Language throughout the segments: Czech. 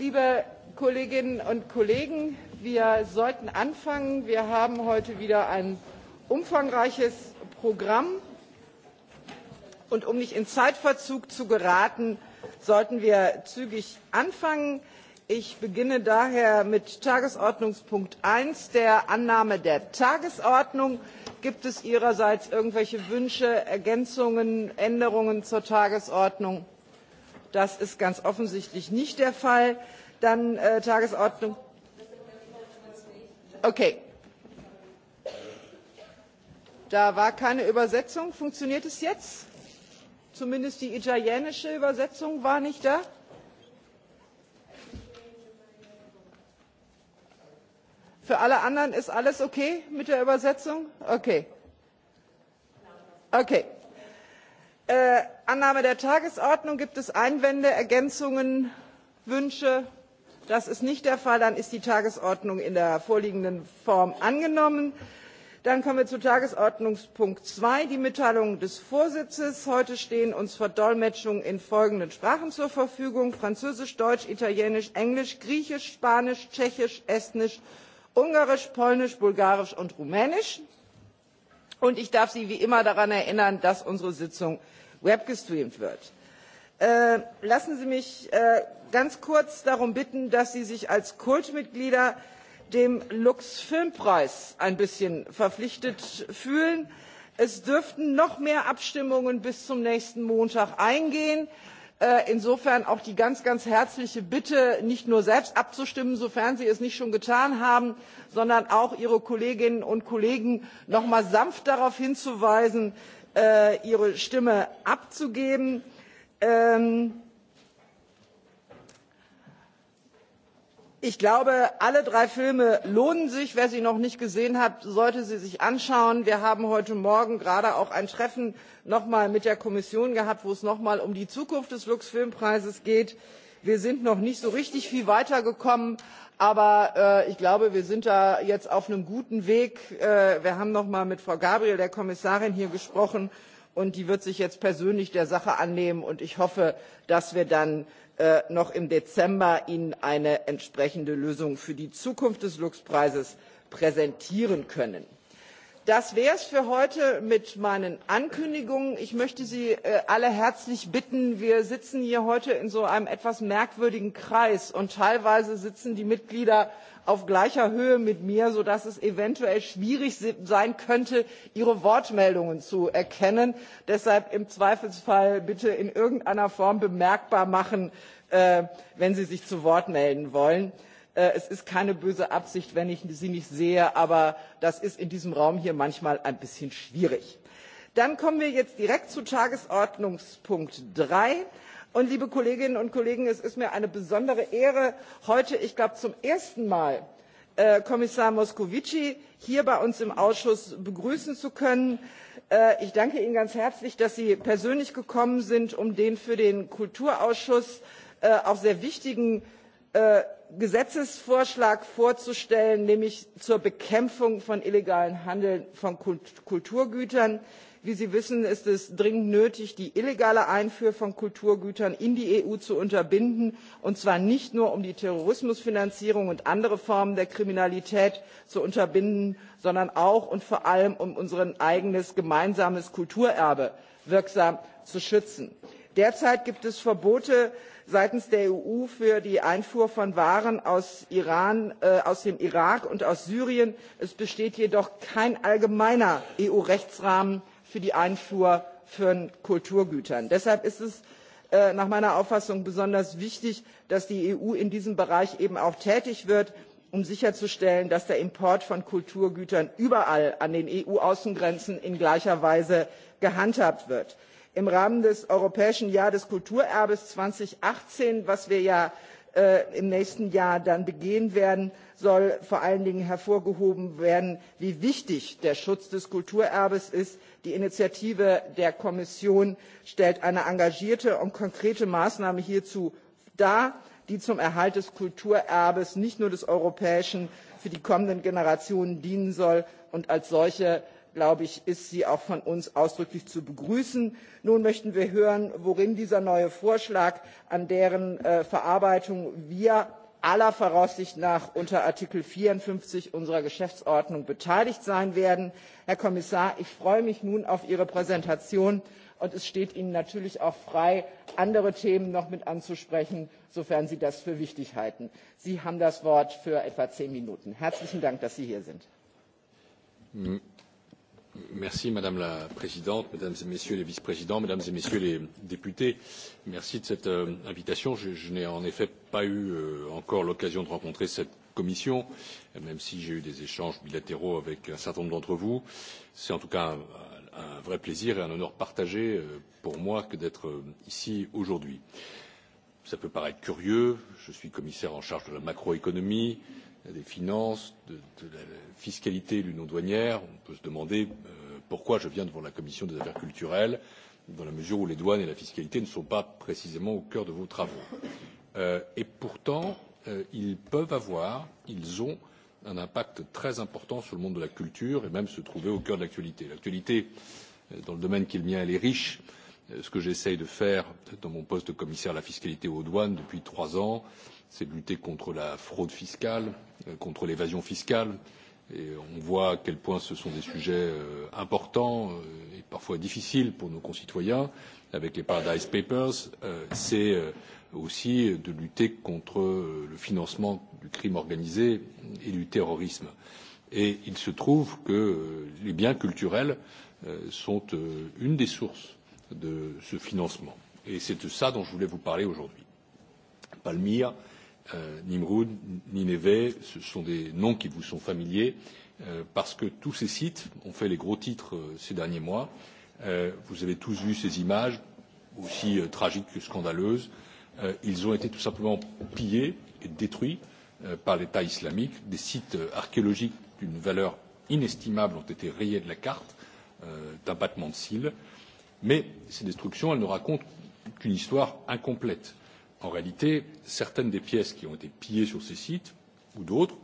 liebe Kolleginnen und Kollegen, wir sollten anfangen. Wir haben heute wieder ein umfangreiches Programm. Und um nicht in Zeitverzug zu geraten, sollten wir zügig anfangen. Ich beginne daher mit Tagesordnungspunkt 1, der Annahme der Tagesordnung. Gibt es Ihrerseits irgendwelche Wünsche, Ergänzungen, Änderungen zur Tagesordnung? das ist ganz offensichtlich nicht der fall. dann äh, tagesordnung okay da war keine übersetzung funktioniert es jetzt? zumindest die italienische übersetzung war nicht da. für alle anderen ist alles okay mit der übersetzung? okay. okay. Äh, annahme der tagesordnung gibt es einwände ergänzungen wünsche? das ist nicht der fall dann ist die tagesordnung in der vorliegenden form angenommen. dann kommen wir zu tagesordnungspunkt zwei die mitteilung des vorsitzes heute stehen uns verdolmetschungen in folgenden sprachen zur verfügung französisch deutsch italienisch englisch griechisch spanisch tschechisch estnisch ungarisch polnisch bulgarisch und rumänisch und ich darf sie wie immer daran erinnern dass unsere sitzung webgestreamt wird. Äh, lassen Sie mich äh, ganz kurz darum bitten, dass Sie sich als Kultmitglieder dem Lux Filmpreis ein bisschen verpflichtet fühlen. Es dürften noch mehr Abstimmungen bis zum nächsten Montag eingehen. Äh, insofern auch die ganz, ganz herzliche Bitte, nicht nur selbst abzustimmen, sofern Sie es nicht schon getan haben, sondern auch Ihre Kolleginnen und Kollegen noch mal sanft darauf hinzuweisen, Äh, ihre Stimme abzugeben. Ähm, ich glaube alle drei filme lohnen sich. wer sie noch nicht gesehen hat sollte sie sich anschauen. wir haben heute morgen gerade auch ein treffen noch mal mit der kommission gehabt wo es noch mal um die zukunft des lux filmpreises geht. wir sind noch nicht so richtig viel weitergekommen aber äh, ich glaube wir sind da jetzt auf einem guten weg. Äh, wir haben noch mal mit frau gabriel der kommissarin hier gesprochen und die wird sich jetzt persönlich der sache annehmen und ich hoffe dass wir ihnen dann äh, noch im dezember eine entsprechende lösung für die zukunft des lux preises präsentieren können das wäre es für heute mit meinen ankündigungen. ich möchte sie äh, alle herzlich bitten wir sitzen hier heute in so einem etwas merkwürdigen kreis und teilweise sitzen die mitglieder auf gleicher höhe mit mir sodass es eventuell schwierig sein könnte ihre wortmeldungen zu erkennen. deshalb im zweifelsfall bitte in irgendeiner form bemerkbar machen äh, wenn sie sich zu wort melden wollen. Äh, es ist keine böse absicht wenn ich sie nicht sehe aber das ist in diesem raum hier manchmal ein bisschen schwierig. dann kommen wir jetzt direkt zu tagesordnungspunkt drei und liebe kolleginnen und kollegen es ist mir eine besondere ehre heute ich glaube zum ersten mal äh, kommissar moscovici hier bei uns im ausschuss begrüßen zu können. Äh, ich danke ihnen ganz herzlich dass sie persönlich gekommen sind um den für den kulturausschuss auch sehr wichtigen Äh, gesetzesvorschlag vorzustellen nämlich zur bekämpfung von illegalem handel von kulturgütern. wie sie wissen ist es dringend nötig die illegale einfuhr von kulturgütern in die eu zu unterbinden und zwar nicht nur um die terrorismusfinanzierung und andere formen der kriminalität zu unterbinden sondern auch und vor allem um unser eigenes gemeinsames kulturerbe wirksam zu schützen derzeit gibt es verbote seitens der eu für die einfuhr von waren äh, aus, dem irak und aus syrien. es besteht jedoch kein allgemeiner eu rechtsrahmen für die einfuhr von kulturgütern. deshalb ist es äh, nach meiner auffassung besonders wichtig dass die eu in diesem bereich eben auch tätig wird um sicherzustellen dass der import von kulturgütern überall an den eu außengrenzen in gleicher weise gehandhabt wird im rahmen des europäischen jahr des kulturerbes zweitausendachtzehn das wir ja äh, im nächsten jahr dann begehen werden soll vor allen dingen hervorgehoben werden wie wichtig der schutz des kulturerbes ist. die initiative der kommission stellt eine engagierte und konkrete maßnahme hierzu dar die zum erhalt des kulturerbes nicht nur des europäischen für die kommenden generationen dienen soll und als solche glaube ich ist sie auch von uns ausdrücklich zu begrüßen. nun möchten wir hören worin dieser neue vorschlag an deren äh, verarbeitung wir aller voraussicht nach unter artikel vierundfünfzig unserer geschäftsordnung beteiligt sein werden. herr kommissar ich freue mich nun auf ihre präsentation und es steht ihnen natürlich auch frei andere themen noch mit anzusprechen sofern sie das für wichtig halten. sie haben das wort für etwa zehn minuten. herzlichen dank dass sie hier sind. Madame la Présidente, Mesdames et Messieurs les Vice-présidents, Mesdames et Messieurs les députés. Merci de cette euh, invitation. Je, n'ai en effet pas eu euh, encore l'occasion de rencontrer cette Commission, même si j'ai eu des échanges bilatéraux avec un certain nombre d'entre vous. C'est en tout cas un, vrai plaisir et un honneur partagé euh, pour moi que d'être ici aujourd'hui. cela peut paraître curieux, je suis commissaire en charge de la macroéconomie, des finances, de, la fiscalité et de l'union douanière, on peut se demander euh, pourquoi je viens devant la commission des affaires culturelles, dans la mesure où les douanes et la fiscalité ne sont pas précisément au cœur de vos travaux. Euh, et pourtant, euh, ils peuvent avoir, ils ont un impact très important sur le monde de la culture et même se trouver au cœur de l'actualité. L'actualité, dans le domaine qui est le mien, elle est riche. Ce que j'essaie de faire dans mon poste de commissaire à la fiscalité et aux douanes depuis trois ans, c'est de lutter contre la fraude fiscale euh, contre l'évasion fiscale et on voit à quel point ce sont des sujets euh, importants euh, et parfois difficiles pour nos concitoyens avec les paradise papers c'est aussi de lutter contre le financement du crime organisé et du terrorisme et il se trouve que les biens culturels sont une des sources de ce financement et c'est de cela dont je voulais vous parler aujourd'hui. palmyre Euh, nimrud nineveh ce sont des noms qui vous sont familiers euh, parce que tous ces sites ont fait les gros titres euh, ces derniers mois. vous avez tous vu ces images aussi tragiques que scandaleuses. ils ont été tout simplement pillés et détruits par l'état islamique. des sites archéologiques d'une valeur inestimable ont été rayés de la carte d'un battement de cils mais ces destructions ne racontent qu'une histoire incomplète en réalité certaines des pièces qui ont été pillées sur ces sites ou d'autres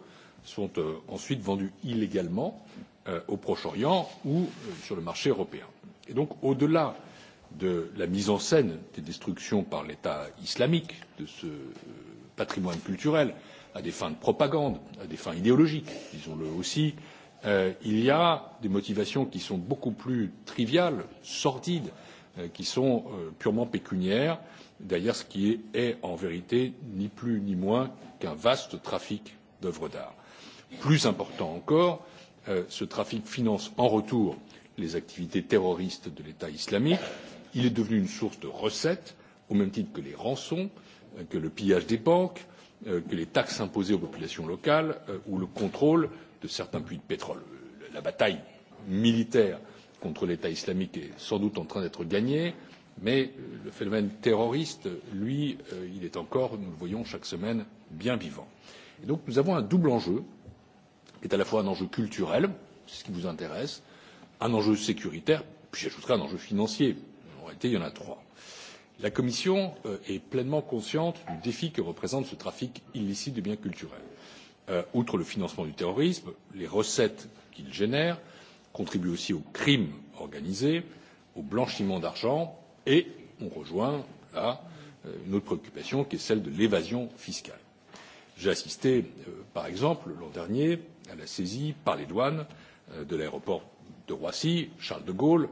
sont euh, ensuite vendues illégalement euh, au proche orient ou euh, sur le marché européen. et donc au delà de la mise en scène des destructions par l'état islamique de ce patrimoine culturel à des fins de propagande à des fins idéologiques disons le aussi il y a des motivations qui sont beaucoup plus triviales sordides Euh, qui sont euh, purement pécuniaires derrière ce qui est en vérité ni plus ni moins qu'un vaste trafic d'œuvres d'art. plus important encore euh, ce trafic finance en retour les activités terroristes de l'état islamique il est devenu une source de recettes au même titre que les rançons que le pillage des banques que les taxes imposées aux populations locales ou le contrôle de certains puits de pétrole. la bataille militaire contre l'état islamique est sans doute en train d'être gagné, mais euh, le phénomène terroriste lui euh, est encore nous le voyons chaque semaine bien vivant. donc nous avons un double enjeu qui est à la fois un enjeu culturel c'est ce qui vous intéresse un enjeu sécuritaire puis j'ajouterai un enjeu financier en réalité il y en a trois. la commission euh, est pleinement consciente du défi que représente ce trafic illicite de biens culturels. outre le financement du terrorisme les recettes qu'il génère contribue aussi au crime organisé au blanchiment d'argent et on rejoint là euh, une autre préoccupation qui est celle de l'évasion fiscale. j'ai assisté euh, par exemple l'an dernier à la saisie par les douanes euh, de l'aéroport de roissy charles de gaulle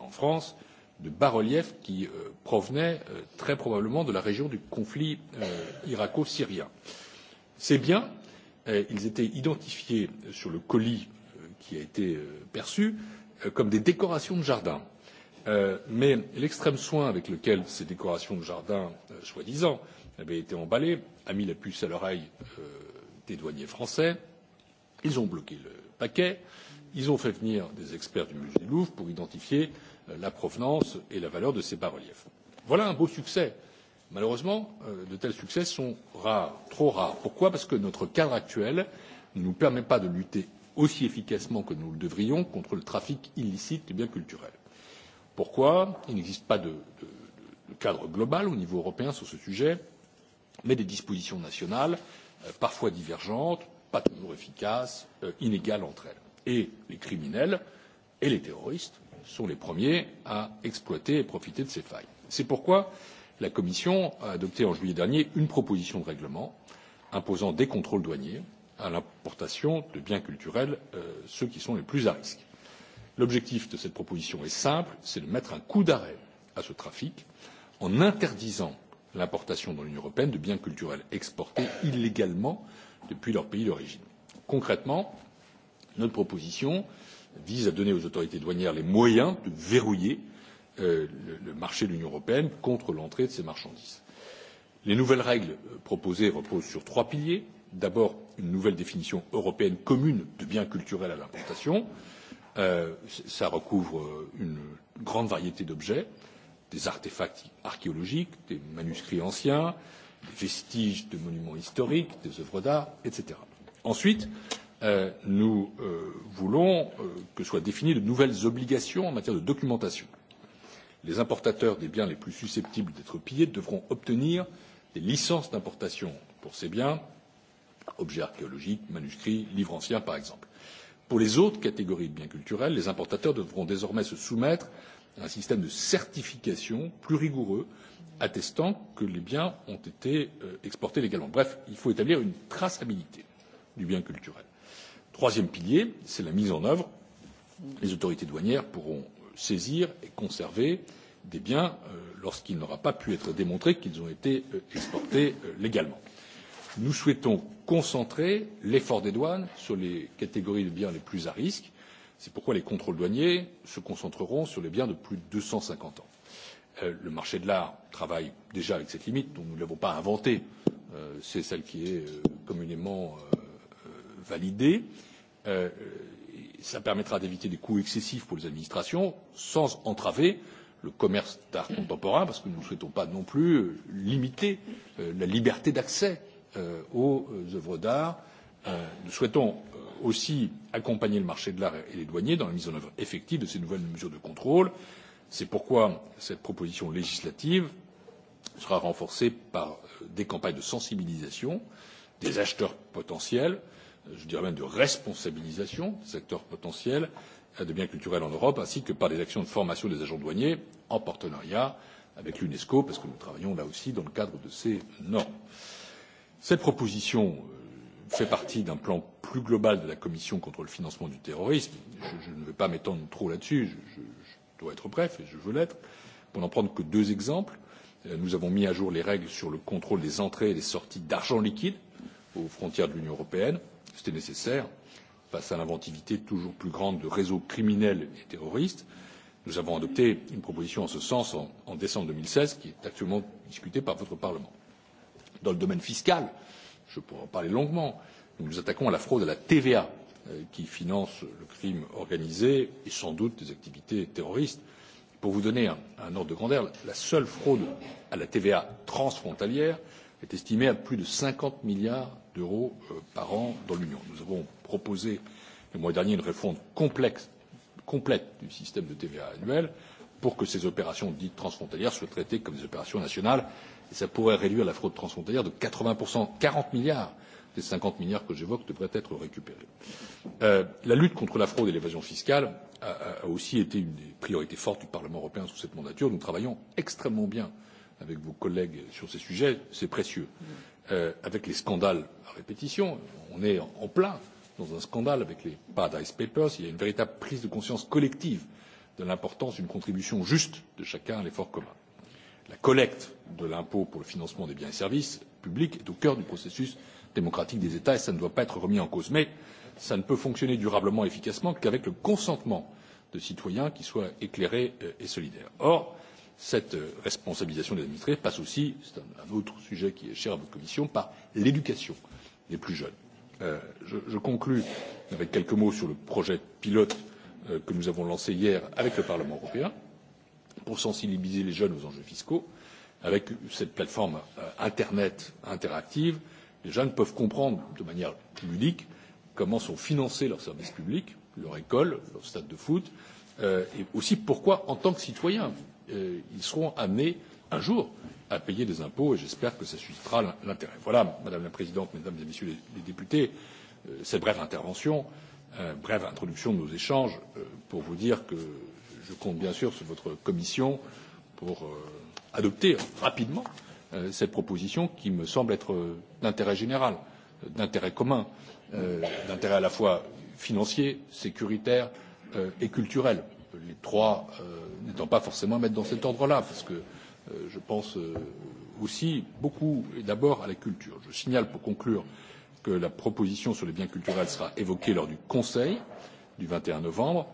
en france de bas reliefs qui provenaient très probablement de la région du conflit irako syrien. ces biens étaient identifiés sur le colis qui a été euh, perçue euh, comme des décorations de jardin euh, mais l'extrême soin avec lequel ces décorations de jardin soi disant avaient été emballées a mis la puce à l'oreille des douaniers français ils ont bloqué le paquet ils ont fait venir des experts du musée du louvre pour identifier la provenance et la valeur de ces bas reliefs. voilà un beau succès! malheureusement de tels succès sont rares trop rares. pourquoi? parce que notre cadre actuel ne nous permet pas de lutter aussi efficacement que nous le devrions contre le trafic illicite de biens culturels. pourquoi? il n'existe pas de, de cadre global au niveau européen sur ce sujet mais des dispositions nationales euh, parfois divergentes pas toujours efficaces euh, inégales entre elles et les criminels et les terroristes sont les premiers à exploiter et profiter de ces failles. c'est pourquoi la commission a adopté en juillet dernier une proposition de règlement imposant des contrôles douaniers à l'importation de biens culturels euh, ceux qui sont les plus à risque. l'objectif de cette proposition est simple c'est de mettre un coup d'arrêt à ce trafic en interdisant l'importation dans l'union européenne de biens culturels exportés illégalement depuis leur pays d'origine. concrètement notre proposition vise à donner aux autorités douanières les moyens de verrouiller euh, le marché de l'union européenne contre l'entrée de ces marchandises. les nouvelles règles euh, proposées reposent sur trois piliers d'abord une nouvelle définition européenne commune de biens culturels à l'importation euh, cela recouvre euh, une grande variété d'objets des artefacts archéologiques des manuscrits anciens des vestiges de monuments historiques des œuvres d'art etc. ensuite euh, nous voulons que soient définies de nouvelles obligations en matière de documentation. les importateurs des biens les plus susceptibles d'être pillés devront obtenir des licences d'importation pour ces biens objets archéologiques, manuscrits, livres anciens par exemple. Pour les autres catégories de biens culturels, les importateurs devront désormais se soumettre à un système de certification plus rigoureux attestant que les biens ont été euh, exportés légalement. bref il faut établir une traçabilité du bien culturel. troisième pilier c'est la mise en œuvre les autorités douanières pourront euh, saisir et conserver des biens euh, lorsqu'il n'aura pas pu être démontré qu'ils ont été exportés légalement nous souhaitons concentrer l'effort des douanes sur les catégories de biens les plus à risque c'est pourquoi les contrôles douaniers se concentreront sur les biens de plus de deux cent cinquante ans. Euh, le marché de l'art travaille déjà avec cette limite nous ne l'avons pas inventée euh, c'est celle qui est euh, communément validée et cela permettra d'éviter des coûts excessifs pour les administrations sans entraver le commerce d'art contemporain parce que nous ne souhaitons pas non plus limiter la liberté d'accès Euh, aux euh, œuvres d'art. Euh, nous souhaitons aussi accompagner le marché de l'art et les douaniers dans la mise en œuvre effective de ces nouvelles mesures de contrôle. c'est pourquoi cette proposition législative sera renforcée par des campagnes de sensibilisation des acheteurs potentiels je dirais même de responsabilisation des acteurs potentiels de biens culturels en europe ainsi que par des actions de formation des agents douaniers en partenariat avec l'unesco parce que nous travaillons là aussi dans le cadre de ces normes cette proposition euh, fait partie d'un plan plus global de la commission contre le financement du terrorisme je ne vais pas m'étendre trop là dessus je dois être bref et je veux l'être pour n'en prendre que deux exemples euh, nous avons mis à jour les règles sur le contrôle des entrées et des sorties d'argent liquide aux frontières de l'union européenne c'était nécessaire face à l'inventivité toujours plus grande de réseaux criminels et terroristes. nous avons adopté une proposition en ce sens en décembre deux mille seize qui est actuellement discutée par votre parlement. Dans le domaine fiscal, je pourrais en parler longuement, nous nous attaquons à la fraude à la TVA euh, qui finance le crime organisé et sans doute des activités terroristes. Pour vous donner un, ordre de grandeur, la seule fraude à la TVA transfrontalière est estimée à plus de 50 milliards d'euros euh, par an dans l'Union. Nous avons proposé le mois dernier une réforme complexe, complète du système de TVA annuel pour que ces opérations dites transfrontalières soient traitées comme des opérations nationales et cela pourrait réduire la fraude transfrontalière de quatre vingts quarante milliards des cinquante milliards que j'évoque devraient être récupérés. Euh, la lutte contre la fraude et l'évasion fiscale a aussi été une des priorités fortes du parlement européen sous cette mandature. nous travaillons extrêmement bien avec vos collègues sur ces sujets c'est précieux. Euh, avec les scandales à répétition on est en plein dans un scandale avec les paradise papers il y a une véritable prise de conscience collective de l'importance d'une contribution juste de chacun à l'effort commun la collecte de l'impôt pour le financement des biens et services publics est au cœur du processus démocratique des états et cela ne doit pas être remis en cause mais cela ne peut fonctionner durablement et efficacement qu'avec le consentement de citoyens qui soient éclairés euh, et solidaires. or cette euh, responsabilisation des administrés passe aussi c'est un autre sujet qui est cher à votre commission par l'éducation des plus jeunes. Euh, je conclus avec quelques mots sur le projet pilote que nous avons lancé hier avec le parlement européen pour sensibiliser les jeunes aux enjeux fiscaux. Avec cette plateforme euh, Internet interactive, les jeunes peuvent comprendre de manière ludique comment sont financés leurs services publics, leur école, leur stade de foot, euh, et aussi pourquoi, en tant que citoyens, euh, ils seront amenés un jour à payer des impôts et j'espère que ça suscitera l'intérêt. voilà madame la présidente mesdames et messieurs les députés cette brève intervention brève introduction de nos échanges pour vous dire que je compte bien sûr sur votre commission pour euh, adopter rapidement euh, cette proposition qui me semble être euh, d'intérêt général d'intérêt commun d'intérêt à la fois financier sécuritaire et culturel les trois n'étant pas forcément à mettre dans cet ordre là parce que je pense aussi beaucoup et d'abord à la culture. je signale pour conclure que la proposition sur les biens culturels sera évoquée lors du conseil du vingt et un novembre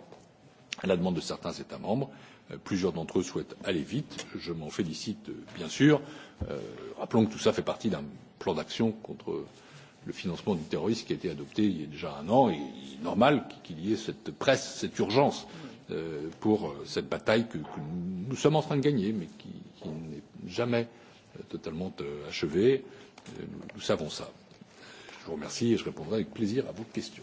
à la demande de certains états membres euh, plusieurs d'entre eux souhaitent aller vite je m'en félicite euh, bien sûr. Euh, rappelons que tout cela fait partie d'un plan d'action contre le financement du terrorisme qui a été adopté il y a déjà un an et il est normal qu'il y ait cette presse cette urgence pour cette bataille que nous sommes en train de gagner mais qui n'est jamais totalement achevée nous savons cela. je vous remercie et je répondrai avec plaisir à vos questions.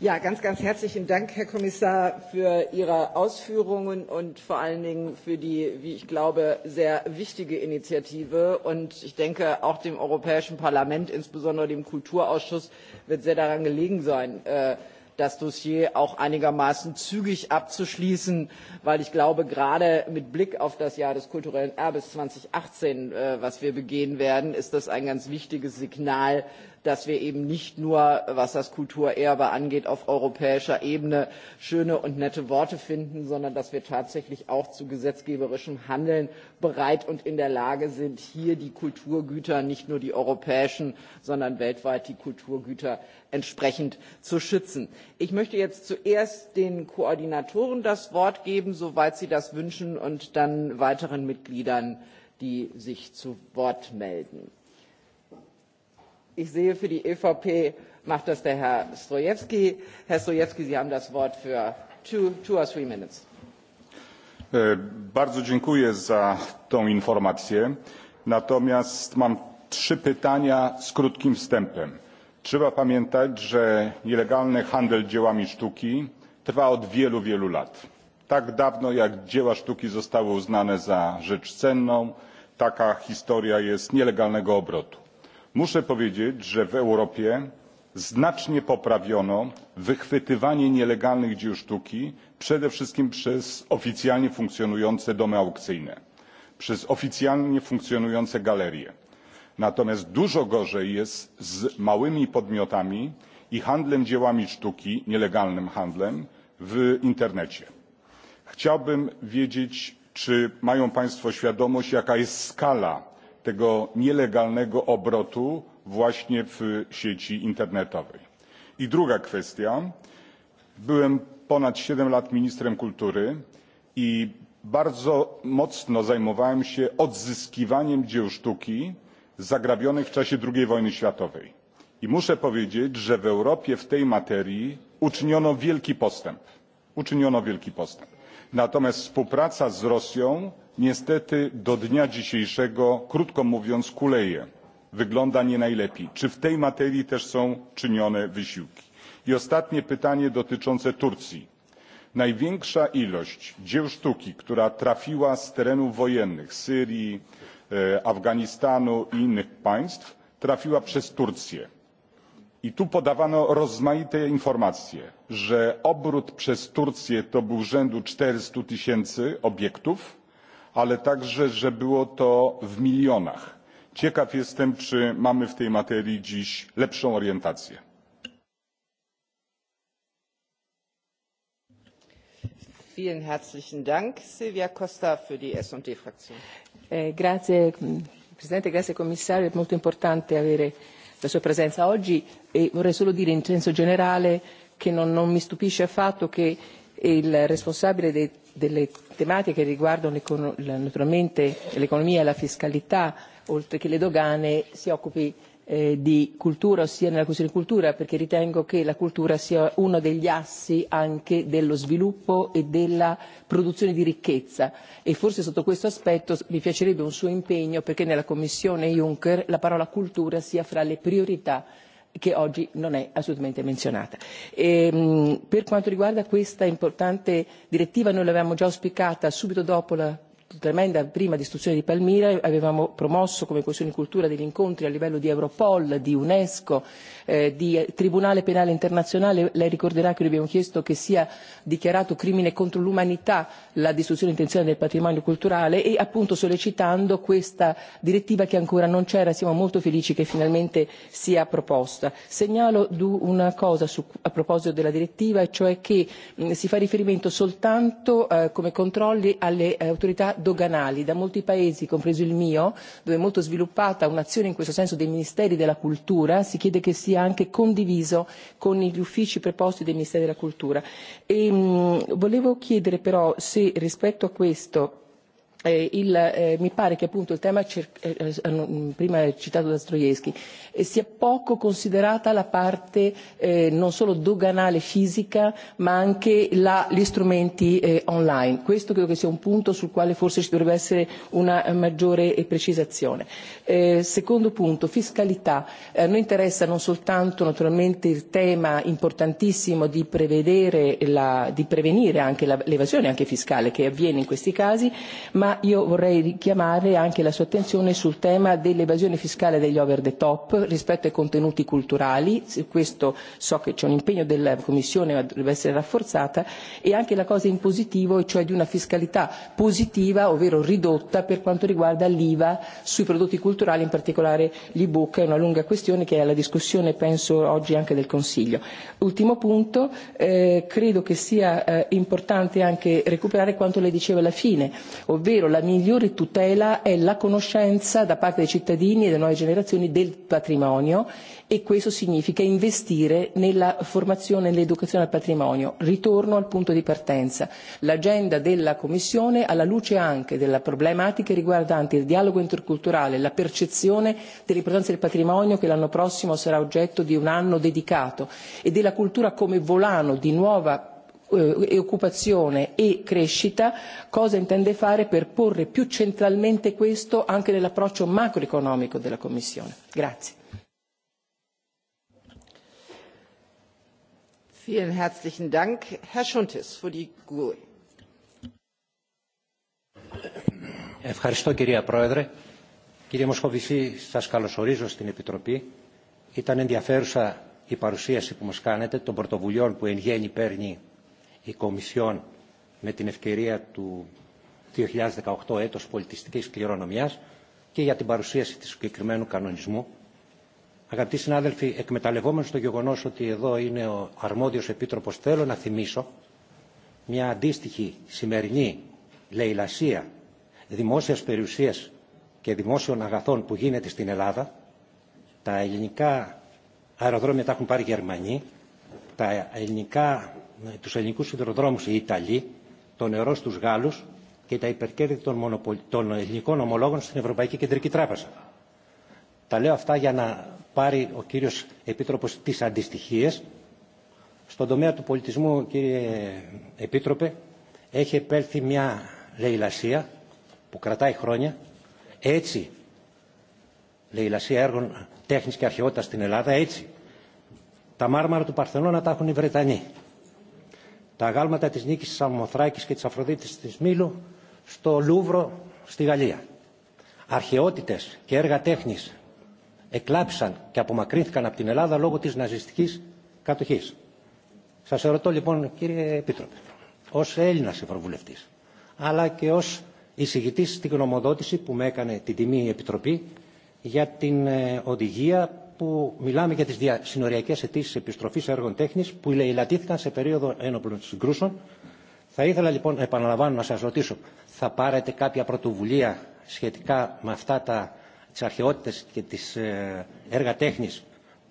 Ja, ganz, ganz herzlichen Dank, Herr Kommissar, für Ihre Ausführungen und vor allen Dingen für die, wie ich glaube, sehr wichtige Initiative. Und ich denke, auch dem Europäischen Parlament, insbesondere dem Kulturausschuss, wird sehr daran gelegen sein, äh, das Dossier auch einigermaßen zügig abzuschließen, weil ich glaube, gerade mit Blick auf das Jahr des kulturellen Erbes 2018, äh, was wir begehen werden, ist das ein ganz wichtiges Signal, dass wir eben nicht nur, was das Kulturerbe angeht, auf europäischer Ebene schöne und nette Worte finden, sondern dass wir tatsächlich auch zu gesetzgeberischem Handeln bereit und in der Lage sind, hier die Kulturgüter, nicht nur die europäischen, sondern weltweit die Kulturgüter entsprechend zu schützen. Ich möchte jetzt zuerst den Koordinatoren das Wort geben, soweit sie das wünschen, und dann weiteren Mitgliedern, die sich zu Wort melden. Ich sehe für die EVP macht das der Herr Strojewski. Herr Strojewski, Sie haben das Wort für two, two or three minutes. E, bardzo dziękuję za tą informację. Natomiast mam trzy pytania z krótkim wstępem. Trzeba pamiętać, że nielegalny handel dziełami sztuki trwa od wielu, wielu lat. Tak dawno jak dzieła sztuki zostały uznane za rzecz cenną, taka historia jest nielegalnego obrotu muszę powiedzieć że w europie znacznie poprawiono wychwytywanie nielegalnych dzieł sztuki przede wszystkim przez oficjalnie funkcjonujące domy aukcyjne przez oficjalnie funkcjonujące galerie. natomiast dużo gorzej jest z małymi podmiotami i handlem dziełami sztuki nielegalnym handlem w internecie. chciałbym wiedzieć czy mają państwo świadomość jaka jest skala tego nielegalnego obrotu właśnie w sieci internetowej. I druga kwestia. Byłem ponad 7 lat ministrem kultury i bardzo mocno zajmowałem się odzyskiwaniem dzieł sztuki zagrabionych w czasie II wojny światowej. I muszę powiedzieć, że w Europie w tej materii uczyniono wielki postęp. Uczyniono wielki postęp. Natomiast współpraca z Rosją niestety do dnia dzisiejszego krótko mówiąc kuleje wygląda nie najlepiej. czy w tej materii też są czynione wysiłki? i ostatnie pytanie dotyczące turcji największa ilość dzieł sztuki która trafiła z terenów wojennych syrii e, afganistanu i innych państw trafiła przez turcję i tu podawano rozmaite informacje że obrót przez turcję to był rzędu czterysta tysięcy obiektów ale także, że było to w milionach. Ciekaw jestem, czy mamy w tej materii dziś lepszą orientację. Vielen herzlichen Dank, Silvia Costa für die S&D-Fraktion. Eh, grazie mm, Presidente, grazie Commissario, è molto importante avere la sua presenza oggi e vorrei solo dire in senso generale che non, non mi stupisce affatto che il responsabile dei delle tematiche che riguardano naturalmente l'economia e la fiscalità, oltre che le dogane, si occupi eh, di cultura, ossia nella questione cultura, perché ritengo che la cultura sia uno degli assi anche dello sviluppo e della produzione di ricchezza e forse sotto questo aspetto mi piacerebbe un suo impegno perché nella Commissione Juncker la parola cultura sia fra le priorità che oggi non è assolutamente menzionata. E, ehm, mh, per quanto riguarda questa importante direttiva, noi l'avevamo già auspicata subito dopo la tremenda prima distruzione di Palmira avevamo promosso come coesione cultura degli incontri a livello di Europol, di UNESCO, eh, di Tribunale Penale Internazionale. Lei ricorderà che noi abbiamo chiesto che sia dichiarato crimine contro l'umanità la distruzione intenzionale del patrimonio culturale e appunto sollecitando questa direttiva che ancora non c'era. Siamo molto felici che finalmente sia proposta. Segnalo una cosa su, a proposito della direttiva, cioè che mh, si fa riferimento soltanto eh, come controlli alle eh, autorità doganali da molti paesi, compreso il mio, dove è molto sviluppata un'azione in questo senso dei ministeri della cultura, si chiede che sia anche condiviso con gli uffici preposti dei ministeri della cultura. E, ehm, mh, volevo chiedere però se rispetto a questo eh, il, eh, mi pare che appunto il tema cer- eh, eh, eh no, mm, prima citato da Stroieschi eh, sia poco considerata la parte eh, non solo doganale fisica ma anche la, gli strumenti eh, online. Questo credo che sia un punto sul quale forse ci dovrebbe essere una eh, maggiore precisazione. Eh, secondo punto, fiscalità. A eh, noi interessa non soltanto naturalmente il tema importantissimo di, prevedere la, di prevenire anche la, l'evasione anche fiscale che avviene in questi casi, ma io vorrei richiamare anche la sua attenzione sul tema dell'evasione fiscale degli over the top rispetto ai contenuti culturali, su questo so che c'è un impegno della Commissione ma dovrebbe essere rafforzata, e anche la cosa in positivo, cioè di una fiscalità positiva, ovvero ridotta per quanto riguarda l'IVA sui prodotti culturali, in particolare l'ebook, è una lunga questione che è alla discussione penso oggi anche del Consiglio. Ultimo punto, eh, credo che sia eh, importante anche recuperare quanto lei diceva alla fine, ovvero davvero la migliore tutela è la conoscenza da parte dei cittadini e delle nuove generazioni del patrimonio e questo significa investire nella formazione e nell'educazione al patrimonio. Ritorno al punto di partenza. L'agenda della Commissione alla luce anche delle problematiche riguardanti il dialogo interculturale, la percezione dell'importanza del patrimonio che l'anno prossimo sarà oggetto di un anno dedicato e della cultura come volano di nuova Eh, e occupazione e crescita, cosa intende fare per porre più centralmente questo anche nell'approccio macroeconomico della Commissione. Grazie. Vielen herzlichen Dank. Herr Schuntes für die GUE. Ευχαριστώ κυρία Πρόεδρε. Κύριε Μοσχοβηθή, σας καλωσορίζω στην Επιτροπή. Ήταν ενδιαφέρουσα η παρουσίαση που μας κάνετε των πρωτοβουλειών που εν γέννη παίρνει η Κομισιόν με την ευκαιρία του 2018 έτος πολιτιστικής κληρονομιάς και για την παρουσίαση του συγκεκριμένου κανονισμού. Αγαπητοί συνάδελφοι, εκμεταλλευόμενος το γεγονός ότι εδώ είναι ο αρμόδιος επίτροπος, θέλω να θυμίσω μια αντίστοιχη σημερινή λαιλασία δημόσιας περιουσίας και δημόσιων αγαθών που γίνεται στην Ελλάδα. Τα ελληνικά αεροδρόμια τα έχουν πάρει Γερμανοί, τα ελληνικά τους ελληνικούς σιδηροδρόμους οι Ιταλοί, το νερό στους Γάλλους και τα υπερκέρδη των, μονοπολι... των ελληνικών ομολόγων στην Ευρωπαϊκή Κεντρική Τράπεζα. Τα λέω αυτά για να πάρει ο κύριος Επίτροπος τις αντιστοιχίες. Στον τομέα του πολιτισμού, κύριε Επίτροπε, έχει επέλθει μια λαιλασία που κρατάει χρόνια. Έτσι, λαιλασία έργων τέχνης και αρχαιότητας στην Ελλάδα, έτσι. Τα μάρμαρα του Παρθενώνα τα έχουν οι Βρετανοί τα αγάλματα της νίκης της Αμμοθράκης και της Αφροδίτης της Μήλου στο Λούβρο στη Γαλλία. Αρχαιότητες και έργα τέχνης εκλάψαν και απομακρύνθηκαν από την Ελλάδα λόγω της ναζιστικής κατοχής. Σας ερωτώ λοιπόν κύριε Επίτροπε, ως Έλληνας Ευρωβουλευτής, αλλά και ως εισηγητής στην γνωμοδότηση που με έκανε την τιμή η Επιτροπή για την οδηγία που μιλάμε για τις συνοριακές αιτήσει επιστροφής έργων τέχνης που ελαττήθηκαν σε περίοδο ένοπλων συγκρούσεων. Θα ήθελα λοιπόν, επαναλαμβάνω, να σας ρωτήσω, θα πάρετε κάποια πρωτοβουλία σχετικά με αυτά τα, τις αρχαιότητες και τις ε, έργα τέχνης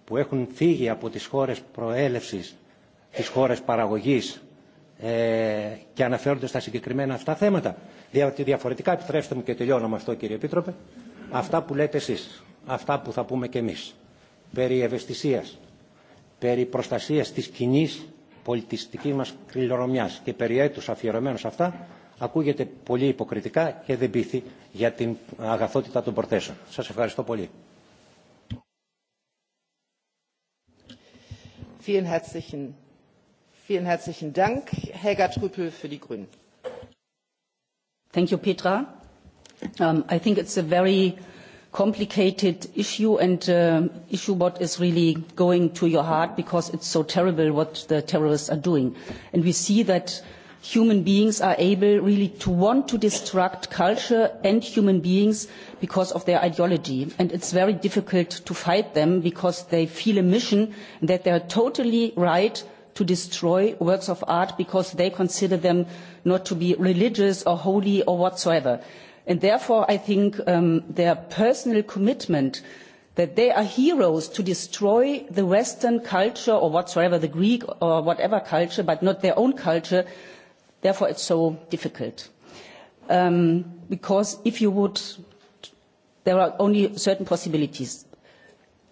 που έχουν φύγει από τις χώρες προέλευσης, τις χώρες παραγωγής ε, και αναφέρονται στα συγκεκριμένα αυτά θέματα. Δια, διαφορετικά, επιτρέψτε μου και τελειώνω με αυτό κύριε Επίτροπε, αυτά που λέτε εσείς, αυτά που θα πούμε και εμείς περί ευαισθησίας, περί προστασίας της κοινή πολιτιστικής μας κληρονομιάς και περί έτους αφιερωμένους αυτά, ακούγεται πολύ υποκριτικά και δεν πείθει για την αγαθότητα των προθέσεων. Σας ευχαριστώ πολύ. Vielen herzlichen, vielen herzlichen Dank, Helga Trüppel für die Grünen. Thank you, Petra. Um, I think it's a very complicated issue and uh, issue what is really going to your heart because it's so terrible what the terrorists are doing. And we see that human beings are able really to want to destruct culture and human beings because of their ideology. And it's very difficult to fight them because they feel a mission and that they are totally right to destroy works of art because they consider them not to be religious or holy or whatsoever. And therefore, I think um, their personal commitment that they are heroes to destroy the Western culture or whatsoever, the Greek or whatever culture, but not their own culture, therefore it's so difficult. Um, because if you would, there are only certain possibilities.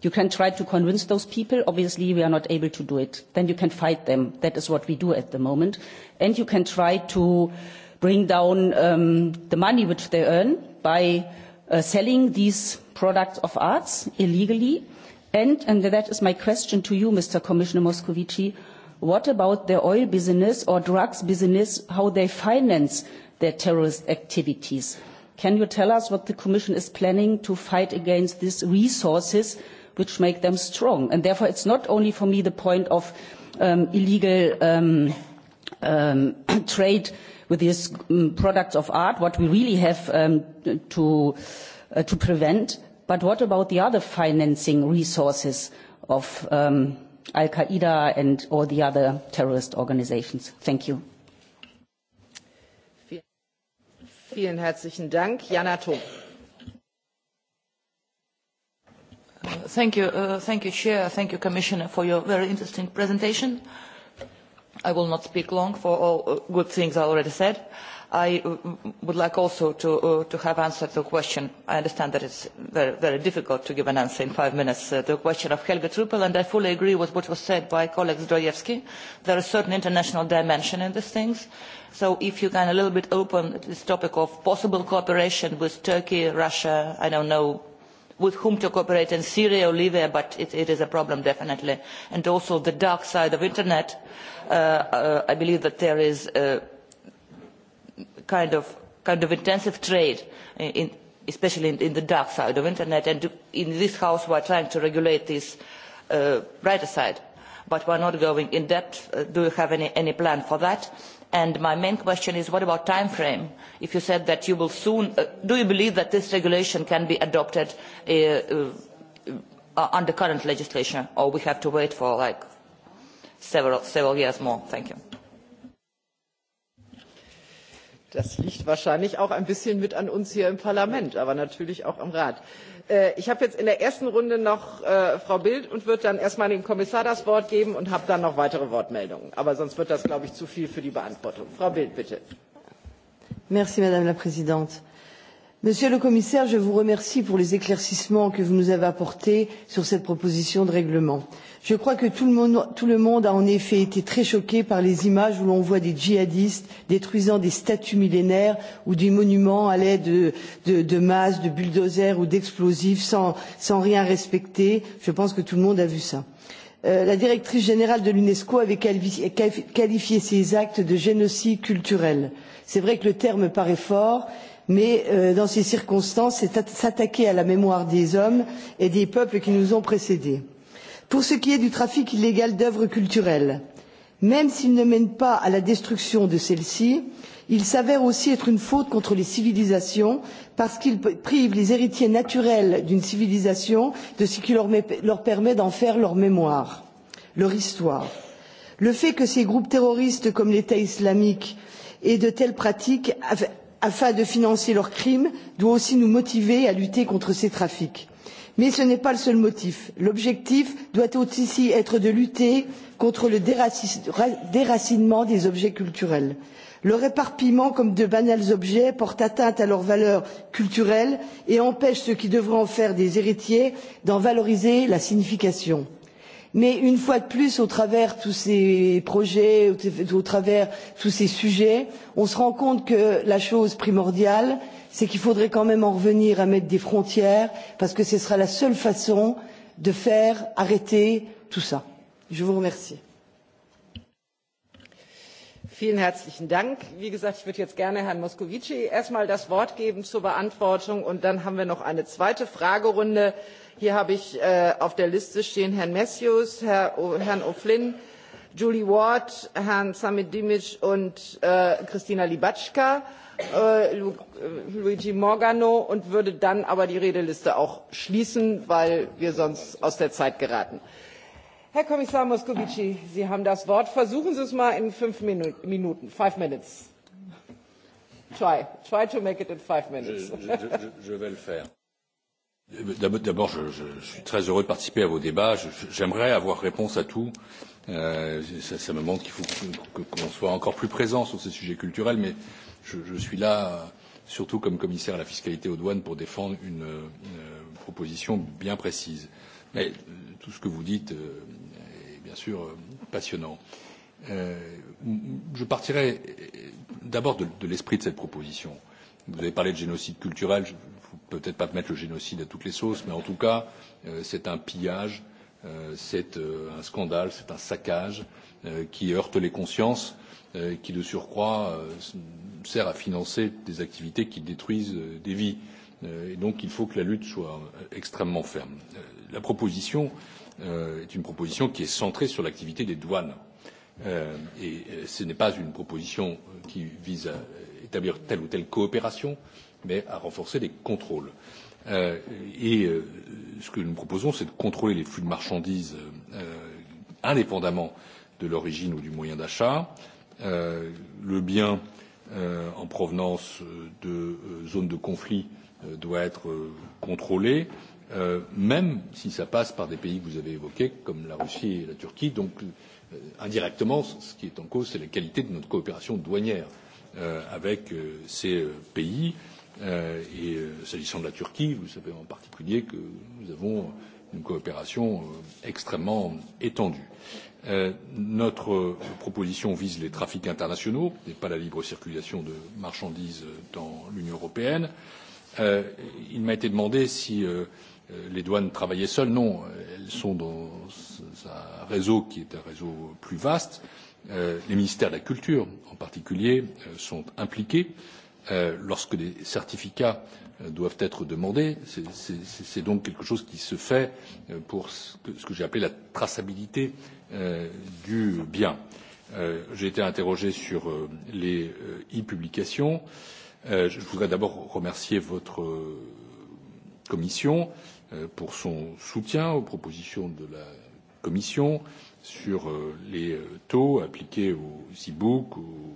You can try to convince those people. Obviously, we are not able to do it. Then you can fight them. That is what we do at the moment. And you can try to... Uh, bring down um, the money which they earn by uh, selling these products of arts illegally? And, and that is my question to you, Mr. Commissioner Moscovici, what about their oil business or drugs business, how they finance their terrorist activities? Can you tell us what the Commission is planning to fight against these resources which make them strong? And therefore, it's not only for me the point of um, illegal um, um, trade with this um, mm, products of art, what we really have um, to, uh, to prevent. But what about the other financing resources of um, Al-Qaeda and all the other terrorist organizations? Thank you. Vielen herzlichen Dank. Jana Thom. Uh, thank you, uh, thank you, Chair. Thank you, Commissioner, for your very interesting presentation. Uh, i will not speak long for all uh, good things I already said. I uh, would like also to, uh, to have answered the question. I understand that it's very, very difficult to give an answer in five minutes uh, to the question of Helga Truppel, and I fully agree with what was said by colleague Zdrojewski. There is a certain international dimension in these things. So if you can a little bit open this topic of possible cooperation with Turkey, Russia, I don't know, with whom to cooperate in Syria or Libya, but it, it is a problem definitely. And also the dark side of internet, uh, uh, I believe that there is a kind of, kind of intensive trade, in, especially in, in the dark side of internet. And in this house we are trying to regulate this uh, brighter side, but we are not going in depth. Uh, do you have any, any plan for that? And my main question is, what about the time frame? If you said that you will soon, uh, do you believe that this regulation can be adopted uh, uh, uh under current legislation, or we have to wait for like several several years more? Thank you. Das liegt wahrscheinlich auch ein bisschen mit an uns hier im Parlament, aber natürlich auch am Rat. Äh, ich habe jetzt in der ersten Runde noch äh, Frau Bild und wird dann erstmal dem Kommissar das Wort geben und habe dann noch weitere Wortmeldungen. Aber sonst wird das, glaube ich, zu viel für die Beantwortung. Frau Bild, bitte. Merci, Madame la Présidente. Monsieur le Commissaire, je vous remercie pour les éclaircissements que vous nous avez apportés sur cette proposition de règlement je crois que tout le, monde, tout le monde a en effet été très choqué par les images où l'on voit des djihadistes détruisant des statues millénaires ou des monuments à l'aide de, de, de masses, de bulldozers ou d'explosifs sans, sans rien respecter. Je pense que tout le monde a vu ça. Euh, la directrice générale de l'UNESCO avait qualifié, ces actes de génocide culturel. C'est vrai que le terme paraît fort, mais euh, dans ces circonstances, c'est s'attaquer à la mémoire des hommes et des peuples qui nous ont précédés. Pour ce qui est du trafic illégal d'œuvres culturelles, même s'il ne mène pas à la destruction de celles-ci, il s'avère aussi être une faute contre les civilisations parce qu'il prive les héritiers naturels d'une civilisation de ce qui leur, leur permet d'en faire leur mémoire, leur histoire. Le fait que ces groupes terroristes comme l'État islamique aient de telles pratiques afin de financer leurs crimes doit aussi nous motiver à lutter contre ces trafics Mais ce n'est pas le seul motif. L'objectif doit aussi être de lutter contre le déracinement des objets culturels. Leur éparpillement comme de banals objets porte atteinte à leur valeur culturelle et empêche ceux qui devraient en faire des héritiers d'en valoriser la signification. Mais une fois de plus, au travers de tous ces projets, au travers de tous ces sujets, on se rend compte que la chose primordiale, euh, c'est qu'il faudrait quand même en revenir à mettre des frontières parce que ce sera la seule façon de faire arrêter tout ça. Je vous remercie. Vielen herzlichen Dank. Wie gesagt, ich würde jetzt gerne Herrn Moscovici erstmal das Wort geben zur Beantwortung und dann haben wir noch eine zweite Fragerunde. Hier habe ich äh, auf der Liste stehen Herrn Matthews, Herr, Herrn O'Flynn, Julie Ward, Herrn Samit Dimic und äh, Christina Libatschka. Äh, äh, Luigi Morgano und würde dann aber die Redeliste auch schließen, weil wir sonst aus der Zeit geraten. Herr Kommissar Moscovici, Sie haben das Wort. Versuchen Sie es mal in fünf Minuten. Five minutes. Try. Try to make it in five minutes. Je, je, je, vais le faire. D'abord, je, je, je suis très heureux de participer à vos débats. J'aimerais avoir réponse à tout. Euh, ça, ça me montre qu'il faut qu'on qu soit encore plus présent sur ces sujets culturels, mais je, suis là euh, surtout comme commissaire à la fiscalité et aux douanes pour défendre une, euh, euh, proposition bien précise. Mais tout ce que vous dites est bien sûr passionnant. Je partirai d'abord de, de l'esprit de cette proposition. Vous avez parlé de génocide culturel, je ne peut-être pas mettre le génocide à toutes les sauces, mais en tout cas, c'est un pillage euh, Euh, c'est euh, un scandale, c'est un saccage euh, qui heurte les consciences, qui de surcroît sert à financer des activités qui détruisent des vies. Et donc il faut que la lutte soit extrêmement ferme. La proposition est une proposition qui est centrée sur l'activité des douanes. Et ce n'est pas une proposition qui vise à établir telle ou telle coopération, mais à renforcer les contrôles. Euh, et euh, ce que nous proposons c'est de contrôler les flux de marchandises euh, indépendamment de l'origine ou du moyen d'achat le bien en provenance de zones de conflit doit être contrôlé même si cela passe par des pays que vous avez évoqués comme la russie et la turquie. donc indirectement ce qui est en cause c'est la qualité de notre coopération douanière avec ces pays. Euh, et euh, s'agissant de la Turquie, vous savez en particulier que nous avons une coopération euh, extrêmement étendue. Notre proposition vise les trafics internationaux et pas la libre circulation de marchandises dans l'Union européenne. Il m'a été demandé si les douanes travaillaient seules. Non, elles sont dans un réseau qui est un réseau plus vaste. Les ministères de la Culture, en particulier, sont impliqués Euh, lorsque des certificats euh, doivent être demandés c'est donc quelque chose qui se fait euh, pour ce que j'ai appelé la traçabilité du bien. j'ai été interrogé sur les e publications. je voudrais d'abord remercier votre commission pour son soutien aux propositions de la commission sur les taux appliqués aux e books aux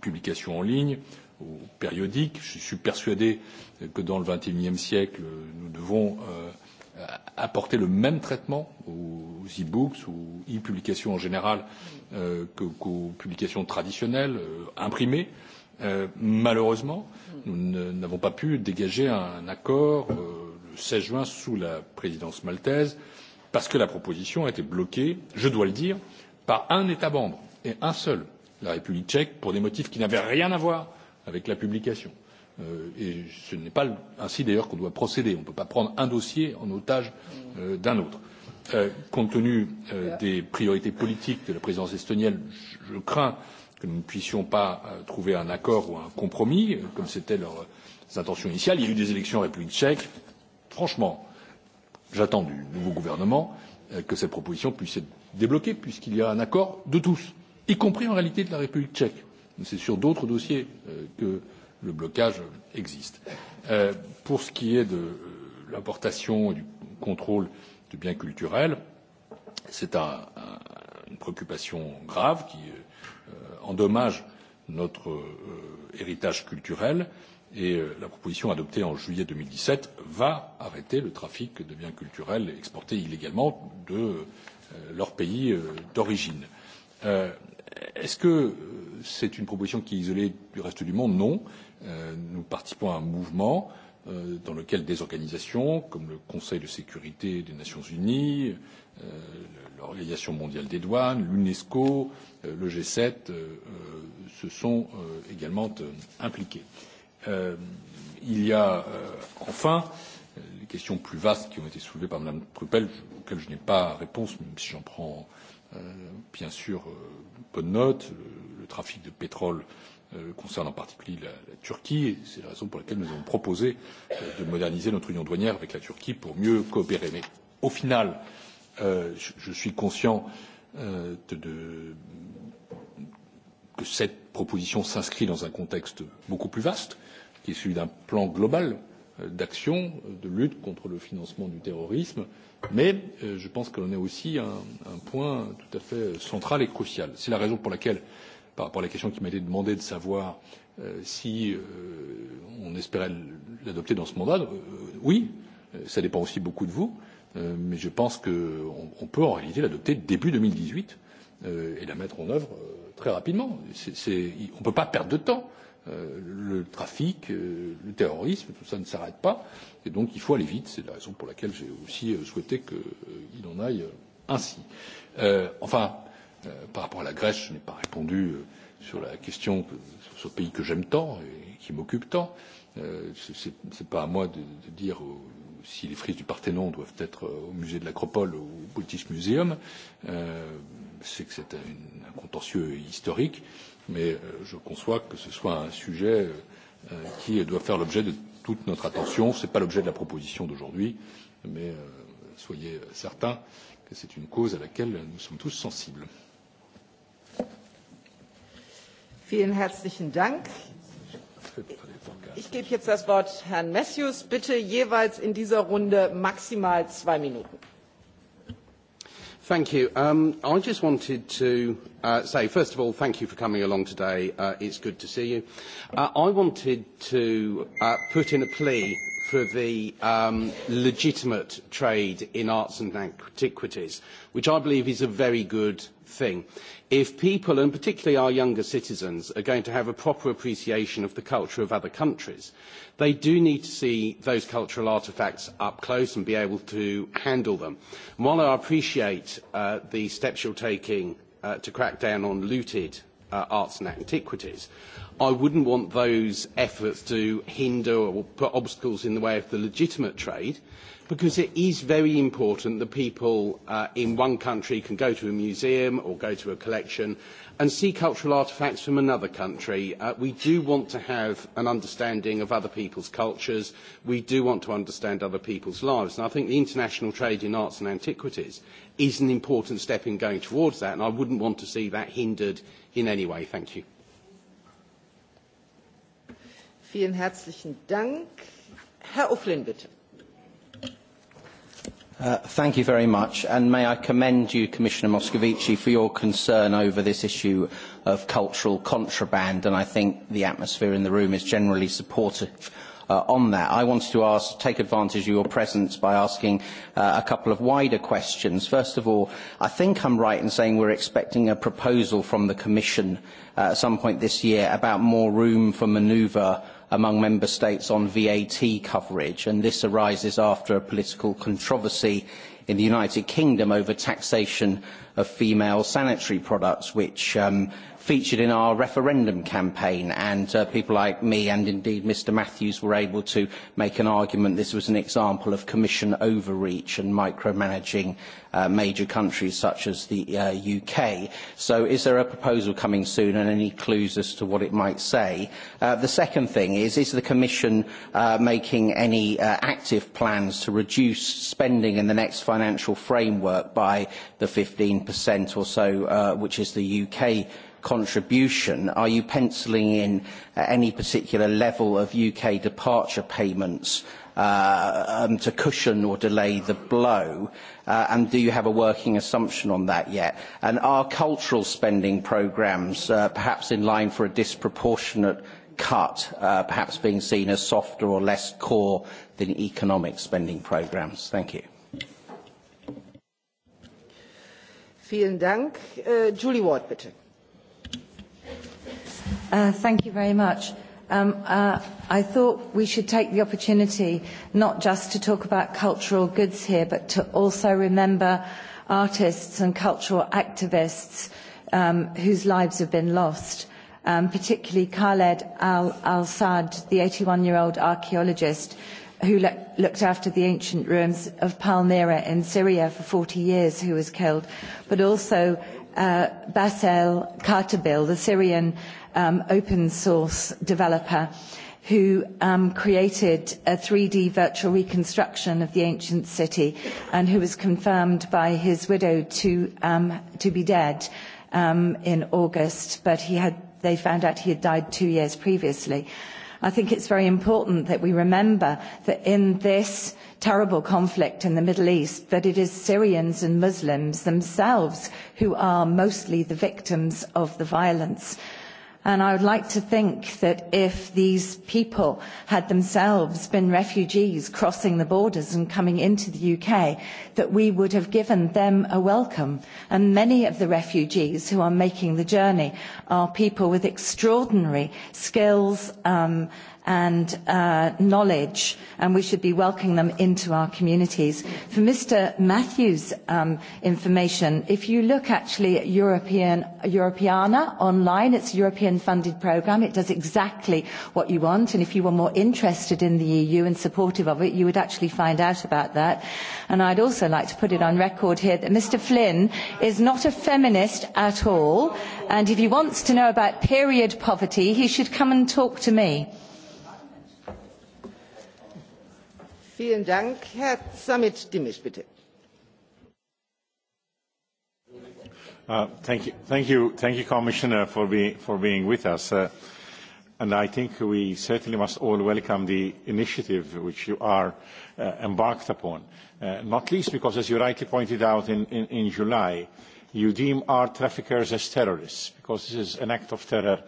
publications en ligne ou périodique. Je suis persuadé que dans le XXIe siècle, nous devons euh, apporter le même traitement aux e-books ou e-publications en général euh, qu'aux publications traditionnelles euh, imprimées. Euh, Malheureusement, nous n'avons pas pu dégager un accord euh, le 16 juin sous la présidence maltaise parce que la proposition a été bloquée, je dois le dire, par un État membre et un seul, la République tchèque, pour des motifs qui n'avaient rien à voir avec la publication. Euh, et ce n'est pas ainsi d'ailleurs qu'on doit procéder. On ne peut pas prendre un dossier en otage euh, d'un autre. Euh, compte tenu des priorités politiques de la présidence estonienne, je crains que nous ne puissions pas trouver un accord ou un compromis, comme c'était leurs intentions initiales. Il y a eu des élections en République tchèque. Franchement, j'attends du nouveau gouvernement que cette proposition puisse être débloquée, puisqu'il y a un accord de tous, y compris en réalité de la République tchèque mais c'est sur d'autres dossiers euh, que le blocage existe. Euh, pour ce qui est de euh, l'importation et du contrôle de biens culturels c'est un, un, une préoccupation grave qui euh, endommage notre euh, héritage culturel et euh, la proposition adoptée en juillet deux mille dix sept va arrêter le trafic de biens culturels exportés illégalement de euh, leur pays euh, d'origine. est ce que euh, c'est une proposition qui est isolée du reste du monde Non. Euh, nous participons à un mouvement euh, dans lequel des organisations comme le Conseil de sécurité des Nations Unies, euh, l'Organisation mondiale des douanes, l'UNESCO, le G7 se sont également euh, impliqués. il y a enfin les questions plus vastes qui ont été soulevées par Mme Truppel, auxquelles je n'ai pas réponse, même si j'en prends Euh, bien sûr euh, bonne note. le trafic de pétrole euh, concerne en particulier la, la turquie et c'est la raison pour laquelle nous avons proposé de moderniser notre union douanière avec la turquie pour mieux coopérer. mais au final je, je suis conscient de, de, que cette proposition s'inscrit dans un contexte beaucoup plus vaste qui est celui d'un plan global d'action de lutte contre le financement du terrorisme mais euh, je pense que l'on est aussi à un, point tout à fait euh, central et crucial. c'est la raison pour laquelle par rapport à la question qui m'a été demandée de savoir euh, si on espérait l'adopter dans ce mandat oui ça dépend aussi beaucoup de vous mais je pense qu'on peut en réalité l'adopter début deux mille dix huit et la mettre en œuvre très rapidement. on ne peut pas perdre de temps. Euh, le trafic euh, le terrorisme tout cela ne s'arrête pas et donc il faut aller vite c'est la raison pour laquelle j'ai aussi euh, souhaité qu'il en aille ainsi. enfin par rapport à la grèce je n'ai pas répondu sur la question sur ce pays que j'aime tant et qui m'occupe tant ce n'est pas à moi de, de dire si les frises du parthénon doivent être au musée de l'acropole ou au british museum c'est que c'est un contentieux historique mais euh, je conçois que ce soit un sujet euh, qui doit faire l'objet de toute notre attention. ce n'est pas l'objet de la proposition d'aujourd'hui mais euh, soyez certains que c'est une cause à laquelle nous sommes tous sensibles. Vielen herzlichen Dank. Ich gebe jetzt das Wort Herrn Matthews. Bitte jeweils in dieser Runde maximal zwei Minuten. Thank you. Um, I just wanted to uh, say, first of all, thank you for coming along today. Uh, it's good to see you. Uh, I wanted to put in a plea for the um, legitimate trade in arts and antiquities, which I believe is a very good thing if people, and particularly our younger citizens, are going to have a proper appreciation of the culture of other countries, they do need to see those cultural artefacts up close and be able to handle them. And while I appreciate uh, the steps you're taking uh, to crack down on looted uh, arts and antiquities, I wouldn't want those efforts to hinder or put obstacles in the way of the legitimate trade because it is very important that people uh, in one country can go to a museum or go to a collection and see cultural artefacts from another country. Uh, we do want to have an understanding of other people's cultures. We do want to understand other people's lives. And I think the international trade in arts and antiquities is an important step in going towards that, and I wouldn't want to see that hindered in any way. Thank you. Vielen herzlichen Dank. Herr Ufflin, bitte. Uh, thank you very much, and may I commend you, Commissioner Moscovici, for your concern over this issue of cultural contraband, and I think the atmosphere in the room is generally supportive uh, on that. I wanted to ask, take advantage of your presence by asking uh, a couple of wider questions. First of all, I think I'm right in saying we're expecting a proposal from the Commission uh, at some point this year about more room for manoeuvre among member states on VAT coverage, and this arises after a political controversy in the United Kingdom over taxation of female sanitary products, which um, featured in our referendum campaign. And uh, people like me and indeed Mr Matthews were able to make an argument this was an example of commission overreach and micromanaging uh, major countries such as the uh, UK. So is there a proposal coming soon and any clues as to what it might say? Uh, the second thing is, is the Commission uh, making any uh, active plans to reduce spending in the next financial framework by the 15 15% or so, uh, which is the UK contribution, are you penciling in any particular level of UK departure payments uh, um, to cushion or delay the blow? Uh, and do you have a working assumption on that yet? And are cultural spending programs perhaps in line for a disproportionate cut, perhaps being seen as softer or less core than economic spending programs? Thank you. Vielen äh, Julie Ward, bitte. Uh, thank you very much. Um, uh, I thought we should take the opportunity not just to talk about cultural goods here, but to also remember artists and cultural activists um, whose lives have been lost, um, particularly Khaled al-Assad, the 81-year-old archaeologist who le- looked after the ancient ruins of Palmyra in Syria for 40 years, who was killed, but also uh, Basel Kartabil, the Syrian um, open source developer, who um, created a 3D virtual reconstruction of the ancient city and who was confirmed by his widow to, um, to be dead um, in August, but he had, they found out he had died two years previously. I think it's very important that we remember that in this terrible conflict in the Middle East, that it is Syrians and Muslims themselves who are mostly the victims of the violence And I would like to think that if these people had themselves been refugees crossing the borders and coming into the UK, that we would have given them a welcome. And many of the refugees who are making the journey are people with extraordinary skills, um, and uh, knowledge, and we should be welcoming them into our communities. For Mr. Matthews' um, information, if you look actually at European, Europeana online, it's a European-funded program. It does exactly what you want, and if you were more interested in the EU and supportive of it, you would actually find out about that. And I'd also like to put it on record here that Mr. Flynn is not a feminist at all, and if he wants to know about period poverty, he should come and talk to me. Vielen Dank. Herr Samit Dimisch, bitte. Uh, thank you, thank you, thank you, Commissioner, for, be, for being with us. Uh, and I think we certainly must all welcome the initiative which you are uh, embarked upon, uh, not least because, as you rightly pointed out in, in, in July, you deem our traffickers as terrorists, because this is an act of terror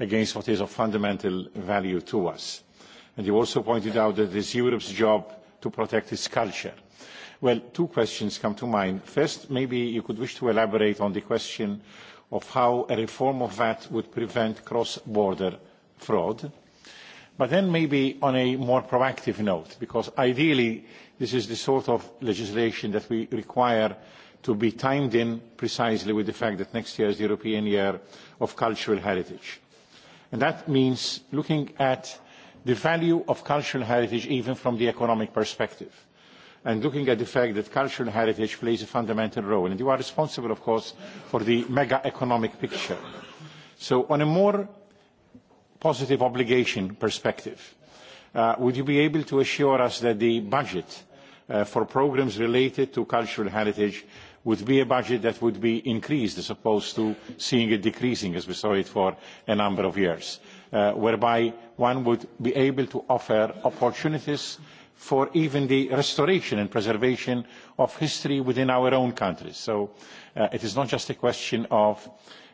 against what is of fundamental value to us And you also pointed out that it is Europe's job to protect its culture. Well, two questions come to mind. First, maybe you could wish to elaborate on the question of how a reform of VAT would prevent cross-border fraud. But then maybe on a more proactive note, because ideally this is the sort of legislation that we require to be timed in precisely with the fact that next year is the European Year of Cultural Heritage. And that means looking at the value of cultural heritage even from the economic perspective and looking at the fact that cultural heritage plays a fundamental role. And you are responsible, of course, for the mega economic picture. So on a more positive obligation perspective, uh, would you be able to assure us that the budget Uh, for programmes related to cultural heritage would be a budget that would be increased as opposed to seeing it decreasing as we saw it for a number of years, uh, whereby one would be able to offer opportunities for even the restoration and preservation of history within our own countries. So uh, it is not just a question of uh,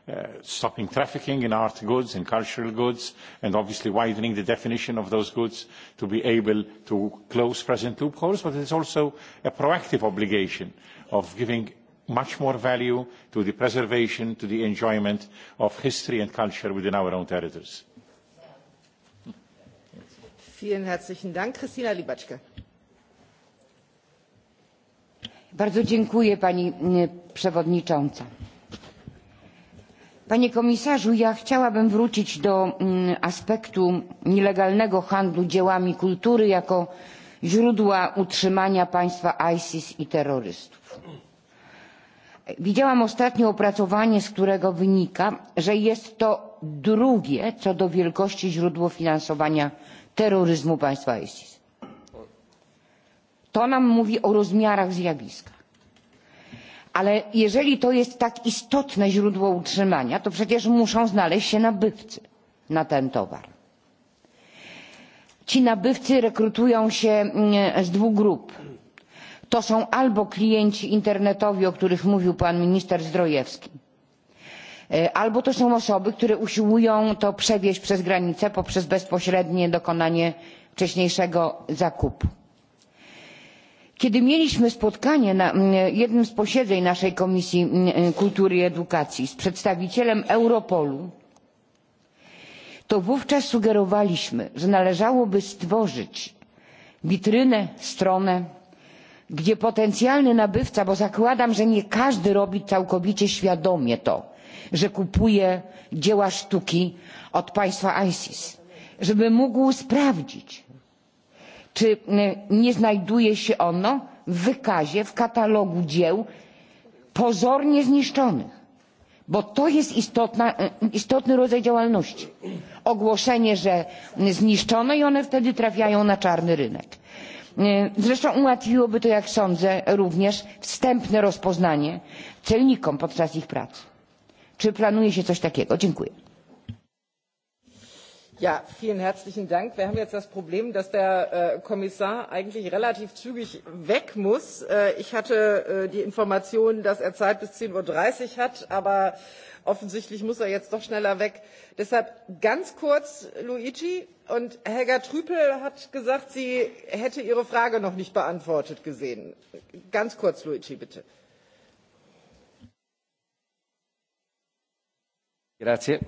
Uh, stopping trafficking in art goods, and cultural goods, and obviously widening the definition of those goods to be able to close present loopholes, but it's also a proactive obligation of giving much more value to the preservation, to the enjoyment of history and culture within our own territories. Vielen herzlichen Dank, Christina Libaczka. Bardzo dziękuję Pani e, Przewodnicząca Panie komisarzu, ja chciałabym wrócić do mm, aspektu nielegalnego handlu dziełami kultury jako źródła utrzymania państwa ISIS i terrorystów. Widziałam ostatnio opracowanie, z którego wynika, że jest to drugie co do wielkości źródło finansowania terroryzmu państwa ISIS. To nam mówi o rozmiarach zjawiska ale jeżeli to jest tak istotne źródło utrzymania to przecież muszą znaleźć się nabywcy na ten towar. ci nabywcy rekrutują się mm, z dwóch grup to są albo klienci internetowi o których mówił pan minister zdrojewski e, albo to są osoby które usiłują to przewieźć przez granicę poprzez bezpośrednie dokonanie wcześniejszego zakupu Kiedy mieliśmy spotkanie na mm, jednym z posiedzeń naszej Komisji mm, e, Kultury i Edukacji z przedstawicielem Europolu, to wówczas sugerowaliśmy, że należałoby stworzyć witrynę, stronę, gdzie potencjalny nabywca, bo zakładam, że nie każdy robi całkowicie świadomie to, że kupuje dzieła sztuki od państwa ISIS, żeby mógł sprawdzić, czy e, nie znajduje się ono w wykazie w katalogu dzieł pozornie zniszczonych bo to jest istotna, e, istotny rodzaj działalności ogłoszenie że zniszczono i one wtedy trafiają na czarny rynek. E, zresztą ułatwiłoby to jak sądzę również wstępne rozpoznanie celnikom podczas ich pracy. czy planuje się coś takiego? dziękuję. Ja, vielen herzlichen Dank. Wir haben jetzt das Problem, dass der äh, Kommissar eigentlich relativ zügig weg muss. Äh, ich hatte äh, die Information, dass er Zeit bis 10.30 Uhr hat, aber offensichtlich muss er jetzt doch schneller weg. Deshalb ganz kurz, Luigi. Und Helga Trüpel hat gesagt, sie hätte Ihre Frage noch nicht beantwortet gesehen. Ganz kurz, Luigi, bitte. Grazie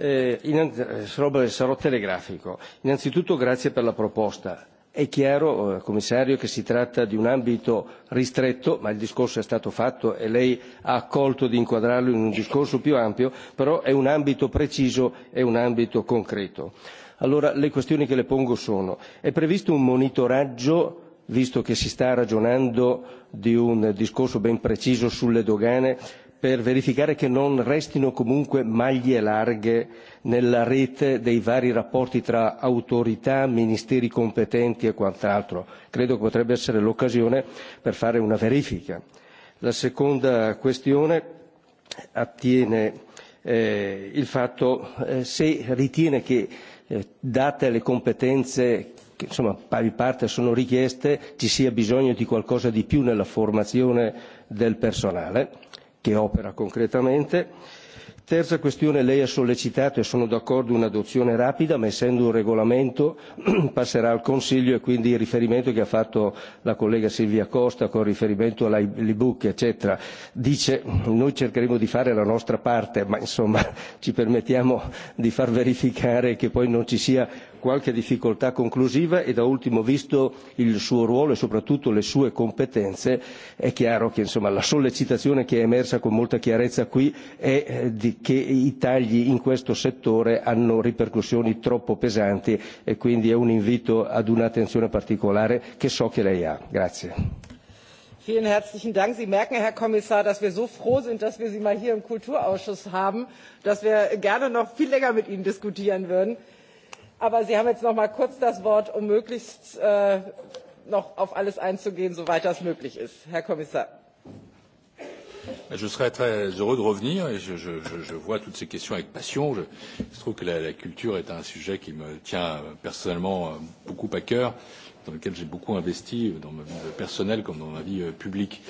Eh, in, eh, sarò, sarò telegrafico. Innanzitutto grazie per la proposta. È chiaro, eh, commissario, che si tratta di un ambito ristretto, ma il discorso è stato fatto e lei ha accolto di inquadrarlo in un discorso più ampio, però è un ambito preciso, e un ambito concreto. Allora, le questioni che le pongo sono, è previsto un monitoraggio visto che si sta ragionando di un discorso ben preciso sulle dogane per verificare che non restino comunque maglie larghe nella rete dei vari rapporti tra autorità, ministeri competenti e quant'altro. Credo che potrebbe essere l'occasione per fare una verifica. La seconda questione attiene eh, il fatto eh, se ritiene che, eh, date le competenze che insomma pari parte sono richieste, ci sia bisogno di qualcosa di più nella formazione del personale che opera concretamente. Terza questione, lei ha sollecitato e sono d'accordo un'adozione rapida, ma essendo un regolamento passerà al Consiglio e quindi il riferimento che ha fatto la collega Silvia Costa con riferimento all'ebook eccetera, dice noi cercheremo di fare la nostra parte, ma insomma ci permettiamo di far verificare che poi non ci sia qualche difficoltà conclusiva e da ultimo visto il suo ruolo e soprattutto le sue competenze è chiaro che insomma la sollecitazione che è emersa con molta chiarezza qui è eh, di, che i tagli in questo settore hanno ripercussioni troppo pesanti e quindi è un invito ad un'attenzione particolare che so che lei ha. Grazie. Vielen herzlichen Dank. Sie merken, Herr Kommissar, dass wir so froh sind, dass wir Sie mal hier im Kulturausschuss haben, dass wir gerne noch viel länger mit Ihnen diskutieren würden. Aber Sie haben jetzt noch mal kurz das Wort, um möglichst äh, noch auf alles einzugehen, soweit das möglich ist. Herr Kommissar. Je serais très heureux de revenir et je, je, je vois toutes ces questions avec passion. Je, je trouve que la, la culture est un sujet qui me tient personnellement euh, beaucoup à cœur, dans lequel j'ai beaucoup investi euh, dans ma vie personnelle comme dans ma vie euh, publique.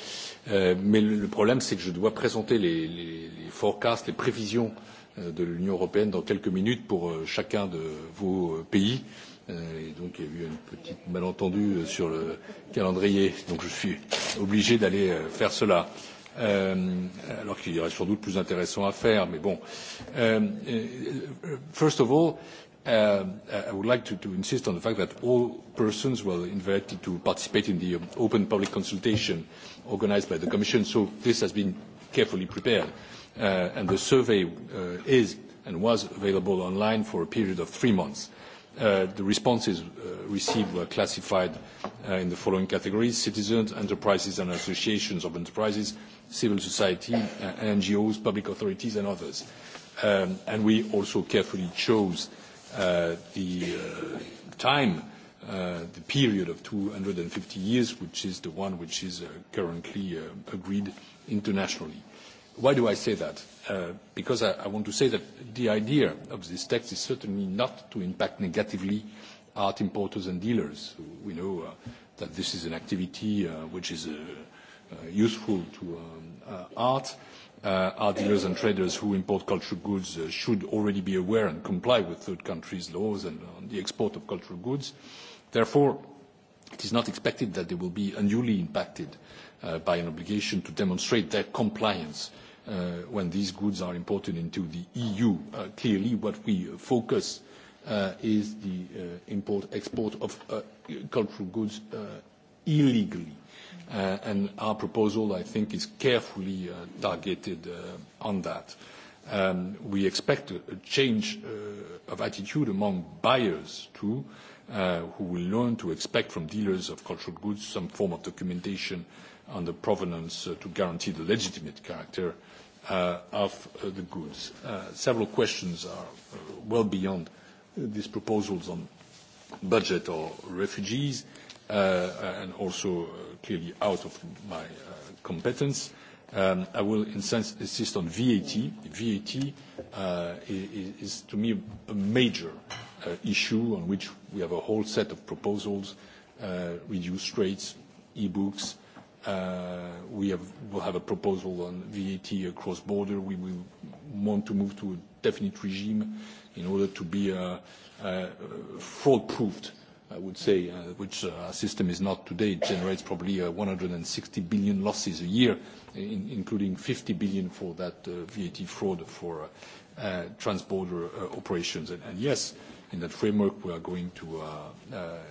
Euh, mais le, le problème, c'est que je dois présenter les, les, les forecasts, les prévisions euh, de l'Union européenne dans quelques minutes pour euh, chacun de vos euh, pays. Euh, et donc, il y a eu un petit malentendu sur le calendrier. Donc, je suis obligé d'aller faire cela. Euh, alors qu'il y aurait sans doute plus intéressant à faire, mais bon. Euh, first of all, uh, I would like to, to insist on the fact that all persons were invited to participate in the um, open public consultation organized by the Commission, so this has been carefully prepared. Uh, Uh, and the survey uh, is and was available online for a period of three months. Uh, the responses received were classified in the following categories: citizens, enterprises and associations of enterprises, civil society, NGOs, public authorities, and others. Um, and we also carefully chose the time, the period of 250 years, which is the one which is currently agreed internationally. Why do I say that? Uh, because I, want to say that the idea of this tax is certainly not to impact negatively art importers and dealers. We know uh, that this is an activity uh, which is useful to um, art. Art dealers and traders who import cultural goods should already be aware and comply with third countries' laws and on the export of cultural goods. Therefore, it is not expected that they will be unduly impacted by an obligation to demonstrate their compliance Uh, when these goods are imported into the EU. Uh, clearly, what we focus uh, is the import-export of cultural goods illegally. and our proposal, I think, is carefully targeted on that. Um, we expect a change of attitude among buyers too, who will learn to expect from dealers of cultural goods some form of documentation on the provenance to guarantee the legitimate character Uh, of uh, the goods. Uh, several questions are well beyond these proposals on budget or refugees, and also clearly out of my competence. Um, I will insist on VAT. VAT is to me a major issue on which we have a whole set of proposals, reduced rates, e-books, Uh, we have, will have a proposal on VAT across border. We will want to move to a definite regime in order to be uh, uh, fraud-proofed, I would say, which our system is not today. It generates probably 160 billion losses a year, including 50 billion for that VAT fraud for transborder operations. And, yes, in that framework, we are going to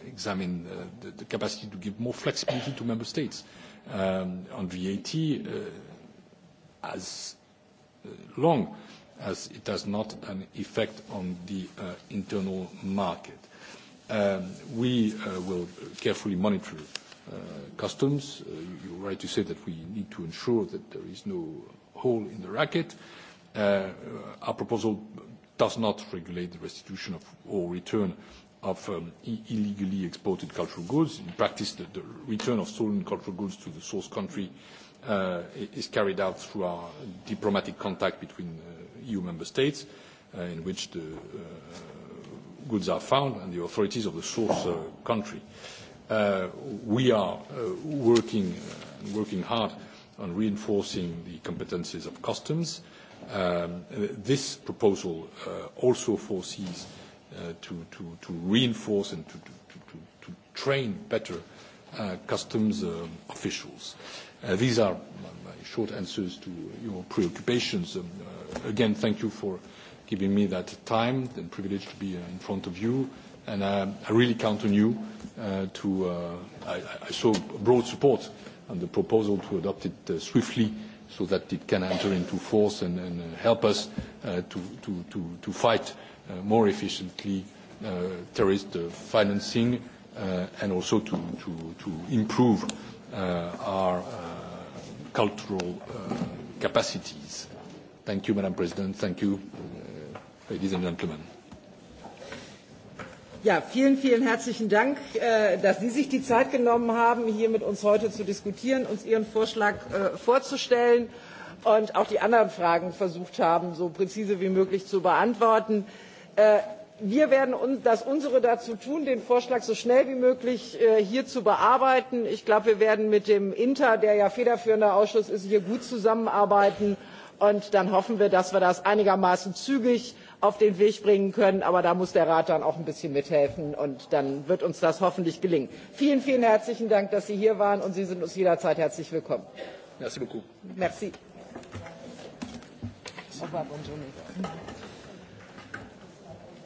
examine the capacity to give more flexibility to member states Um, on VAT, uh, as uh, long as it has not an effect on the uh, internal market. Um, we will carefully monitor customs. You're right to say that we need to ensure that there is no hole in the racket. Our proposal does not regulate the restitution of or return of um, illegally exported cultural goods. In practice, the, return of stolen cultural goods to the source country uh, is carried out through our diplomatic contact between uh, EU member states, uh, in which the goods are found and the authorities of the source country. We are working, working hard on reinforcing the competencies of customs. Um, this proposal also foresees Uh, to, reinforce and to, train better uh, customs um, officials. Uh, these are my short answers to your preoccupations. Um, again, thank you for giving me that time and privilege to be in front of you. and I, really count on you to. I, saw broad support on the proposal to adopt it swiftly so that it can enter into force and, help us to fight Uh, more efficiently uh, terrorist uh, financing and also to, to improve our cultural capacities. Thank you, Madam President. Thank you, ladies and gentlemen. Ja, vielen, vielen herzlichen Dank, äh, dass Sie sich die Zeit genommen haben, hier mit uns heute zu diskutieren, uns Ihren Vorschlag äh, vorzustellen und auch die anderen Fragen versucht haben, so präzise wie möglich zu beantworten. Äh, wir werden das unsere dazu tun den vorschlag so schnell wie möglich äh, hier zu bearbeiten. ich glaube wir werden mit dem inta der ja federführender ausschuss ist hier gut zusammenarbeiten und dann hoffen wir dass wir das einigermaßen zügig auf den weg bringen können. aber da muss der rat dann auch ein bisschen mithelfen und dann wird uns das hoffentlich gelingen. vielen vielen herzlichen dank dass sie hier waren und sie sind uns jederzeit herzlich willkommen. Merci beaucoup. Merci.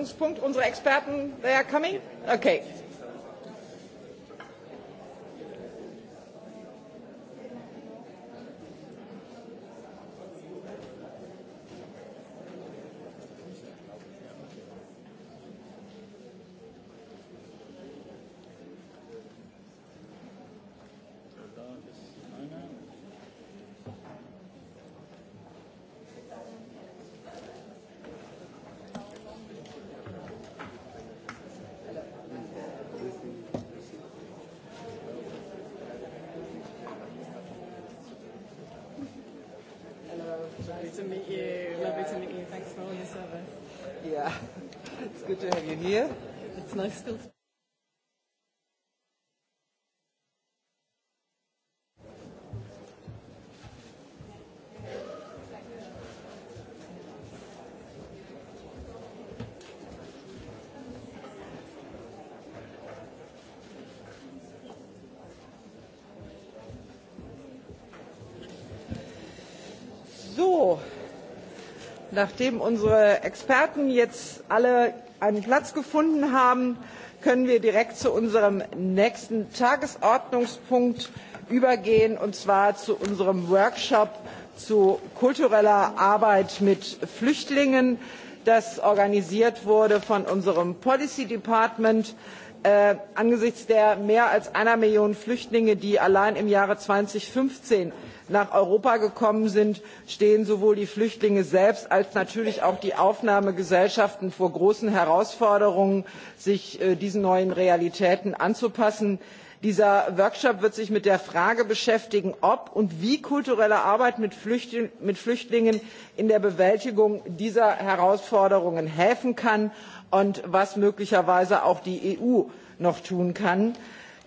Tagesordnungspunkt, unsere Experten, they are coming? Okay. to meet you. Yeah. Lovely to meet you. Thanks for all your service. Yeah, it's good to have you here. It's nice still. nachdem unsere experten jetzt alle einen platz gefunden haben können wir direkt zu unserem nächsten tagesordnungspunkt übergehen und zwar zu unserem workshop zu kultureller arbeit mit flüchtlingen das organisiert wurde von unserem policy department Äh, angesichts der mehr als einer million flüchtlinge die allein im jahre zweitausendfünfzehn nach europa gekommen sind stehen sowohl die flüchtlinge selbst als natürlich auch die aufnahmegesellschaften vor großen herausforderungen sich äh, diesen neuen realitäten anzupassen. dieser workshop wird sich mit der frage beschäftigen ob und wie kulturelle arbeit mit, mit flüchtlingen in der bewältigung dieser herausforderungen helfen kann und was möglicherweise auch die eu noch tun kann.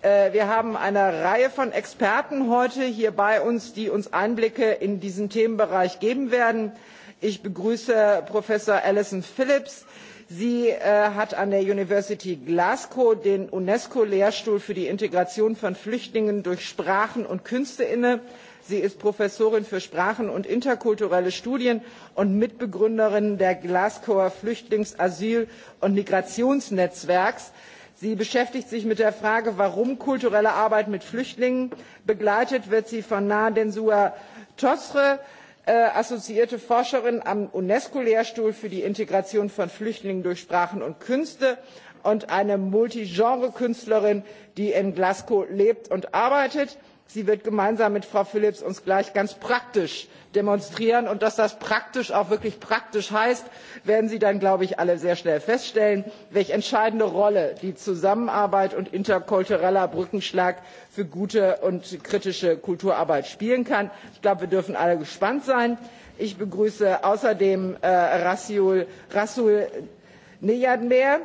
Äh, wir haben eine reihe von experten heute hier bei uns die uns einblicke in diesen themenbereich geben werden. ich begrüße professor alison phillips sie äh, hat an der university glasgow den unesco lehrstuhl für die integration von flüchtlingen durch sprachen und künste inne sie ist professorin für sprachen und interkulturelle studien und mitbegründerin des glasgower flüchtlings asyl und migrationsnetzwerks. sie beschäftigt sich mit der frage warum kulturelle arbeit mit flüchtlingen begleitet wird sie von nadensour tosre äh, assoziierte forscherin am unesco lehrstuhl für die integration von flüchtlingen durch sprachen und künste und eine multigenre künstlerin die in glasgow lebt und arbeitet sie wird gemeinsam mit frau phillips uns gleich ganz praktisch demonstrieren und dass das praktisch auch wirklich praktisch heißt werden sie dann glaube ich alle sehr schnell feststellen welch entscheidende rolle die zusammenarbeit und interkultureller brückenschlag für gute und kritische kulturarbeit spielen kann. ich glaube wir dürfen alle gespannt sein. ich begrüße außerdem äh, rasul nejadmer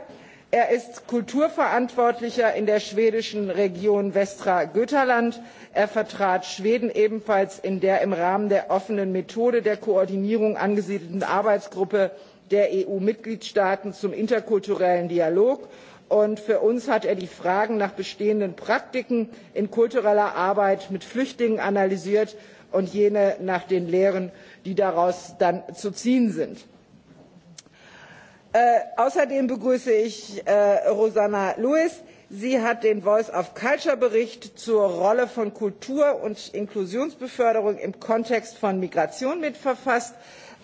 er ist kulturverantwortlicher in der schwedischen region västra götaland er vertrat schweden ebenfalls in der im rahmen der offenen methode der koordinierung angesiedelten arbeitsgruppe der eu mitgliedstaaten zum interkulturellen dialog und für uns hat er die fragen nach bestehenden praktiken in kultureller arbeit mit flüchtlingen analysiert und jene nach den lehren die daraus dann zu ziehen sind. Äh, außerdem begrüße ich äh, rosana Lewis. Sie hat den Voice of Culture Bericht zur Rolle von Kultur und Inklusionsbeförderung im Kontext von Migration mitverfasst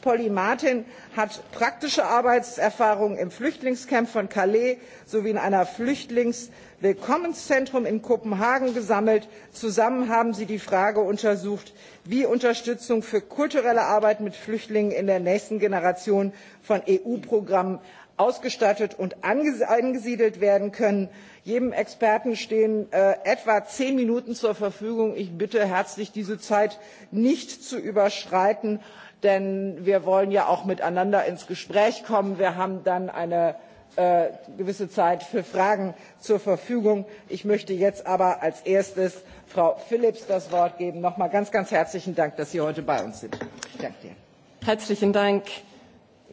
polly martin hat praktische arbeitserfahrung im flüchtlingscamp von calais sowie in einem flüchtlingswillkommenszentrum in kopenhagen gesammelt. zusammen haben sie die frage untersucht wie unterstützung für kulturelle arbeit mit flüchtlingen in der nächsten generation von eu programmen ausgestattet und angesiedelt werden kann. jedem experten stehen äh, etwa zehn minuten zur verfügung. ich bitte herzlich diese zeit nicht zu überschreiten denn wir wollen ja auch miteinander ins Gespräch kommen. Wir haben dann eine äh, gewisse Zeit für Fragen zur Verfügung. Ich möchte jetzt aber als erstes Frau Philips das Wort geben. Nochmal ganz, ganz herzlichen Dank, dass Sie heute bei uns sind. Ich danke dir. Herzlichen Dank.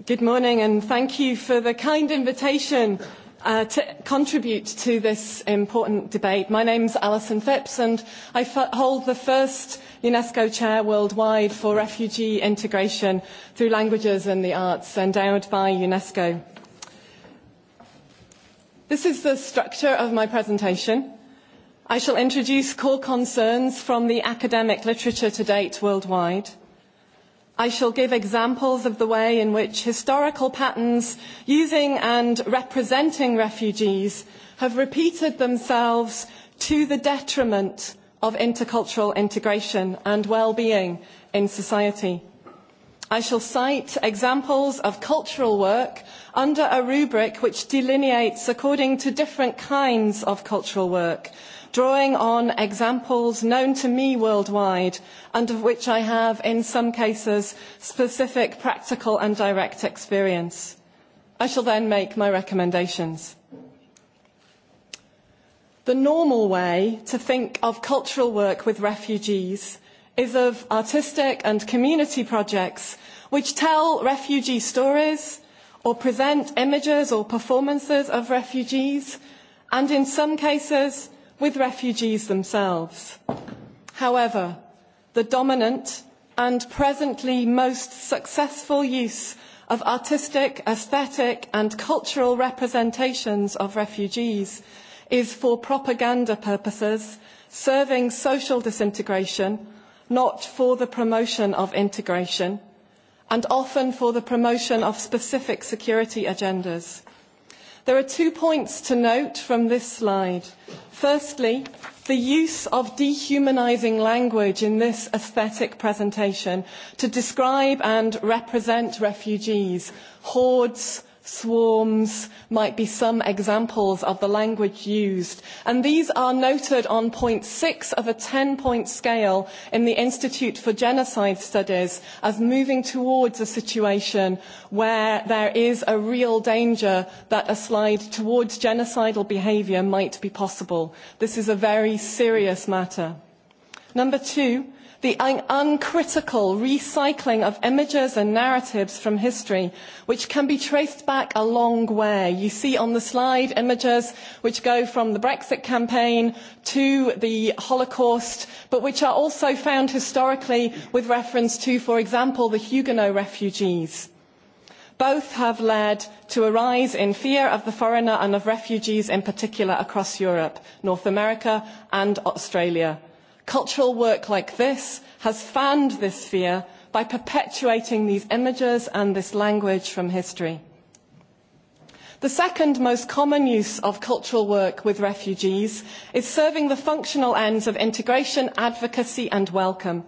Good morning and thank you for the kind invitation Uh, to contribute to this important debate. My name's Alison Phipps and I f- hold the first UNESCO chair worldwide for refugee integration through languages and the arts endowed by UNESCO. This is the structure of my presentation. I shall introduce core concerns from the academic literature to date worldwide – i shall give examples of the way in which historical patterns using and representing refugees have repeated themselves to the detriment of intercultural integration and well-being in society. I shall cite examples of cultural work under a rubric which delineates according to different kinds of cultural work drawing on examples known to me worldwide and of which I have, in some cases, specific practical and direct experience. I shall then make my recommendations. The normal way to think of cultural work with refugees is of artistic and community projects which tell refugee stories or present images or performances of refugees and in some cases with refugees themselves. However, the dominant and presently most successful use of artistic, aesthetic and cultural representations of refugees is for propaganda purposes, serving social disintegration, not for the promotion of integration, and often for the promotion of specific security agendas. There are two points to note from this slide. Firstly, the use of dehumanising language in this aesthetic presentation to describe and represent refugees, hordes, swarms might be some examples of the language used. And these are noted on point six of a 10-point scale in the Institute for Genocide Studies as moving towards a situation where there is a real danger that a slide towards genocidal behaviour might be possible. This is a very serious matter. Number two, the un uncritical recycling of images and narratives from history, which can be traced back a long way. You see on the slide images which go from the Brexit campaign to the Holocaust, but which are also found historically with reference to, for example, the Huguenot refugees. Both have led to a rise in fear of the foreigner and of refugees in particular across Europe, North America and Australia. Cultural work like this has fanned this fear by perpetuating these images and this language from history. The second most common use of cultural work with refugees is serving the functional ends of integration, advocacy and welcome.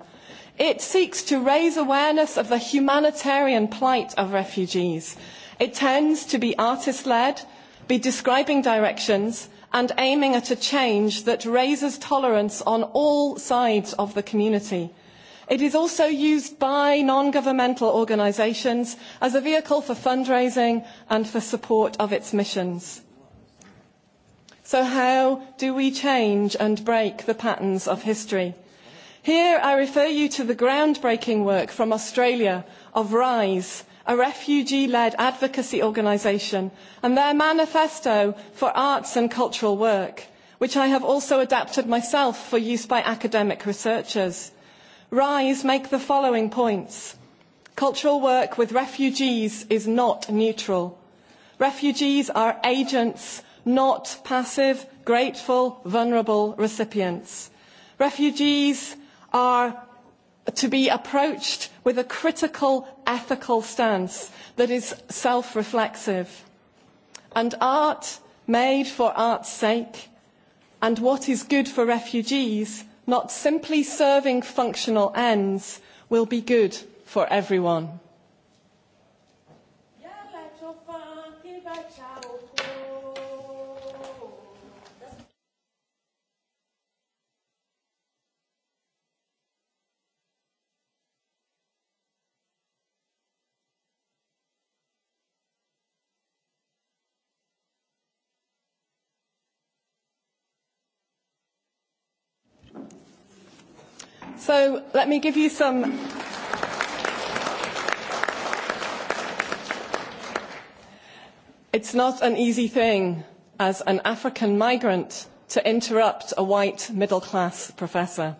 It seeks to raise awareness of the humanitarian plight of refugees. It tends to be artist-led, be describing directions and aiming at a change that raises tolerance on all sides of the community. It is also used by non-governmental organisations as a vehicle for fundraising and for support of its missions. So how do we change and break the patterns of history? Here I refer you to the groundbreaking work from Australia of RISE, a refugee-led advocacy organisation, and their manifesto for arts and cultural work, which I have also adapted myself for use by academic researchers. RISE make the following points. Cultural work with refugees is not neutral. Refugees are agents, not passive, grateful, vulnerable recipients. Refugees are to be approached with a critical ethical stance that is self-reflexive. And art made for art's sake and what is good for refugees, not simply serving functional ends, will be good for everyone. So let me give you some It's not an easy thing as an African migrant to interrupt a white middle class professor.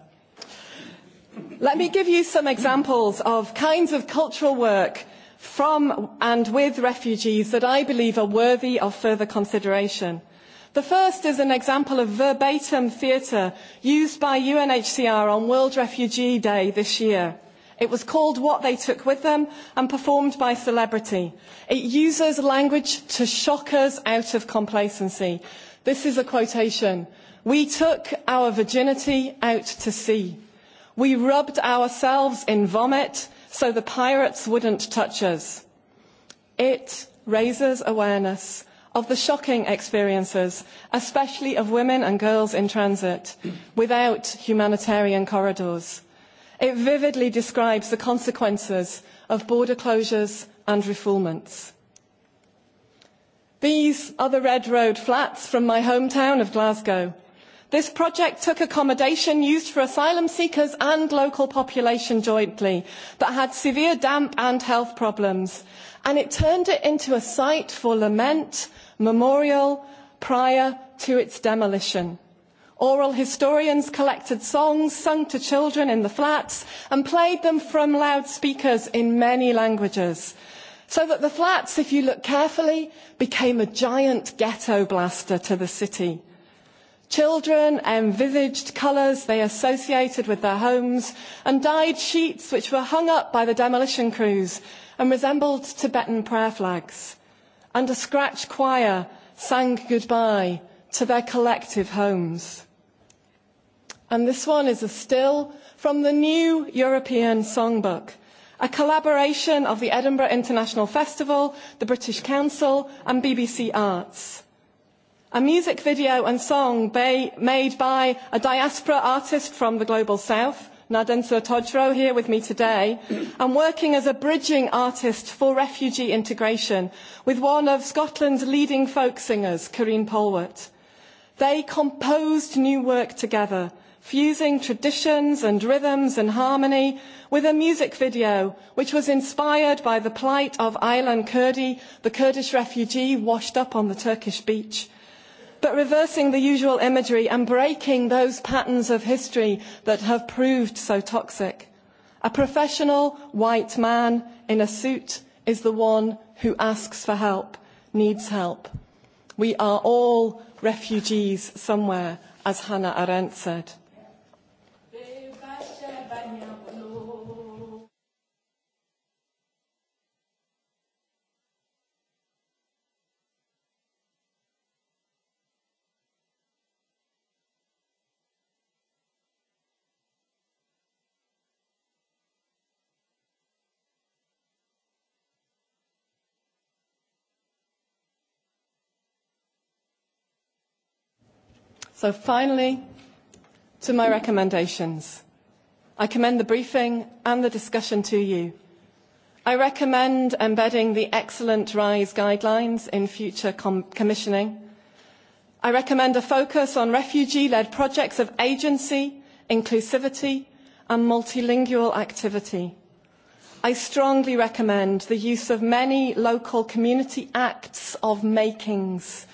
Let me give you some examples of kinds of cultural work from and with refugees that I believe are worthy of further consideration. The first is an example of verbatim theatre used by UNHCR on World Refugee Day this year. It was called What They Took With Them and performed by celebrity. It uses language to shock us out of complacency. This is a quotation. We took our virginity out to sea. We rubbed ourselves in vomit so the pirates wouldn't touch us. It raises awareness of the shocking experiences, especially of women and girls in transit, without humanitarian corridors. It vividly describes the consequences of border closures and refoulements. These are the Red Road flats from my hometown of Glasgow. This project took accommodation used for asylum seekers and local population jointly that had severe damp and health problems, and it turned it into a site for lament memorial prior to its demolition. Oral historians collected songs sung to children in the flats and played them from loudspeakers in many languages. So that the flats, if you look carefully, became a giant ghetto blaster to the city. Children envisaged colours they associated with their homes and dyed sheets which were hung up by the demolition crews and resembled Tibetan prayer flags and a scratch choir sang goodbye to their collective homes. And this one is a still from the new European Songbook, a collaboration of the Edinburgh International Festival, the British Council, and BBC Arts. A music video and song made by a diaspora artist from the Global South, Nadensa Todro here with me today. I'm working as a bridging artist for refugee integration with one of Scotland's leading folk singers, Corinne Polwart. They composed new work together, fusing traditions and rhythms and harmony with a music video which was inspired by the plight of Aylan Kurdi, the Kurdish refugee washed up on the Turkish beach but reversing the usual imagery and breaking those patterns of history that have proved so toxic. A professional white man in a suit is the one who asks for help, needs help. We are all refugees somewhere, as Hannah Arendt said. So finally, to my recommendations. I commend the briefing and the discussion to you. I recommend embedding the excellent RISE guidelines in future com commissioning. I recommend a focus on refugee-led projects of agency, inclusivity and multilingual activity. I strongly recommend the use of many local community acts of makings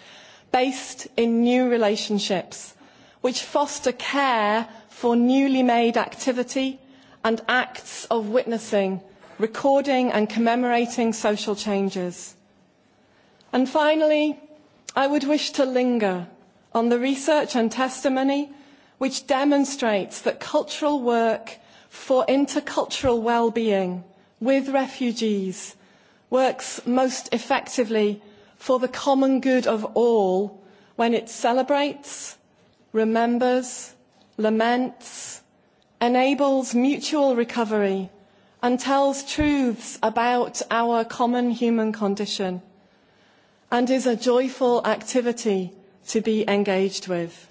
based in new relationships, which foster care for newly made activity and acts of witnessing, recording and commemorating social changes. And finally, I would wish to linger on the research and testimony which demonstrates that cultural work for intercultural well-being with refugees works most effectively for the common good of all when it celebrates, remembers, laments, enables mutual recovery, and tells truths about our common human condition, and is a joyful activity to be engaged with.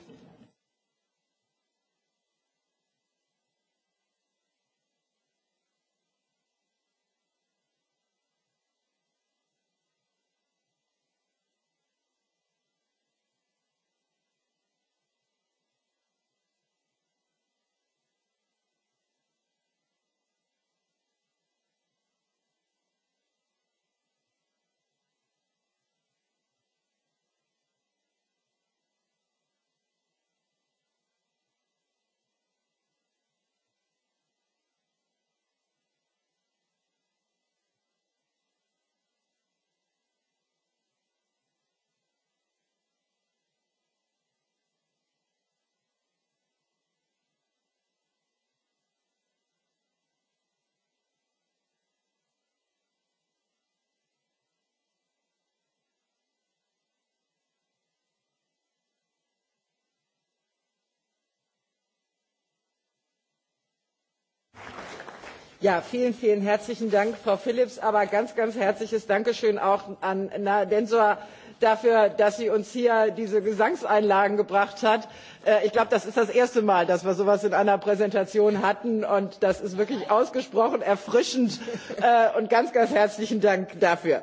Ja, vielen, vielen herzlichen Dank, Frau Philips, aber ganz, ganz herzliches Dankeschön auch an Densor dafür, dass sie uns hier diese Gesangseinlagen gebracht hat. Äh, ich glaube, das ist das erste Mal, dass wir sowas in einer Präsentation hatten und das ist wirklich ausgesprochen erfrischend äh, und ganz, ganz herzlichen Dank dafür.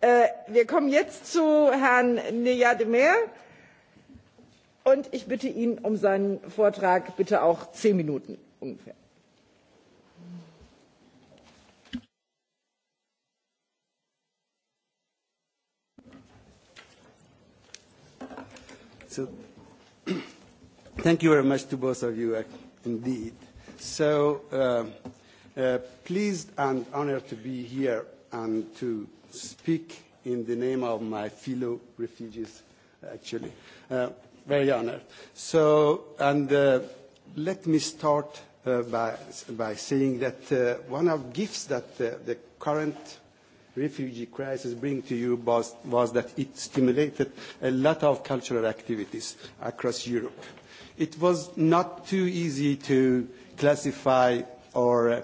Äh, wir kommen jetzt zu Herrn Nejademir und ich bitte ihn um seinen Vortrag bitte auch zehn Minuten ungefähr. So thank you very much to both of you, indeed. So uh, uh, pleased and honored to be here and to speak in the name of my fellow refugees, actually. Uh, very honored. So, and uh, let me start uh, by, by saying that uh, one of gifts that uh, the current refugee crisis bring to you was, was that it stimulated a lot of cultural activities across Europe. It was not too easy to classify or uh,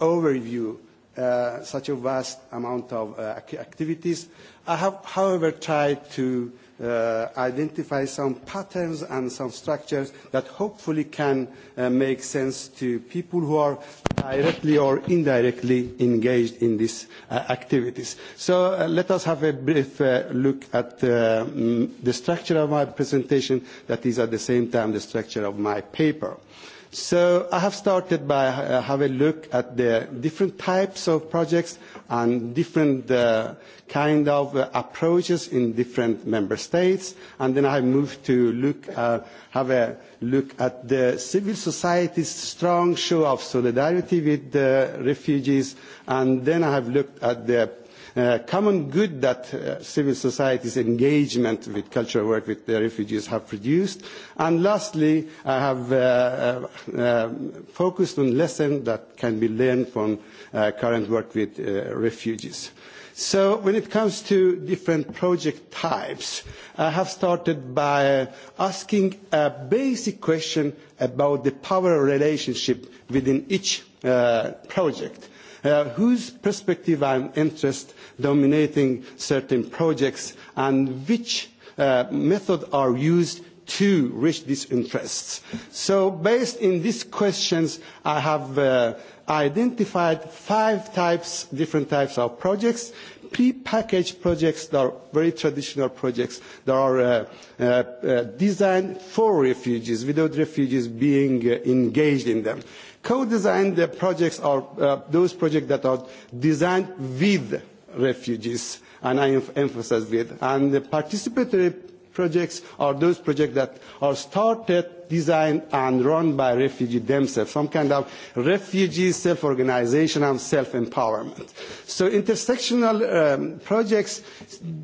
overview uh, such a vast amount of uh, activities. I have, however, tried to Uh, identify some patterns and some structures that hopefully can uh, make sense to people who are directly or indirectly engaged in these uh, activities. So uh, let us have a brief uh, look at uh, mm, the structure of my presentation that is at the same time the structure of my paper. Uh, So I have started by uh, have a look at the different types of projects and different uh, kind of uh, approaches in different member states. And then I moved to look, uh, have a look at the civil society's strong show of solidarity with the refugees. And then I have looked at the Uh, common good that uh, civil society's engagement with cultural work with the refugees have produced. And lastly, I have uh, uh, uh focused on lessons that can be learned from uh, current work with refugees. So when it comes to different project types, I have started by asking a basic question about the power relationship within each uh, project uh, whose perspective and interest dominating certain projects and which uh, method are used to reach these interests. So based in these questions, I have uh, identified five types, different types of projects. Pre-packaged projects that are very traditional projects that are uh, uh, uh designed for refugees, without refugees being uh, engaged in them co-design the projects or uh, those projects that are designed with refugees, and I emphasize with, and the participatory projects are those projects that are started, designed, and run by refugees themselves, some kind of refugee self-organization and self-empowerment. So intersectional um, projects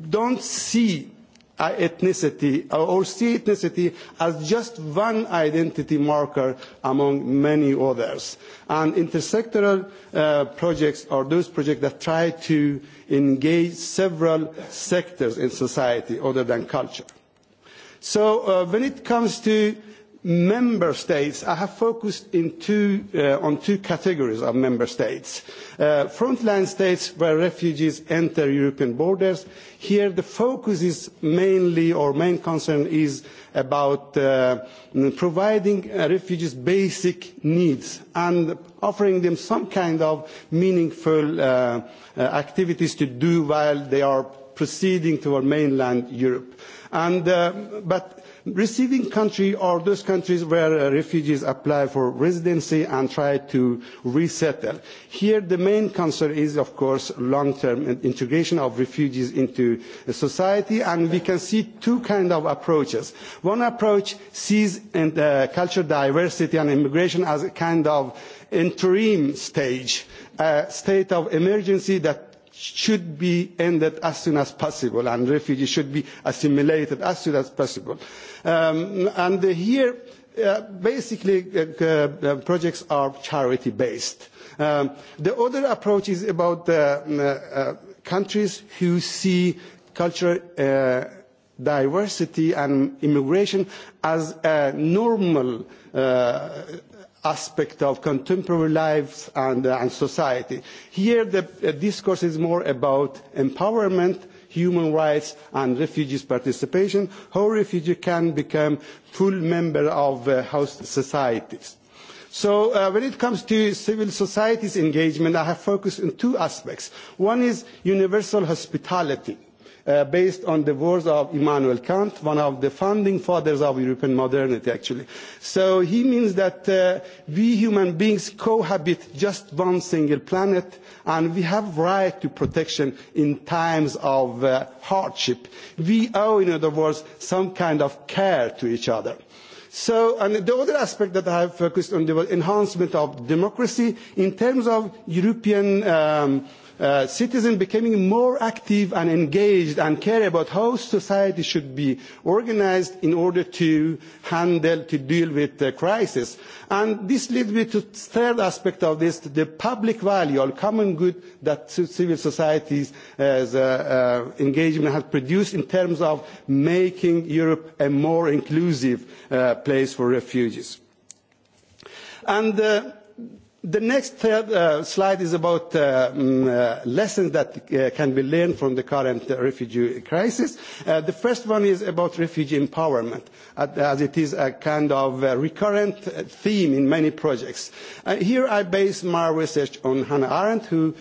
don't see ethnicity or see ethnicity as just one identity marker among many others. And intersectoral uh, projects are those projects that try to engage several sectors in society other than culture. So uh, when it comes to member states, I have focused two, uh, on two categories of member states. Uh, frontline states where refugees enter European borders. Here the focus is mainly, or main concern is about uh, providing uh, refugees basic needs and offering them some kind of meaningful uh, uh, activities to do while they are proceeding toward mainland Europe. And, uh, but receiving country or those countries where uh, refugees apply for residency and try to resettle. Here the main concern is of course long-term integration of refugees into uh, society and we can see two kinds of approaches. One approach sees and, uh, cultural diversity and immigration as a kind of interim stage, a uh, state of emergency that should be ended as soon as possible and refugees should be assimilated as soon as possible. Um, and here, uh, basically, uh, uh projects are charity-based. Um, the other approach is about uh, uh countries who see cultural uh, diversity and immigration as a normal uh, aspect of contemporary lives and, uh, and society. Here, the uh, discourse is more about empowerment, human rights, and refugees' participation, how refugees can become full members of uh, host societies. So uh, when it comes to civil society's engagement, I have focused on two aspects. One is universal hospitality uh, based on the words of Immanuel Kant, one of the founding fathers of European modernity, actually. So he means that uh, we human beings cohabit just one single planet, and we have right to protection in times of uh, hardship. We owe, in other words, some kind of care to each other. So, and the other aspect that I have focused on the enhancement of democracy in terms of European um, Uh, citizens becoming more active and engaged and care about how society should be organized in order to handle, to deal with the crisis. And this leads me to third aspect of this, the public value or common good that civil society's uh, uh, uh, engagement has produced in terms of making Europe a more inclusive uh, place for refugees. And uh, The next third, uh, uh, slide is about uh, um, uh, lessons that uh, can be learned from the current refugee crisis. Uh, the first one is about refugee empowerment, as it is a kind of a recurrent theme in many projects. here I base my research on Hannah Arendt, who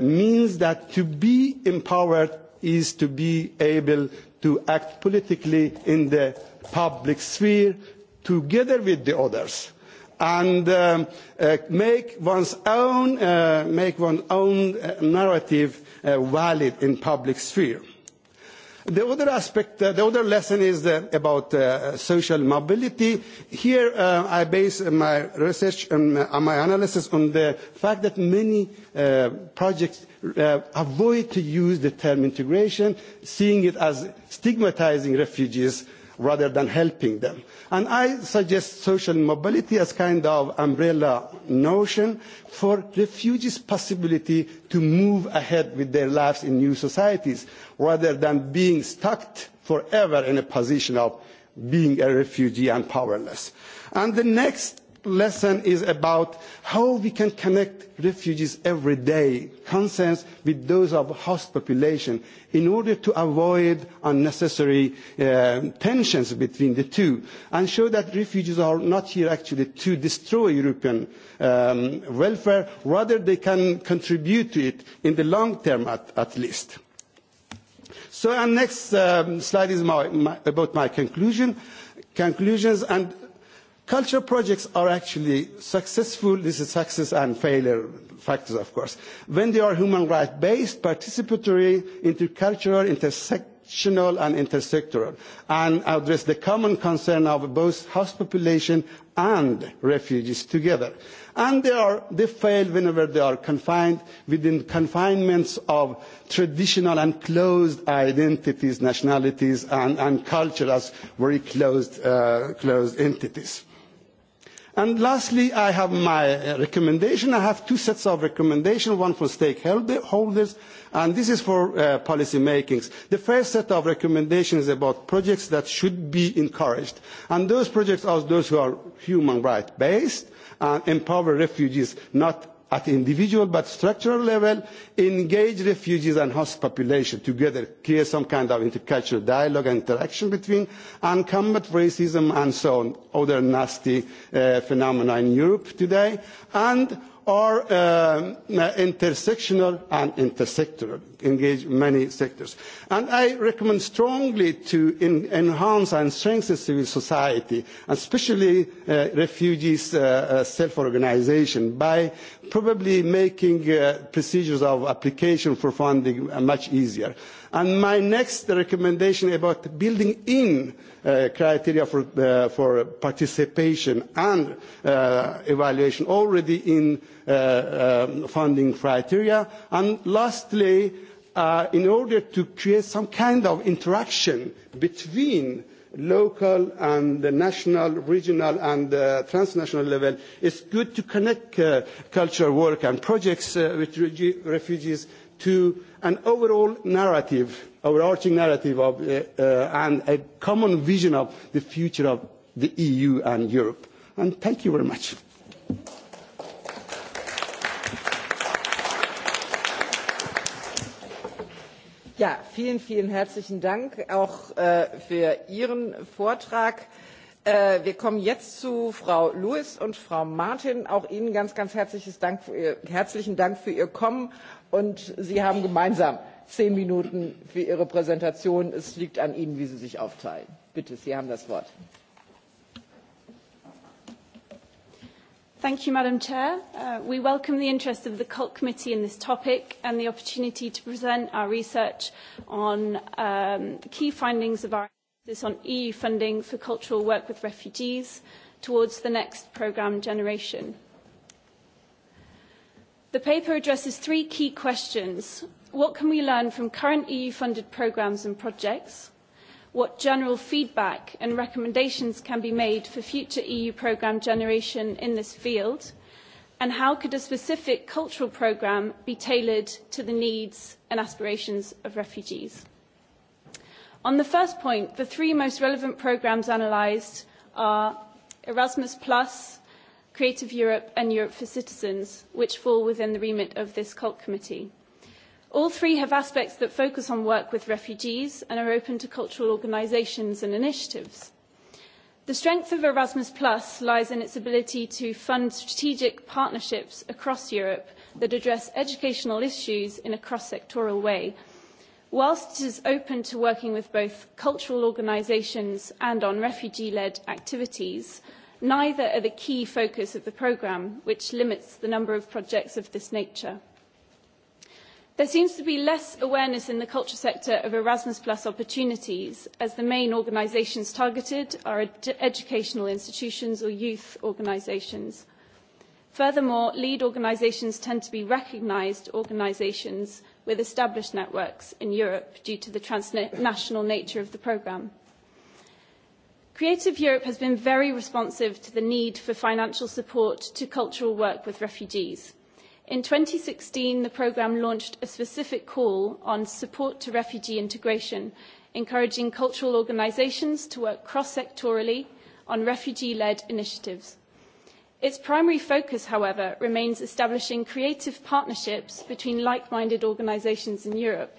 means that to be empowered is to be able to act politically in the public sphere together with the others and um, uh, make one's own, uh, make one's own uh, narrative uh, valid in public sphere. The other aspect, uh, the other lesson is uh, about social mobility. Here I base my research and my analysis on the fact that many projects avoid to use the term integration, seeing it as stigmatizing refugees rather than helping them. And I suggest social mobility as kind of umbrella notion for refugees' possibility to move ahead with their lives in new societies rather than being stuck forever in a position of being a refugee and powerless. And the next lesson is about how we can connect refugees every day, concerns with those of host population, in order to avoid unnecessary uh, tensions between the two, and show that refugees are not here actually to destroy European um, welfare, rather they can contribute to it in the long term at, at least. So our next um, slide is my, my, about my conclusion, conclusions and Culture projects are actually successful. This is success and failure factors, of course. When they are human rights based, participatory, intercultural, intersectional, and intersectoral, and address the common concern of both host population and refugees together. And they, are, they fail whenever they are confined within confinements of traditional and closed identities, nationalities, and, and culture as very closed, uh, closed entities. And lastly, I have my uh, recommendation. I have two sets of recommendations, one for stakeholders, and this is for uh, policy The first set of recommendations is about projects that should be encouraged. And those projects are those who are human rights based and empower refugees, not at individual but structural level, engage refugees and host population together, create some kind of intercultural dialogue and interaction between, and combat racism and so on, other nasty uh, phenomena in Europe today, and are um, uh, intersectional and intersectoral, engage many sectors. And I recommend strongly to in, enhance and strengthen civil society, especially uh, refugees' uh, uh self-organization by probably making uh, procedures of application for funding uh, much easier. And my next recommendation about building in uh, criteria for, uh, for participation and uh, evaluation already in uh, um, funding criteria. And lastly, uh, in order to create some kind of interaction between local and the national, regional and uh, transnational level. It's good to connect uh, cultural work and projects uh, with refugees to an overall narrative, overarching narrative of, uh, uh, and a common vision of the future of the EU and Europe. And thank you very much. vielen, vielen herzlichen Dank auch äh, für Ihren Vortrag. Äh, wir kommen jetzt zu Frau Lewis und Frau Martin. Auch Ihnen ganz, ganz herzlichen Dank für Ihr Kommen. Und Sie haben gemeinsam zehn Minuten für Ihre Präsentation. Es liegt an Ihnen, wie Sie sich aufteilen. Bitte, Sie haben das Wort. Thank you, Madam Chair. Uh, we welcome the interest of the CULT Committee in this topic and the opportunity to present our research on um, key findings of our analysis on EU funding for cultural work with refugees towards the next programme generation. The paper addresses three key questions. What can we learn from current EU-funded programmes and projects? what general feedback and recommendations can be made for future EU programme generation in this field, and how could a specific cultural programme be tailored to the needs and aspirations of refugees? On the first point, the three most relevant programmes analysed are Erasmus+, Creative Europe and Europe for Citizens, which fall within the remit of this cult committee. All three have aspects that focus on work with refugees and are open to cultural organisations and initiatives. The strength of Erasmus Plus lies in its ability to fund strategic partnerships across Europe that address educational issues in a cross-sectoral way, whilst it is open to working with both cultural organisations and on refugee-led activities, neither are the key focus of the programme, which limits the number of projects of this nature. There seems to be less awareness in the culture sector of Erasmus Plus opportunities, as the main organisations targeted are ed educational institutions or youth organisations. Furthermore, lead organisations tend to be recognised organisations with established networks in Europe due to the transnational nature of the programme. Creative Europe has been very responsive to the need for financial support to cultural work with refugees. In 2016, the programme launched a specific call on support to refugee integration, encouraging cultural organisations to work cross-sectorally on refugee-led initiatives. Its primary focus, however, remains establishing creative partnerships between like-minded organisations in Europe,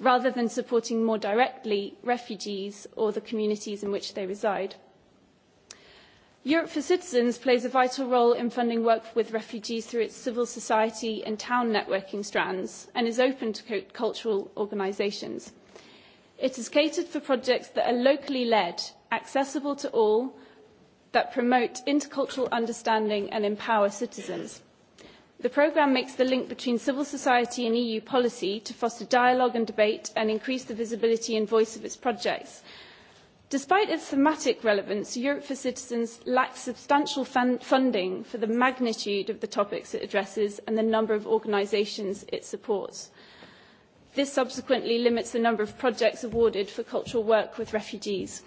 rather than supporting more directly refugees or the communities in which they reside. Europe for Citizens plays a vital role in funding work with refugees through its civil society and town networking strands and is open to cultural organisations. It is catered for projects that are locally led, accessible to all, that promote intercultural understanding and empower citizens. The programme makes the link between civil society and EU policy to foster dialogue and debate and increase the visibility and voice of its projects Despite its thematic relevance, Europe for Citizens lacks substantial fun funding for the magnitude of the topics it addresses and the number of organisations it supports. This subsequently limits the number of projects awarded for cultural work with refugees.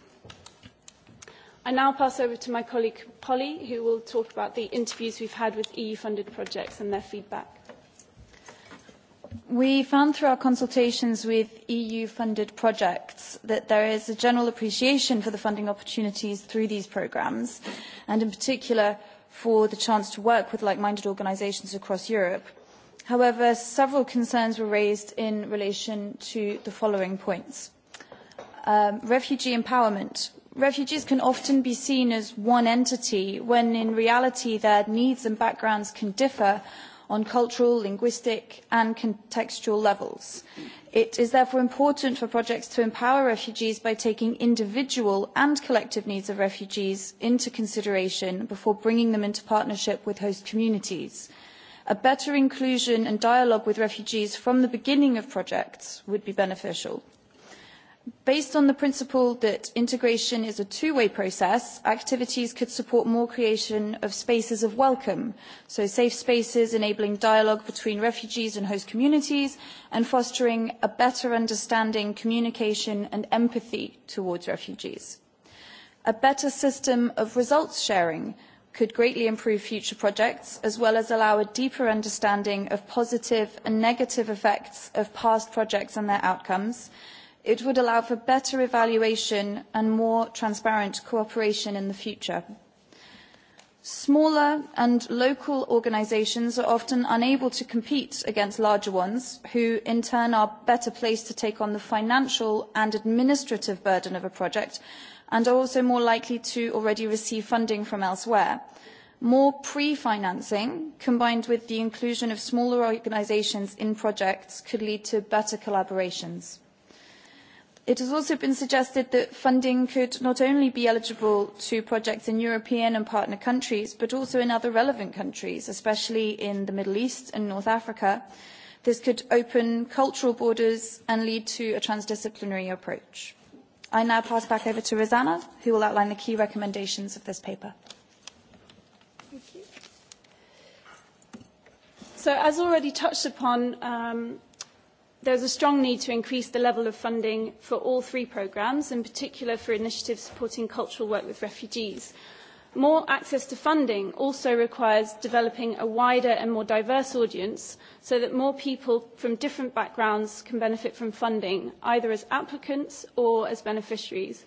I now pass over to my colleague Polly, who will talk about the interviews we've had with EU-funded projects and their feedback. We found through our consultations with EU-funded projects that there is a general appreciation for the funding opportunities through these programmes, and in particular for the chance to work with like-minded organisations across Europe. However, several concerns were raised in relation to the following points. Um, refugee empowerment. Refugees can often be seen as one entity when in reality their needs and backgrounds can differ on cultural, linguistic and contextual levels. It is therefore important for projects to empower refugees by taking individual and collective needs of refugees into consideration before bringing them into partnership with host communities. A better inclusion and dialogue with refugees from the beginning of projects would be beneficial. Based on the principle that integration is a two-way process, activities could support more creation of spaces of welcome, so safe spaces enabling dialogue between refugees and host communities and fostering a better understanding, communication and empathy towards refugees. A better system of results sharing could greatly improve future projects as well as allow a deeper understanding of positive and negative effects of past projects and their outcomes It would allow for better evaluation and more transparent cooperation in the future. Smaller and local organisations are often unable to compete against larger ones, who in turn are better placed to take on the financial and administrative burden of a project and are also more likely to already receive funding from elsewhere. More pre-financing, combined with the inclusion of smaller organisations in projects, could lead to better collaborations. It has also been suggested that funding could not only be eligible to projects in European and partner countries, but also in other relevant countries, especially in the Middle East and North Africa. This could open cultural borders and lead to a transdisciplinary approach. I now pass back over to Rosanna, who will outline the key recommendations of this paper. So as already touched upon, um, There's a strong need to increase the level of funding for all three programmes, in particular for initiatives supporting cultural work with refugees. More access to funding also requires developing a wider and more diverse audience so that more people from different backgrounds can benefit from funding, either as applicants or as beneficiaries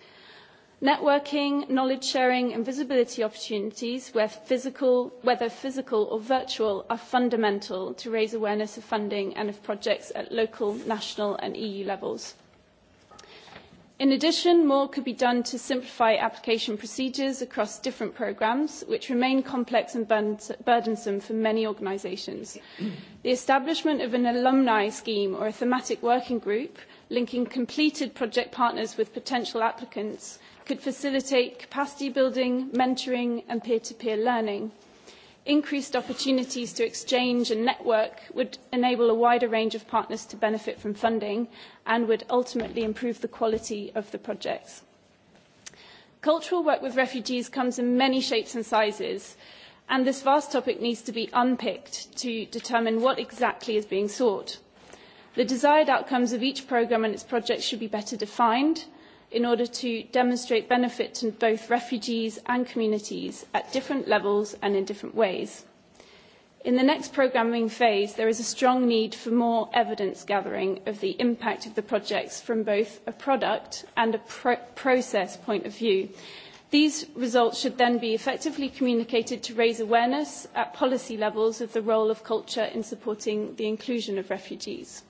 networking, knowledge sharing and visibility opportunities, physical, whether physical or virtual, are fundamental to raise awareness of funding and of projects at local, national and EU levels. In addition, more could be done to simplify application procedures across different programmes, which remain complex and burdensome for many organisations. The establishment of an alumni scheme or a thematic working group linking completed project partners with potential applicants could facilitate capacity building, mentoring and peer-to-peer -peer learning. Increased opportunities to exchange and network would enable a wider range of partners to benefit from funding and would ultimately improve the quality of the projects. Cultural work with refugees comes in many shapes and sizes, and this vast topic needs to be unpicked to determine what exactly is being sought. The desired outcomes of each programme and its projects should be better defined, in order to demonstrate benefit to both refugees and communities at different levels and in different ways. In the next programming phase, there is a strong need for more evidence gathering of the impact of the projects from both a product and a pro process point of view. These results should then be effectively communicated to raise awareness at policy levels of the role of culture in supporting the inclusion of refugees.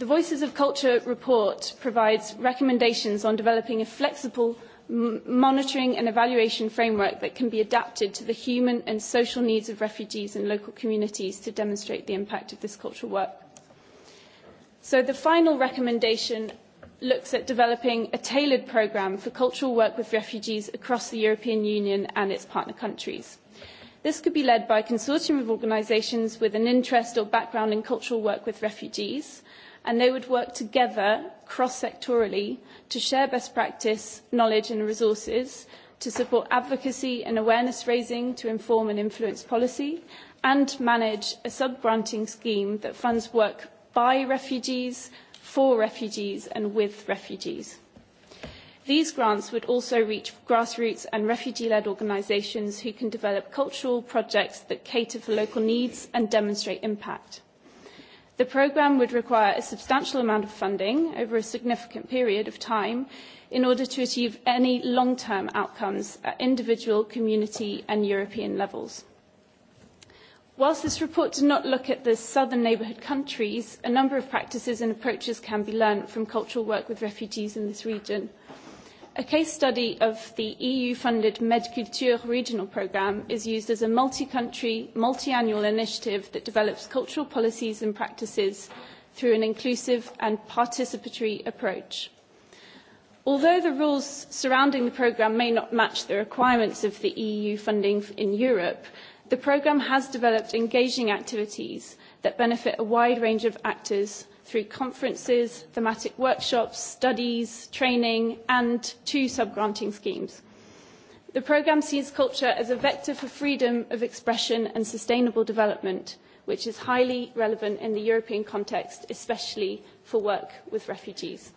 The Voices of Culture report provides recommendations on developing a flexible monitoring and evaluation framework that can be adapted to the human and social needs of refugees and local communities to demonstrate the impact of this cultural work. So the final recommendation looks at developing a tailored programme for cultural work with refugees across the European Union and its partner countries. This could be led by a consortium of organisations with an interest or background in cultural work with refugees, and they would work together cross-sectorally to share best practice, knowledge and resources to support advocacy and awareness raising to inform and influence policy and manage a sub-granting scheme that funds work by refugees, for refugees and with refugees. These grants would also reach grassroots and refugee-led organisations who can develop cultural projects that cater for local needs and demonstrate impact. The programme would require a substantial amount of funding over a significant period of time in order to achieve any long-term outcomes at individual, community and European levels. Whilst this report did not look at the southern neighbourhood countries, a number of practices and approaches can be learned from cultural work with refugees in this region. A case study of the EU-funded Medculture regional programme is used as a multi-country, multi-annual initiative that develops cultural policies and practices through an inclusive and participatory approach. Although the rules surrounding the programme may not match the requirements of the EU funding in Europe, the programme has developed engaging activities that benefit a wide range of actors through conferences, thematic workshops, studies, training, and two sub-granting schemes. The programme sees culture as a vector for freedom of expression and sustainable development, which is highly relevant in the European context, especially for work with refugees.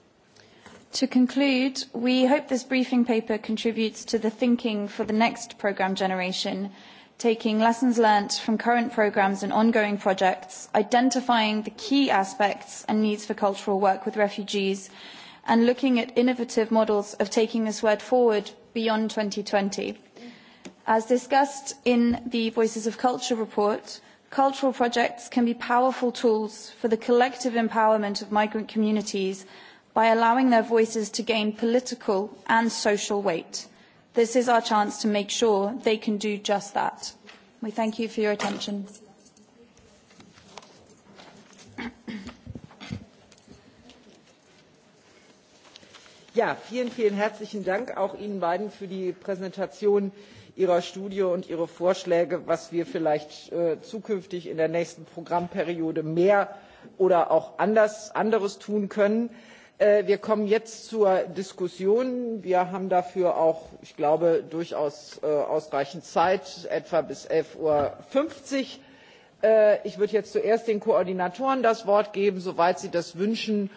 To conclude, we hope this briefing paper contributes to the thinking for the next programme generation taking lessons learnt from current programmes and ongoing projects, identifying the key aspects and needs for cultural work with refugees, and looking at innovative models of taking this word forward beyond 2020. As discussed in the Voices of Culture report, cultural projects can be powerful tools for the collective empowerment of migrant communities by allowing their voices to gain political and social weight. This is our chance to make sure they can do just that. We thank you for your attention. Ja, vielen, vielen herzlichen Dank auch Ihnen beiden für die Präsentation Ihrer Studie und Ihre Vorschläge, was wir vielleicht äh, zukünftig in der nächsten Programmperiode mehr oder auch anders, anderes tun können. Äh, wir kommen jetzt zur diskussion. wir haben dafür auch ich glaube durchaus äh, ausreichend zeit etwa bis. elf fünfzig uhr. Äh, ich würde jetzt zuerst den koordinatoren das wort geben soweit sie das wünschen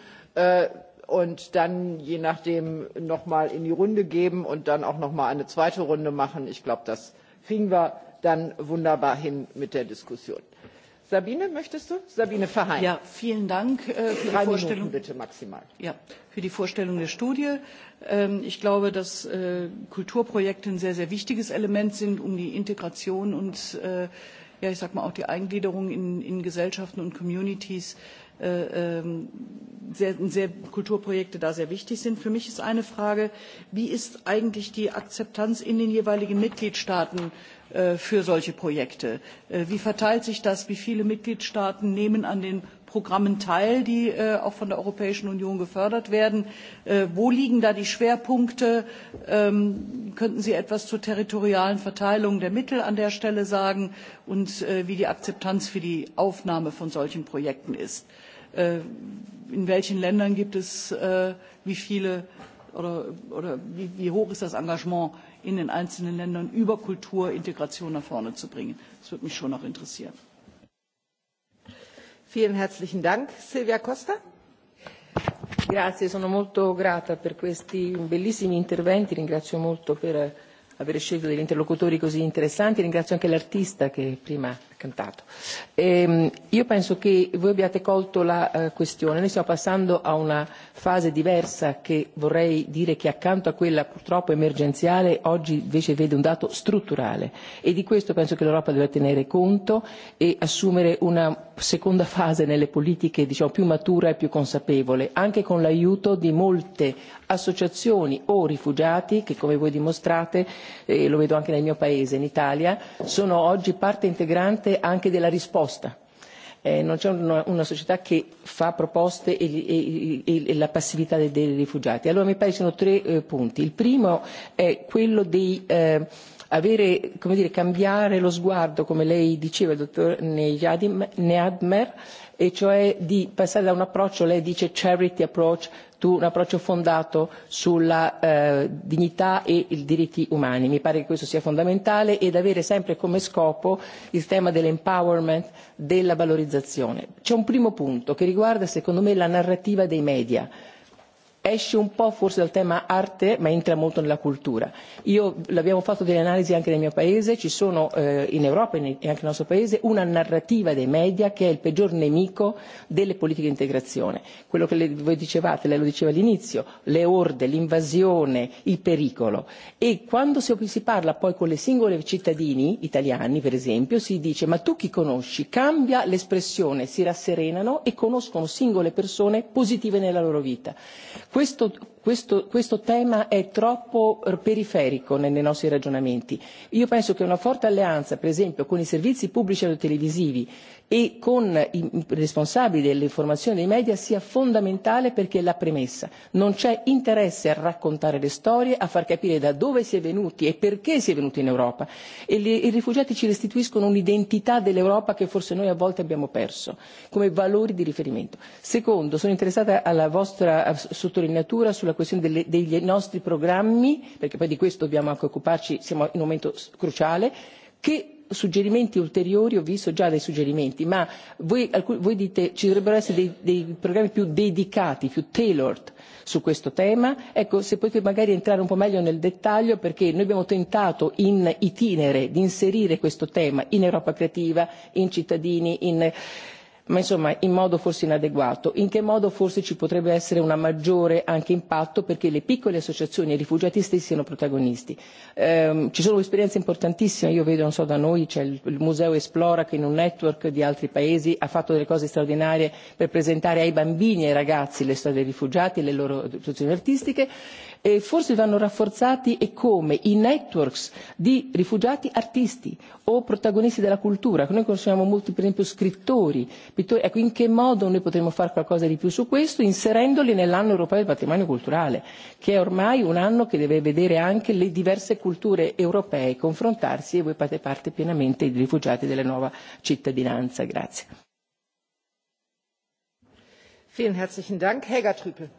und dann je nachdem noch mal in die runde geben und dann auch noch mal eine zweite runde machen. ich glaube das kriegen wir dann wunderbar hin mit der diskussion. Sabine, möchtest du? Sabine Verheyen. Ja, vielen Dank äh, für Drei die Vorstellung. bitte maximal. Ja, für die Vorstellung der Studie. Ähm, ich glaube, dass äh, Kulturprojekte ein sehr, sehr wichtiges Element sind, um die Integration und äh, ja, ich sag mal auch die Eingliederung in, in Gesellschaften und Communities äh, ähm, sehr, sehr Kulturprojekte da sehr wichtig sind. Für mich ist eine Frage, wie ist eigentlich die Akzeptanz in den jeweiligen Mitgliedstaaten äh, Äh, für solche Projekte? Äh, wie verteilt sich das? Wie viele Mitgliedstaaten nehmen an den Programmen teil, die äh, auch von der Europäischen Union gefördert werden. wo liegen da die Schwerpunkte? Ähm, könnten Sie etwas zur territorialen Verteilung der Mittel an der Stelle sagen und wie die Akzeptanz für die Aufnahme von solchen Projekten ist? in welchen Ländern gibt es wie viele oder, oder wie, wie hoch ist das Engagement in den einzelnen ländern über kultur integration nach vorne zu bringen. das würde mich schon noch interessieren. vielen herzlichen dank silvia costa. Grazie, sono molto grata per questi bellissimi interventi, ringrazio molto per aver scelto degli interlocutori così interessanti, ringrazio anche l'artista che prima cantato. E, ehm, io penso che voi abbiate colto la eh, questione. Noi stiamo passando a una fase diversa che vorrei dire che accanto a quella purtroppo emergenziale oggi invece vede un dato strutturale e di questo penso che l'Europa debba tenere conto e assumere una seconda fase nelle politiche diciamo, più matura e più consapevole, anche con l'aiuto di molte associazioni o rifugiati che come voi dimostrate, e eh, lo vedo anche nel mio paese, in Italia, sono oggi parte integrante dipende anche della risposta. Eh, non c'è una, una società che fa proposte e, e, e, e la passività dei, dei rifugiati. Allora mi pare ci sono tre eh, punti. Il primo è quello di eh, avere, come dire, cambiare lo sguardo, come lei diceva, dottor Neadmer, e cioè di passare da un approccio, lei dice charity approach, to un approccio fondato sulla eh, dignità e i diritti umani. Mi pare che questo sia fondamentale ed avere sempre come scopo il tema dell'empowerment, della valorizzazione. C'è un primo punto che riguarda secondo me la narrativa dei media esce un po' forse dal tema arte ma entra molto nella cultura. Io l'abbiamo fatto delle analisi anche nel mio paese, ci sono eh, in Europa e, e anche nel nostro paese una narrativa dei media che è il peggior nemico delle politiche di integrazione. Quello che voi dicevate, lei lo diceva all'inizio, le orde, l'invasione, il pericolo. E quando si, si parla poi con le singole cittadini italiani, per esempio, si dice ma tu chi conosci? Cambia l'espressione, si rasserenano e conoscono singole persone positive nella loro vita Questo, tema è troppo periferico nei, nei nostri ragionamenti. Io penso che una forte alleanza, per esempio, con i servizi pubblici radiotelevisivi e e con i responsabili dell'informazione dei media sia fondamentale perché è la premessa. Non c'è interesse a raccontare le storie, a far capire da dove si è venuti e perché si è venuti in Europa. E i rifugiati ci restituiscono un'identità dell'Europa che forse noi a volte abbiamo perso, come valori di riferimento. Secondo, sono interessata alla vostra sottolineatura sulla questione delle, dei nostri programmi, perché poi di questo dobbiamo anche occuparci, siamo in un momento cruciale, che suggerimenti ulteriori, ho visto già dei suggerimenti, ma voi, alcun, voi dite ci dovrebbero essere dei, dei programmi più dedicati, più tailored su questo tema. Ecco, se potete magari entrare un po' meglio nel dettaglio, perché noi abbiamo tentato in itinere di inserire questo tema in Europa creativa, in cittadini, in eh, ma insomma in modo forse inadeguato. In che modo forse ci potrebbe essere un maggiore anche impatto perché le piccole associazioni e i rifugiati stessi siano protagonisti? Ehm, ci sono esperienze importantissime, io vedo, non so, da noi c'è il, il Museo Esplora che in un network di altri paesi ha fatto delle cose straordinarie per presentare ai bambini e ai ragazzi le storie dei rifugiati e le loro produzioni artistiche eh, forse vanno rafforzati e come i network di rifugiati artisti o protagonisti della cultura, che noi conosciamo molti per esempio scrittori, pittori, ecco in che modo noi potremmo fare qualcosa di più su questo inserendoli nell'anno europeo del patrimonio culturale, che è ormai un anno che deve vedere anche le diverse culture europee confrontarsi e voi fate parte pienamente dei rifugiati della nuova cittadinanza. Grazie. Vielen herzlichen Dank. Helga Trüpel.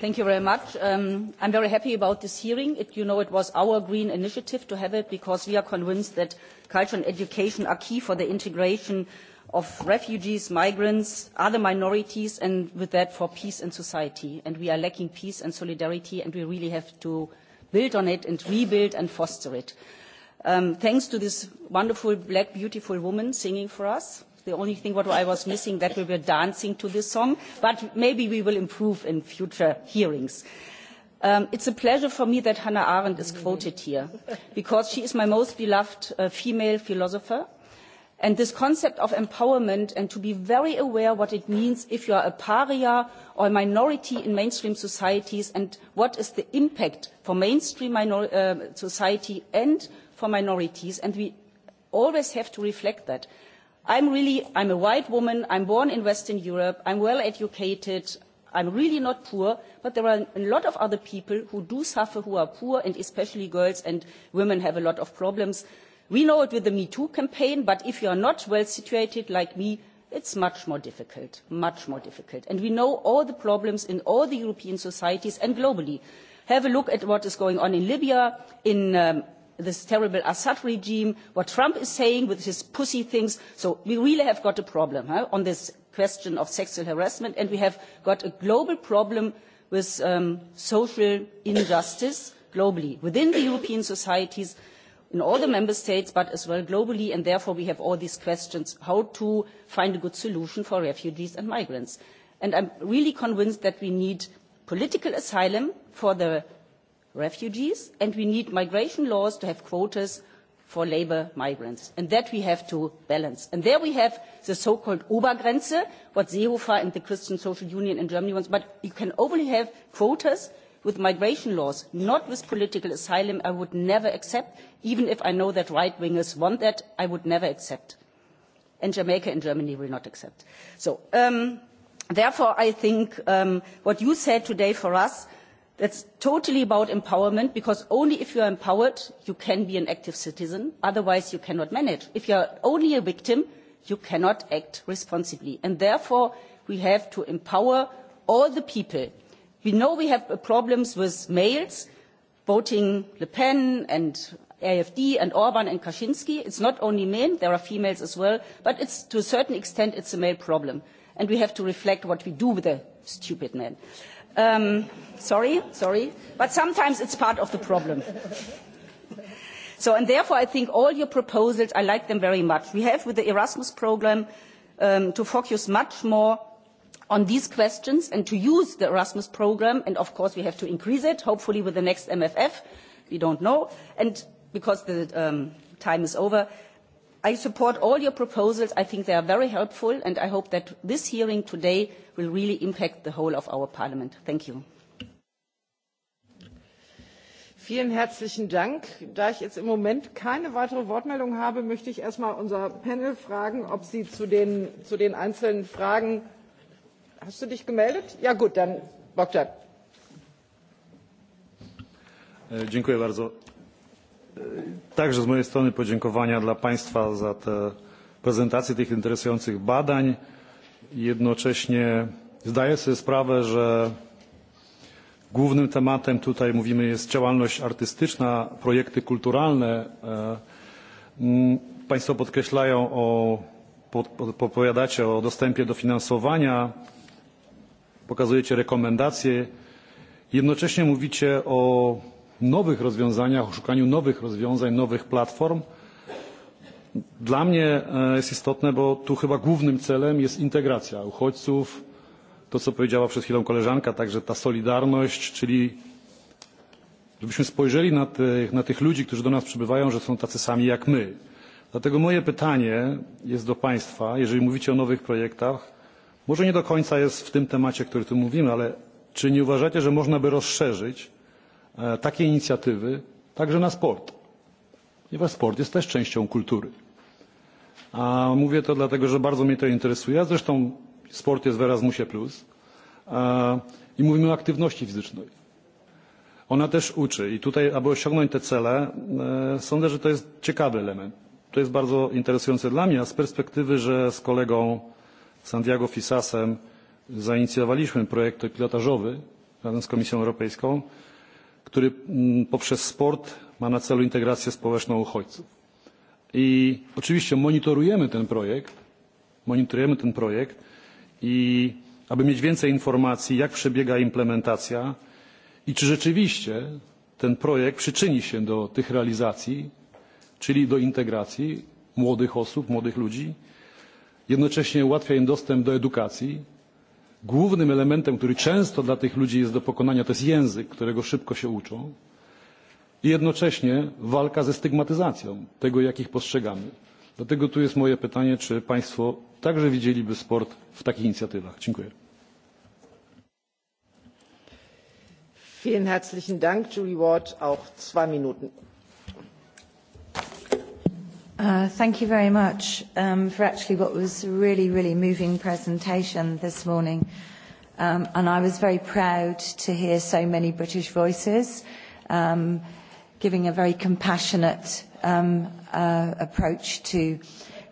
Thank you very much. Um, I'm very happy about this hearing. It, you know, it was our green initiative to have it because we are convinced that culture and education are key for the integration of refugees, migrants, other minorities, and with that for peace in society. And we are lacking peace and solidarity, and we really have to build on it and rebuild and foster it. Um, thanks to this wonderful black beautiful woman singing for us, the only thing what I was missing that we were dancing to this song, but maybe we will improve in future hearings. Um, it's a pleasure for me that Hannah Arendt is quoted here because she is my most beloved uh, female philosopher. And this concept of empowerment and to be very aware what it means if you are a pariah or a minority in mainstream societies and what is the impact for mainstream minor, uh, society and for minorities. And we always have to reflect that. I'm really, I'm a white woman, I'm born in Western Europe, I'm well educated, I'm really not poor, but there are a lot of other people who do suffer, who are poor, and especially girls and women have a lot of problems. We know it with the Me Too campaign, but if you are not well situated like me, it's much more difficult, much more difficult. And we know all the problems in all the European societies and globally. Have a look at what is going on in Libya, in um, this terrible Assad regime, what Trump is saying with his pussy things. So we really have got a problem huh, on this question of sexual harassment, and we have got a global problem with um, social injustice globally, within the European societies, in all the member states, but as well globally, and therefore we have all these questions, how to find a good solution for refugees and migrants. And I'm really convinced that we need political asylum for the refugees and we need migration laws to have quotas for labour migrants and that we have to balance. And there we have the so-called Obergrenze, what Seehofer and the Christian Social Union in Germany wants, but you can only have quotas with migration laws, not with political asylum. I would never accept, even if I know that right-wingers want that, I would never accept. And Jamaica and Germany will not accept. So, um, therefore, I think um, what you said today for us that's totally about empowerment because only if you are empowered you can be an active citizen otherwise you cannot manage if you are only a victim you cannot act responsibly and therefore we have to empower all the people we know we have problems with males voting le pen and afd and orban and Kaczynski. it's not only men there are females as well but it's to a certain extent it's a male problem and we have to reflect what we do with the stupid men Um, sorry, sorry, but sometimes it's part of the problem. so, and therefore, I think all your proposals, I like them very much. We have with the Erasmus program um, to focus much more on these questions and to use the Erasmus program, and of course we have to increase it, hopefully with the next MFF, we don't know, and because the um, time is over, i support all your proposals i think they are very helpful and i hope that this hearing today will really impact the whole of our parliament. thank you. vielen herzlichen dank. da ich jetzt im moment keine weitere wortmeldung habe möchte ich erst mal unser panel fragen ob sie zu den, zu den einzelnen fragen hast du dich gemeldet? ja gut dann bogdan. Äh, dziękuję bardzo Także z mojej strony podziękowania dla Państwa za te prezentację tych interesujących badań. Jednocześnie zdaję sobie sprawę, że głównym tematem tutaj mówimy jest działalność artystyczna, projekty kulturalne. E, państwo podkreślają o, popowiadacie o dostępie do finansowania, pokazujecie rekomendacje. Jednocześnie mówicie o nowych rozwiązaniach, o szukaniu nowych rozwiązań, nowych platform. Dla mnie e, jest istotne, bo tu chyba głównym celem jest integracja uchodźców, to co powiedziała przed chwilą koleżanka, także ta solidarność, czyli żebyśmy spojrzeli na tych, na tych ludzi, którzy do nas przybywają, że są tacy sami jak my. Dlatego moje pytanie jest do Państwa, jeżeli mówicie o nowych projektach, może nie do końca jest w tym temacie, który tu mówimy, ale czy nie uważacie, że można by rozszerzyć E, takie inicjatywy także na sport, ponieważ sport jest też częścią kultury. A mówię to dlatego, że bardzo mnie to interesuje, a zresztą sport jest w Erasmusie Plus e, i mówimy o aktywności fizycznej. Ona też uczy i tutaj, aby osiągnąć te cele, e, sądzę, że to jest ciekawy element. To jest bardzo interesujące dla mnie, a z perspektywy, że z kolegą Santiago Fisasem zainicjowaliśmy projekt pilotażowy razem z Komisją Europejską, który mm, poprzez sport ma na celu integrację społeczną uchodźców. I oczywiście monitorujemy ten projekt, monitorujemy ten projekt i aby mieć więcej informacji, jak przebiega implementacja i czy rzeczywiście ten projekt przyczyni się do tych realizacji, czyli do integracji młodych osób, młodych ludzi, jednocześnie ułatwia im dostęp do edukacji, głównym elementem, który często dla tych ludzi jest do pokonania, to jest język, którego szybko się uczą i jednocześnie walka ze stygmatyzacją tego, jak ich postrzegamy. Dlatego tu jest moje pytanie, czy Państwo także widzieliby sport w takich inicjatywach? Dziękuję. Vielen herzlichen Dank, Julie Ward, auch zwei Minuten. Uh, thank you very much um, for actually what was a really, really moving presentation this morning. Um, and I was very proud to hear so many British voices um, giving a very compassionate um, uh, approach to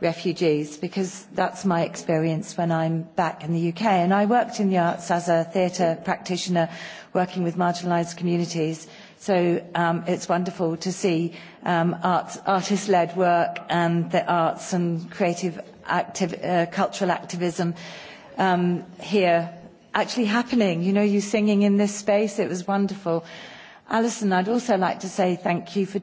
refugees because that's my experience when I'm back in the UK. And I worked in the arts as a theatre practitioner working with marginalised communities So um, it's wonderful to see um, arts, artist-led work and the arts and creative activ- uh, cultural activism um, here actually happening. You know, you singing in this space, it was wonderful. Alison, I'd also like to say thank you for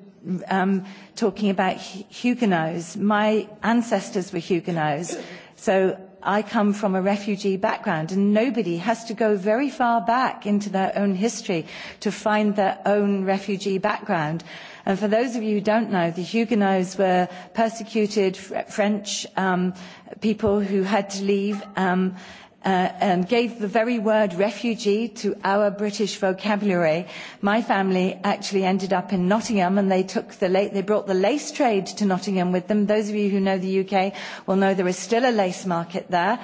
um, talking about Huguenots. My ancestors were Huguenots, so i come from a refugee background and nobody has to go very far back into their own history to find their own refugee background. And for those of you who don't know, the Huguenots were persecuted French um, people who had to leave um, And uh, um, gave the very word refugee to our British vocabulary. My family actually ended up in Nottingham and they took the la- they brought the lace trade to Nottingham with them. Those of you who know the UK will know there is still a lace market there.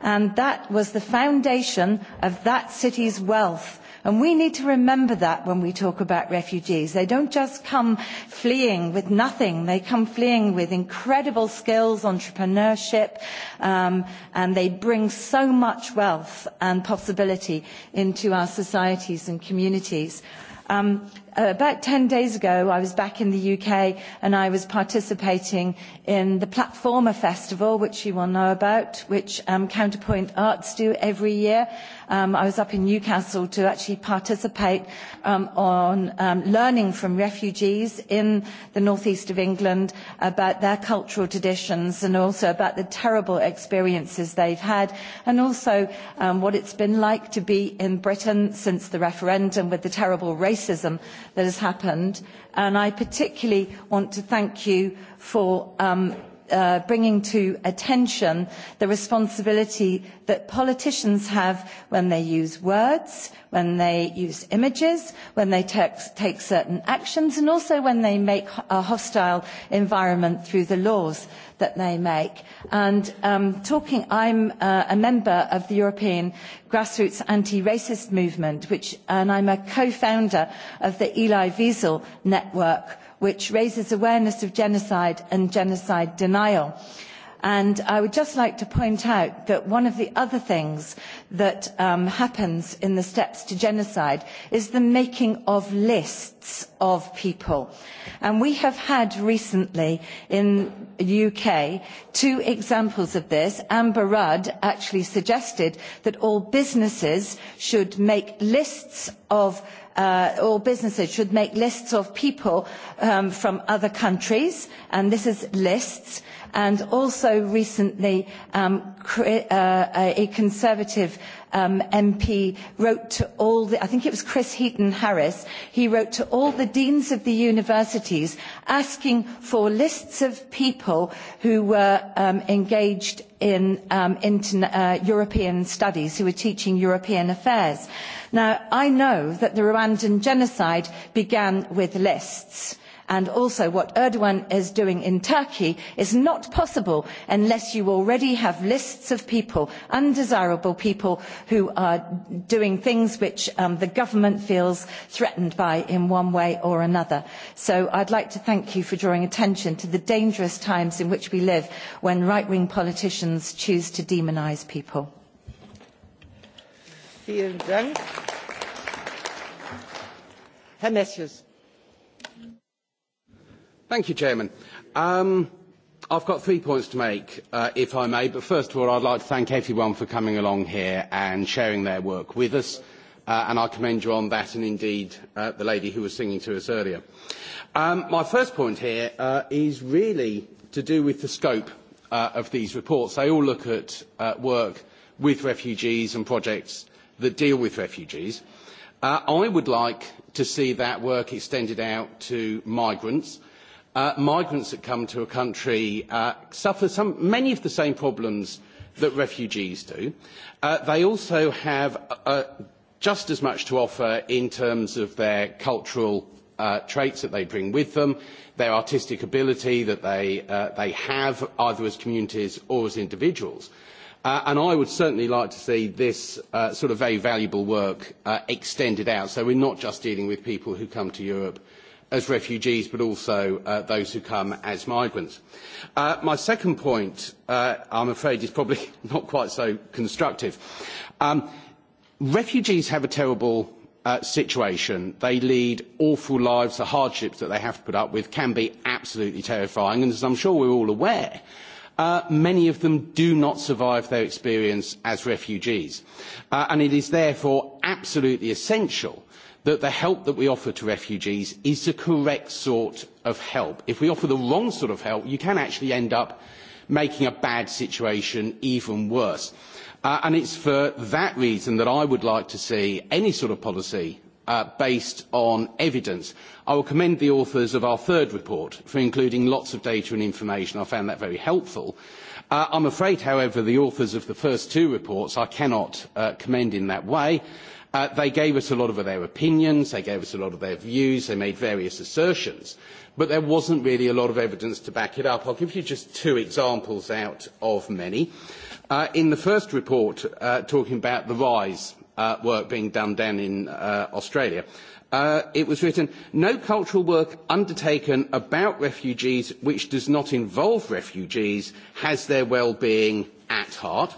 And that was the foundation of that city's wealth And we need to remember that when we talk about refugees. They don't just come fleeing with nothing. They come fleeing with incredible skills, entrepreneurship, um, and they bring so much wealth and possibility into our societies and communities. Um, uh, about 10 days ago, I was back in the UK and I was participating in the Platformer Festival, which you will know about, which um, Counterpoint Arts do every year. Um, I was up in Newcastle to actually participate um, on um, learning from refugees in the northeast of England about their cultural traditions and also about the terrible experiences they've had and also um, what it's been like to be in Britain since the referendum with the terrible racism that has happened. And I particularly want to thank you for um, Uh, bringing to attention the responsibility that politicians have when they use words, when they use images, when they take certain actions, and also when they make a hostile environment through the laws that they make. And um, talking, I'm uh, a member of the European Grassroots Anti-Racist Movement, which, and I'm a co-founder of the Eli Wiesel Network, which raises awareness of genocide and genocide denial. And I would just like to point out that one of the other things that um, happens in the steps to genocide is the making of lists of people. And we have had recently in the UK two examples of this. Amber Rudd actually suggested that all businesses should make lists of Uh, or businesses should make lists of people um, from other countries, and this is lists, and also recently um, uh, a Conservative um, MP wrote to all the, I think it was Chris Heaton Harris, he wrote to all the deans of the universities asking for lists of people who were um, engaged in um, inter- uh, European studies, who were teaching European affairs. Now, I know that the Rwandan genocide began with lists and also what erdoan is doing in Turkey is not possible unless you already have lists of people, undesirable people who are doing things which um, the government feels threatened by in one way or another. So I'd like to thank you for drawing attention to the dangerous times in which we live when right-wing politicians choose to demonise people. Thank you, Chairman. Um, I've got three points to make, uh, if I may. But first of all, I'd like to thank everyone for coming along here and sharing their work with us. Uh, and I commend you on that, and indeed uh, the lady who was singing to us earlier. Um, my first point here is really to do with the scope of these reports. They all look at work with refugees and projects that deal with refugees. I would like to see that work extended out to migrants uh, migrants that come to a country uh, suffer some, many of the same problems that refugees do. Uh, they also have uh, uh, just as much to offer in terms of their cultural uh, traits that they bring with them, their artistic ability that they, uh, they have either as communities or as individuals. Uh, and I would certainly like to see this uh, sort of very valuable work uh, extended out so we're not just dealing with people who come to Europe as refugees, but also uh, those who come as migrants. Uh, my second point, uh, I'm afraid, is probably not quite so constructive. Um, refugees have a terrible uh, situation. They lead awful lives. The hardships that they have to put up with can be absolutely terrifying. And as I'm sure we're all aware, Uh, many of them do not survive their experience as refugees. Uh, and it is therefore absolutely essential that the help that we offer to refugees is the correct sort of help. If we offer the wrong sort of help, you can actually end up making a bad situation even worse. Uh, and it's for that reason that I would like to see any sort of policy uh, based on evidence. I will commend the authors of our third report for including lots of data and information. I found that very helpful. Uh, I'm afraid, however, the authors of the first two reports I cannot uh, commend in that way. Uh, they gave us a lot of their opinions, they gave us a lot of their views, they made various assertions, but there wasn't really a lot of evidence to back it up. I'll give you just two examples out of many. Uh, in the first report, uh, talking about the RISE uh, work being done down in uh, Australia, uh, it was written, no cultural work undertaken about refugees which does not involve refugees has their well-being at heart.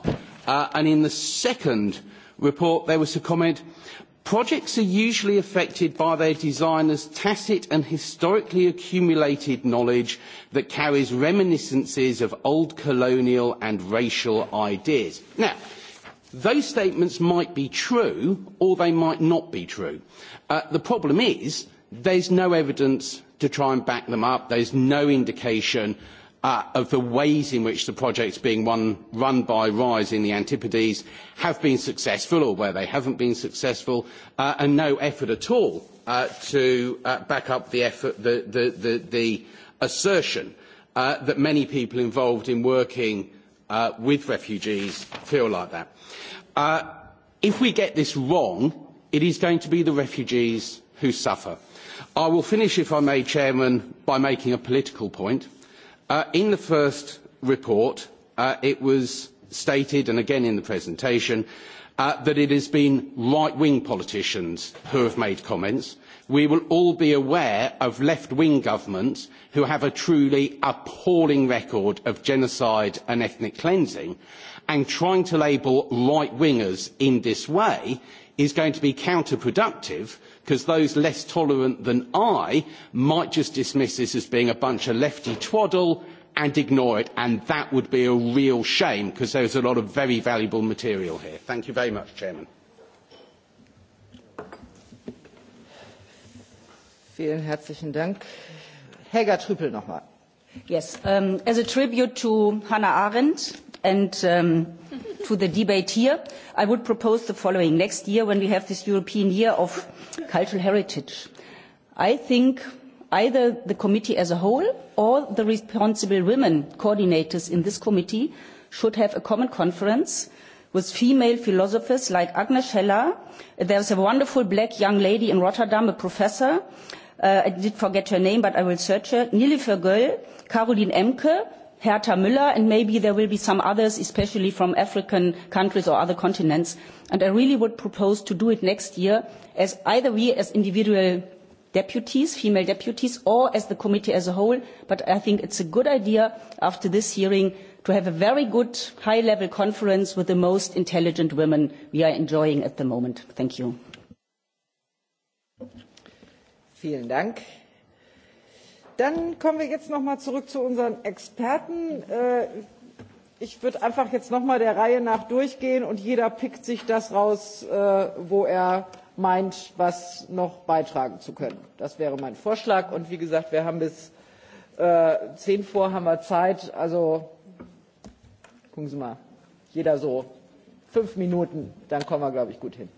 Uh, and in the second report, report, there was a comment, Projects are usually affected by their designer's tacit and historically accumulated knowledge that carries reminiscences of old colonial and racial ideas. Now, those statements might be true or they might not be true. Uh, the problem is there's no evidence to try and back them up. There's no indication Uh, of the ways in which the projects being run by RISE in the Antipodes have been successful or where they haven't been successful, uh, and no effort at all uh, to uh, back up the, effort, the, the, the, the assertion uh, that many people involved in working uh, with refugees feel like that. Uh, if we get this wrong, it is going to be the refugees who suffer. I will finish, if I may, Chairman, by making a political point. Uh, in the first report, uh, it was stated, and again in the presentation, uh, that it has been right-wing politicians who have made comments. We will all be aware of left-wing governments who have a truly appalling record of genocide and ethnic cleansing, and trying to label right-wingers in this way is going to be counterproductive because those less tolerant than I might just dismiss this as being a bunch of lefty twaddle and ignore it, and that would be a real shame because there's a lot of very valuable material here. Thank you very much, Chairman. Vielen herzlichen Dank. Helga Trüppel nochmal. Yes, um, as a tribute to Hannah Arendt and um, to the debate here, I would propose the following. Next year, when we have this European Year of Cultural Heritage, I think either the committee as a whole or the responsible women coordinators in this committee should have a common conference with female philosophers like Agnes Scheller. There's a wonderful black young lady in Rotterdam, a professor. Uh, I did forget her name, but I will search her. Nilüfer Göll, Caroline Emke, Hertha Müller, and maybe there will be some others, especially from African countries or other continents. And I really would propose to do it next year as either we as individual deputies, female deputies, or as the committee as a whole. But I think it's a good idea after this hearing to have a very good high-level conference with the most intelligent women we are enjoying at the moment. Thank you. Vielen Dank dann kommen wir jetzt noch mal zurück zu unseren Experten. Äh, ich würde einfach jetzt noch mal der Reihe nach durchgehen und jeder pickt sich das raus, äh, wo er meint, was noch beitragen zu können. Das wäre mein Vorschlag. Und wie gesagt, wir haben bis äh, zehn vor haben wir Zeit. Also gucken Sie mal, jeder so fünf Minuten, dann kommen wir, glaube ich, gut hin.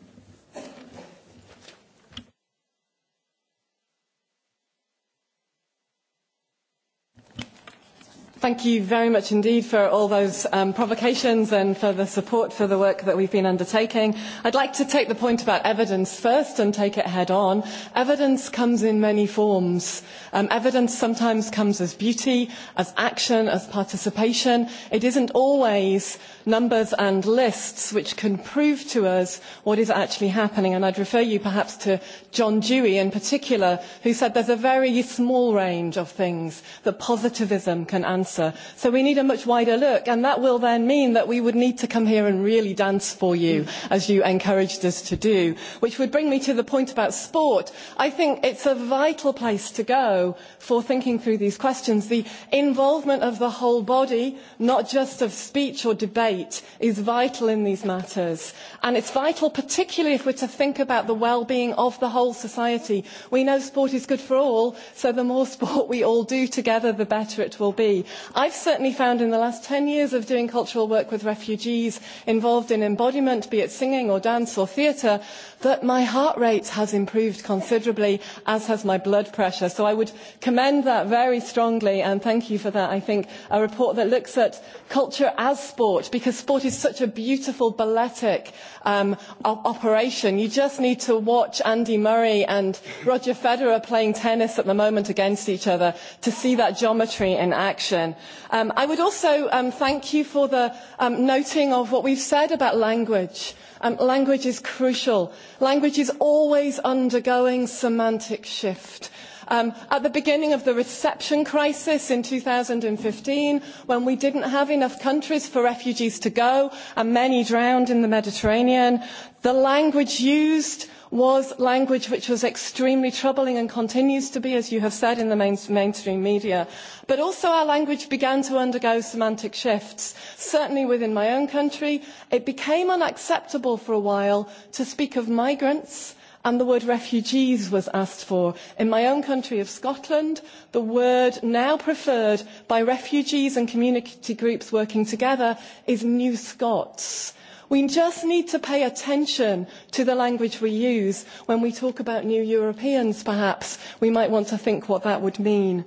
Thank you very much indeed for all those um, provocations and for the support for the work that we've been undertaking. I'd like to take the point about evidence first and take it head on. Evidence comes in many forms. Um, evidence sometimes comes as beauty, as action, as participation. It isn't always numbers and lists which can prove to us what is actually happening. And I'd refer you perhaps to John Dewey in particular, who said there's a very small range of things that positivism can answer answer. So we need a much wider look, and that will then mean that we would need to come here and really dance for you, as you encouraged us to do. Which would bring me to the point about sport. I think it's a vital place to go for thinking through these questions. The involvement of the whole body, not just of speech or debate, is vital in these matters. And it's vital, particularly if we're to think about the well-being of the whole society. We know sport is good for all, so the more sport we all do together, the better it will be. I've certainly found in the last 10 years of doing cultural work with refugees involved in embodiment, be it singing or dance or theatre, that my heart rate has improved considerably, as has my blood pressure. So I would commend that very strongly, and thank you for that. I think a report that looks at culture as sport, because sport is such a beautiful balletic um, operation. You just need to watch Andy Murray and Roger Federer playing tennis at the moment against each other to see that geometry in action. Um, I would also um, thank you for the um, noting of what we've said about language. Um, language is crucial. Language is always undergoing semantic shift. Um, at the beginning of the reception crisis in 2015, when we didn't have enough countries for refugees to go and many drowned in the Mediterranean, the language used was language which was extremely troubling and continues to be, as you have said, in the main, mainstream media. But also our language began to undergo semantic shifts. Certainly within my own country, it became unacceptable for a while to speak of migrants and the word refugees was asked for. In my own country of Scotland, the word now preferred by refugees and community groups working together is New Scots We just need to pay attention to the language we use. When we talk about new Europeans, perhaps, we might want to think what that would mean.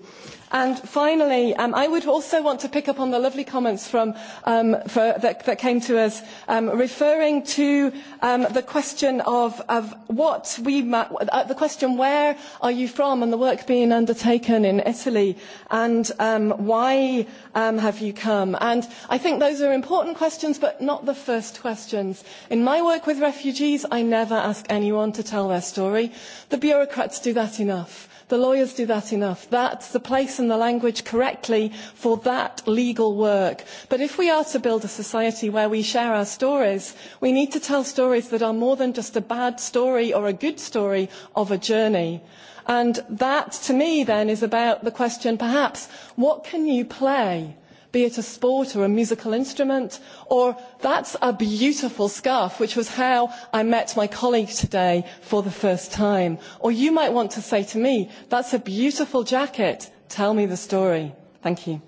And finally, um, I would also want to pick up on the lovely comments from, um, for, that, that came to us um, referring to um, the question of, of what we, uh, the question where are you from and the work being undertaken in Italy and um, why um, have you come? And I think those are important questions, but not the first questions. In my work with refugees, I never ask anyone to tell their story. The bureaucrats do that enough. The lawyers do that enough. That's the place and the language correctly for that legal work. But if we are to build a society where we share our stories, we need to tell stories that are more than just a bad story or a good story of a journey. And that, to me, then, is about the question, perhaps, what can you play? be it a sport or a musical instrument, or that's a beautiful scarf, which was how I met my colleague today for the first time. Or you might want to say to me, that's a beautiful jacket, tell me the story. Thank you.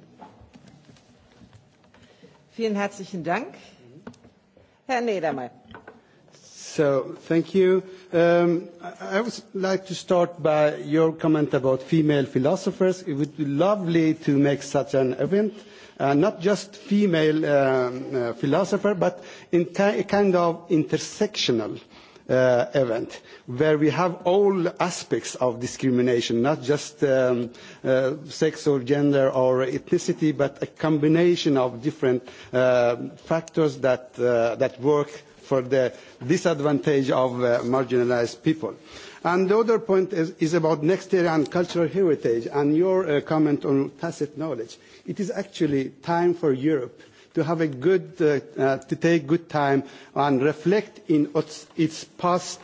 Vielen herzlichen Dank. Herr Nedermeyer. So, thank you. Um, I would like to start by your comment about female philosophers. It would be lovely to make such an event uh, not just female um, uh, philosopher, but in a kind of intersectional uh, event where we have all aspects of discrimination, not just um, uh, sex or gender or ethnicity, but a combination of different uh, factors that, uh, that work for the disadvantage of uh, marginalized people. Uh, And the other point is, is about next year and cultural heritage and your uh, comment on tacit knowledge. It is actually time for Europe to have a good, uh, uh, to take good time and reflect in its past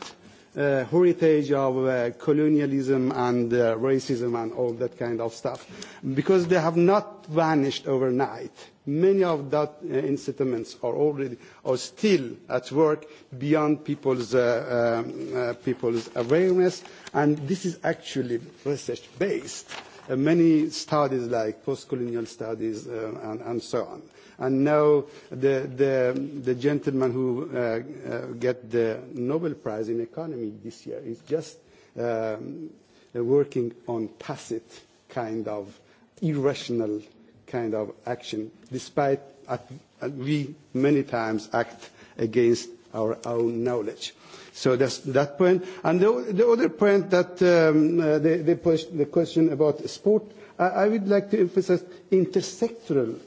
uh, heritage of uh, colonialism and uh, racism and all that kind of stuff, because they have not vanished overnight. Many of that uh, incitements are already are still at work beyond people's, uh, um, uh, people's awareness, and this is actually research-based. Uh, many studies like post-colonial studies uh, and, and so on and now the, the, the gentleman who uh, uh, get the Nobel Prize in Economy this year is just um, working on tacit kind of irrational kind of action, despite at, at we many times act against our own knowledge. So that's that point. And the, the other point that um, uh, they, they pushed the question about sport, I, I would like to emphasize intersectoral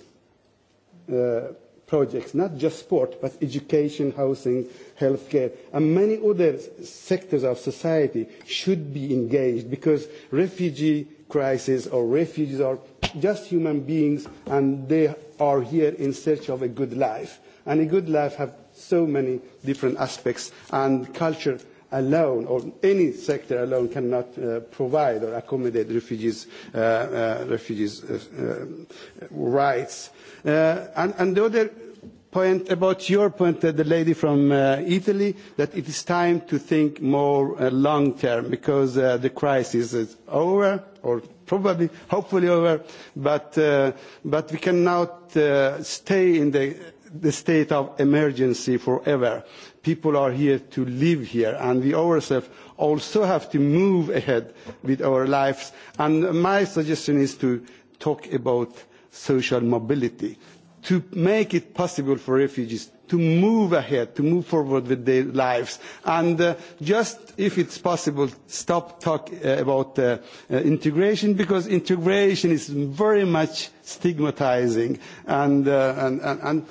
Uh, projects, not just sport, but education, housing, healthcare, and many other sectors of society should be engaged because refugee crisis or refugees are just human beings and they are here in search of a good life. And a good life have so many different aspects and culture alone or any sector alone cannot uh, provide or accommodate refugees, uh, uh, refugees uh, uh, rights. Uh, and, and the other point about your point, uh, the lady from uh, Italy, that it is time to think more uh, long term because uh, the crisis is over or probably, hopefully over, but, uh, but we cannot uh, stay in the, the state of emergency forever people are here to live here and we ourselves also have to move ahead with our lives and my suggestion is to talk about social mobility to make it possible for refugees to move ahead, to move forward with their lives. And uh, just, if it's possible, stop talking uh, about uh, uh, integration, because integration is very much stigmatizing. And, uh, and, and, and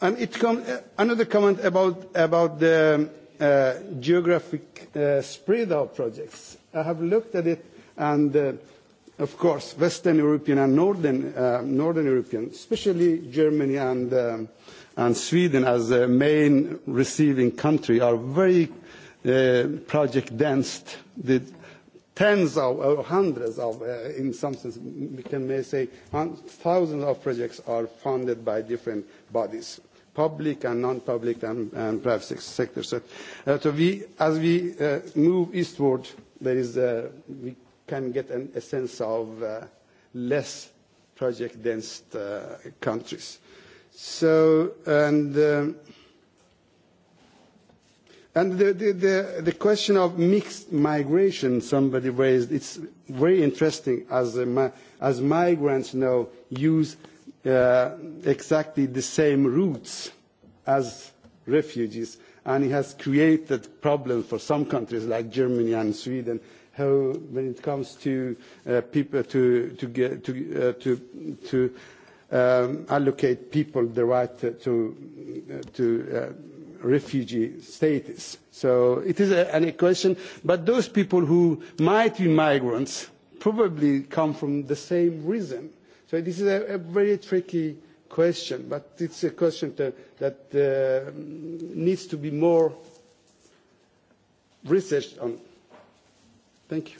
another comment about, about the uh, geographic uh, spread of projects. I have looked at it, and uh, of course, Western European and Northern, Northern European, especially Germany and, and Sweden as the main receiving country, are very project dense. The tens of or hundreds of, in some sense, we can may say thousands of projects are funded by different bodies public and non-public and, private sector. Uh, so, we, as we uh, move eastward, there is a, uh, we can get a sense of less project-dense countries. So, and, um, the, question of mixed migration somebody raised, it's very interesting as migrants now use Uh, exactly the same roots as refugees, and it has created problems for some countries like Germany and Sweden. How, when it comes to uh, people to to get to uh, to to um, allocate people the right to to, uh, to uh, refugee status. So it is a, an equation. But those people who might be migrants probably come from the same reason So this is a, very tricky question, but it's a question that uh, needs to be more researched on. Thank you.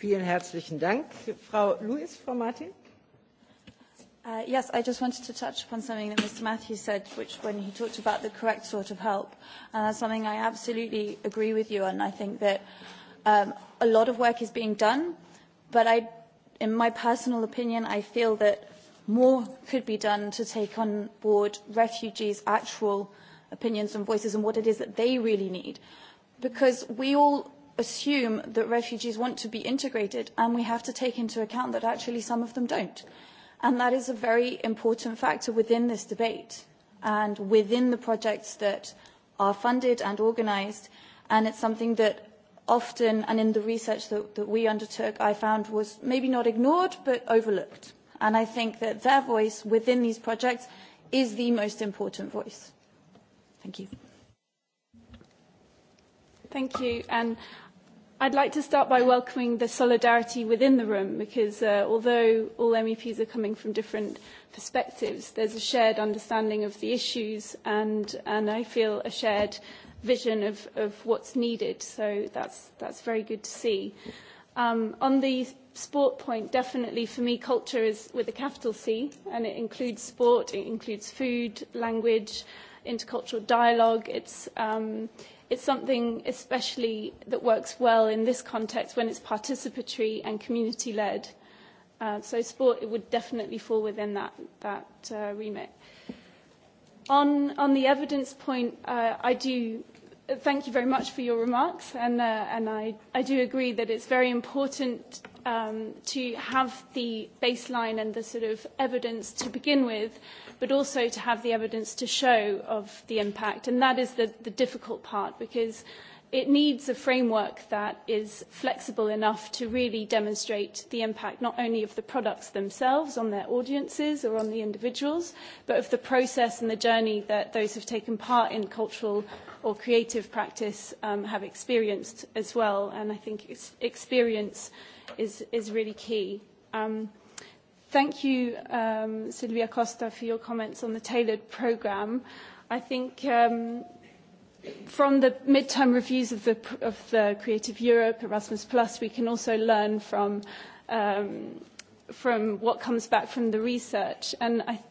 Vielen herzlichen Dank. Frau Lewis, Frau Martin. Uh, yes, I just wanted to touch upon something that Mr. Matthews said, which when he talked about the correct sort of help, and that's something I absolutely agree with you on. I think that um, a lot of work is being done, but I in my personal opinion, I feel that more could be done to take on board refugees' actual opinions and voices and what it is that they really need. Because we all assume that refugees want to be integrated, and we have to take into account that actually some of them don't. And that is a very important factor within this debate and within the projects that are funded and organised. And it's something that often, and in the research that, that we undertook, I found was maybe not ignored, but overlooked. And I think that their voice within these projects is the most important voice. Thank you. Thank you. And I'd like to start by welcoming the solidarity within the room because uh, although all MEPs are coming from different perspectives, there's a shared understanding of the issues and, and I feel a shared vision of, of what's needed. So that's, that's very good to see. Um, on the sport point, definitely for me, culture is with a capital C, and it includes sport, it includes food, language, intercultural dialogue. It's, um, it's something especially that works well in this context when it's participatory and community led. Uh, so sport, it would definitely fall within that, that uh, remit. On, on the evidence point, uh, I do thank you very much for your remarks, and, uh, and I, I do agree that it's very important um, to have the baseline and the sort of evidence to begin with, but also to have the evidence to show of the impact. And that is the, the difficult part because it needs a framework that is flexible enough to really demonstrate the impact not only of the products themselves on their audiences or on the individuals, but of the process and the journey that those have taken part in cultural or creative practice um, have experienced as well. And I think ex experience is, is really key. Um, thank you, um, Sylvia Costa, for your comments on the tailored program. I think um, from the midterm reviews of the, of the Creative Europe, Erasmus Plus, we can also learn from, um, from what comes back from the research. And I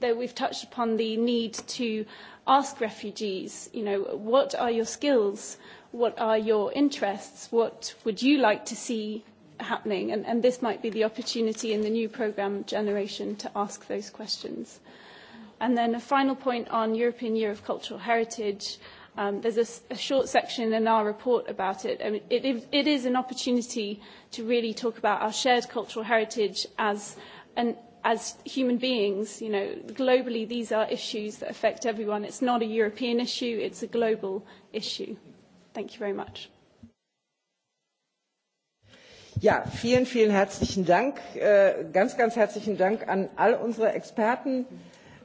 that we've touched upon the need to ask refugees, you know, what are your skills? What are your interests? What would you like to see happening? And, and this might be the opportunity in the new program generation to ask those questions. And then a final point on European Year of Cultural Heritage. Um, there's a, a short section in our report about it. I mean, it, it is an opportunity to really talk about our shared cultural heritage as an as human beings, you know, globally, these are issues that affect everyone. It's not a European issue, it's a global issue. Thank you very much. Ja, vielen, vielen herzlichen Dank. Äh, ganz, ganz herzlichen Dank an all unsere Experten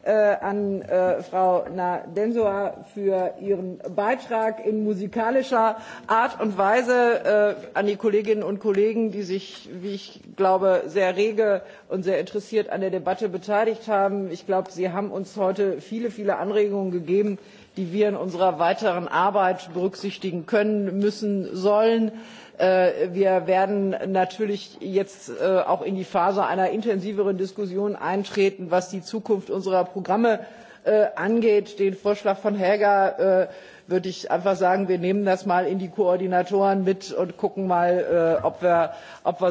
äh, an äh, Frau Nadensoa für ihren Beitrag in musikalischer Art und Weise, äh, an die Kolleginnen und Kollegen, die sich, wie ich glaube, sehr rege und sehr interessiert an der Debatte beteiligt haben. Ich glaube, Sie haben uns heute viele, viele Anregungen gegeben, die wir in unserer weiteren Arbeit berücksichtigen können, müssen, sollen. Äh, Äh, wir werden natürlich jetzt äh, auch in die phase einer intensiveren diskussion eintreten was die zukunft unserer programme äh, angeht. den vorschlag von helga würde ich einfach sagen wir nehmen das mal in die koordinatoren mit und gucken mal ob wir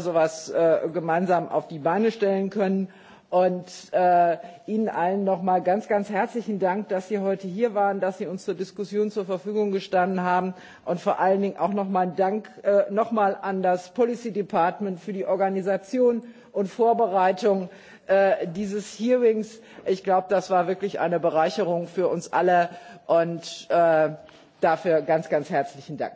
so etwas gemeinsam auf die beine stellen können. Und äh, Ihnen allen nochmal ganz, ganz herzlichen Dank, dass Sie heute hier waren, dass Sie uns zur Diskussion zur Verfügung gestanden haben und vor allen Dingen auch nochmal Dank äh, nochmal an das Policy Department für die Organisation und Vorbereitung äh, dieses Hearings. Ich glaube, das war wirklich eine Bereicherung für uns alle und äh, dafür ganz, ganz herzlichen Dank.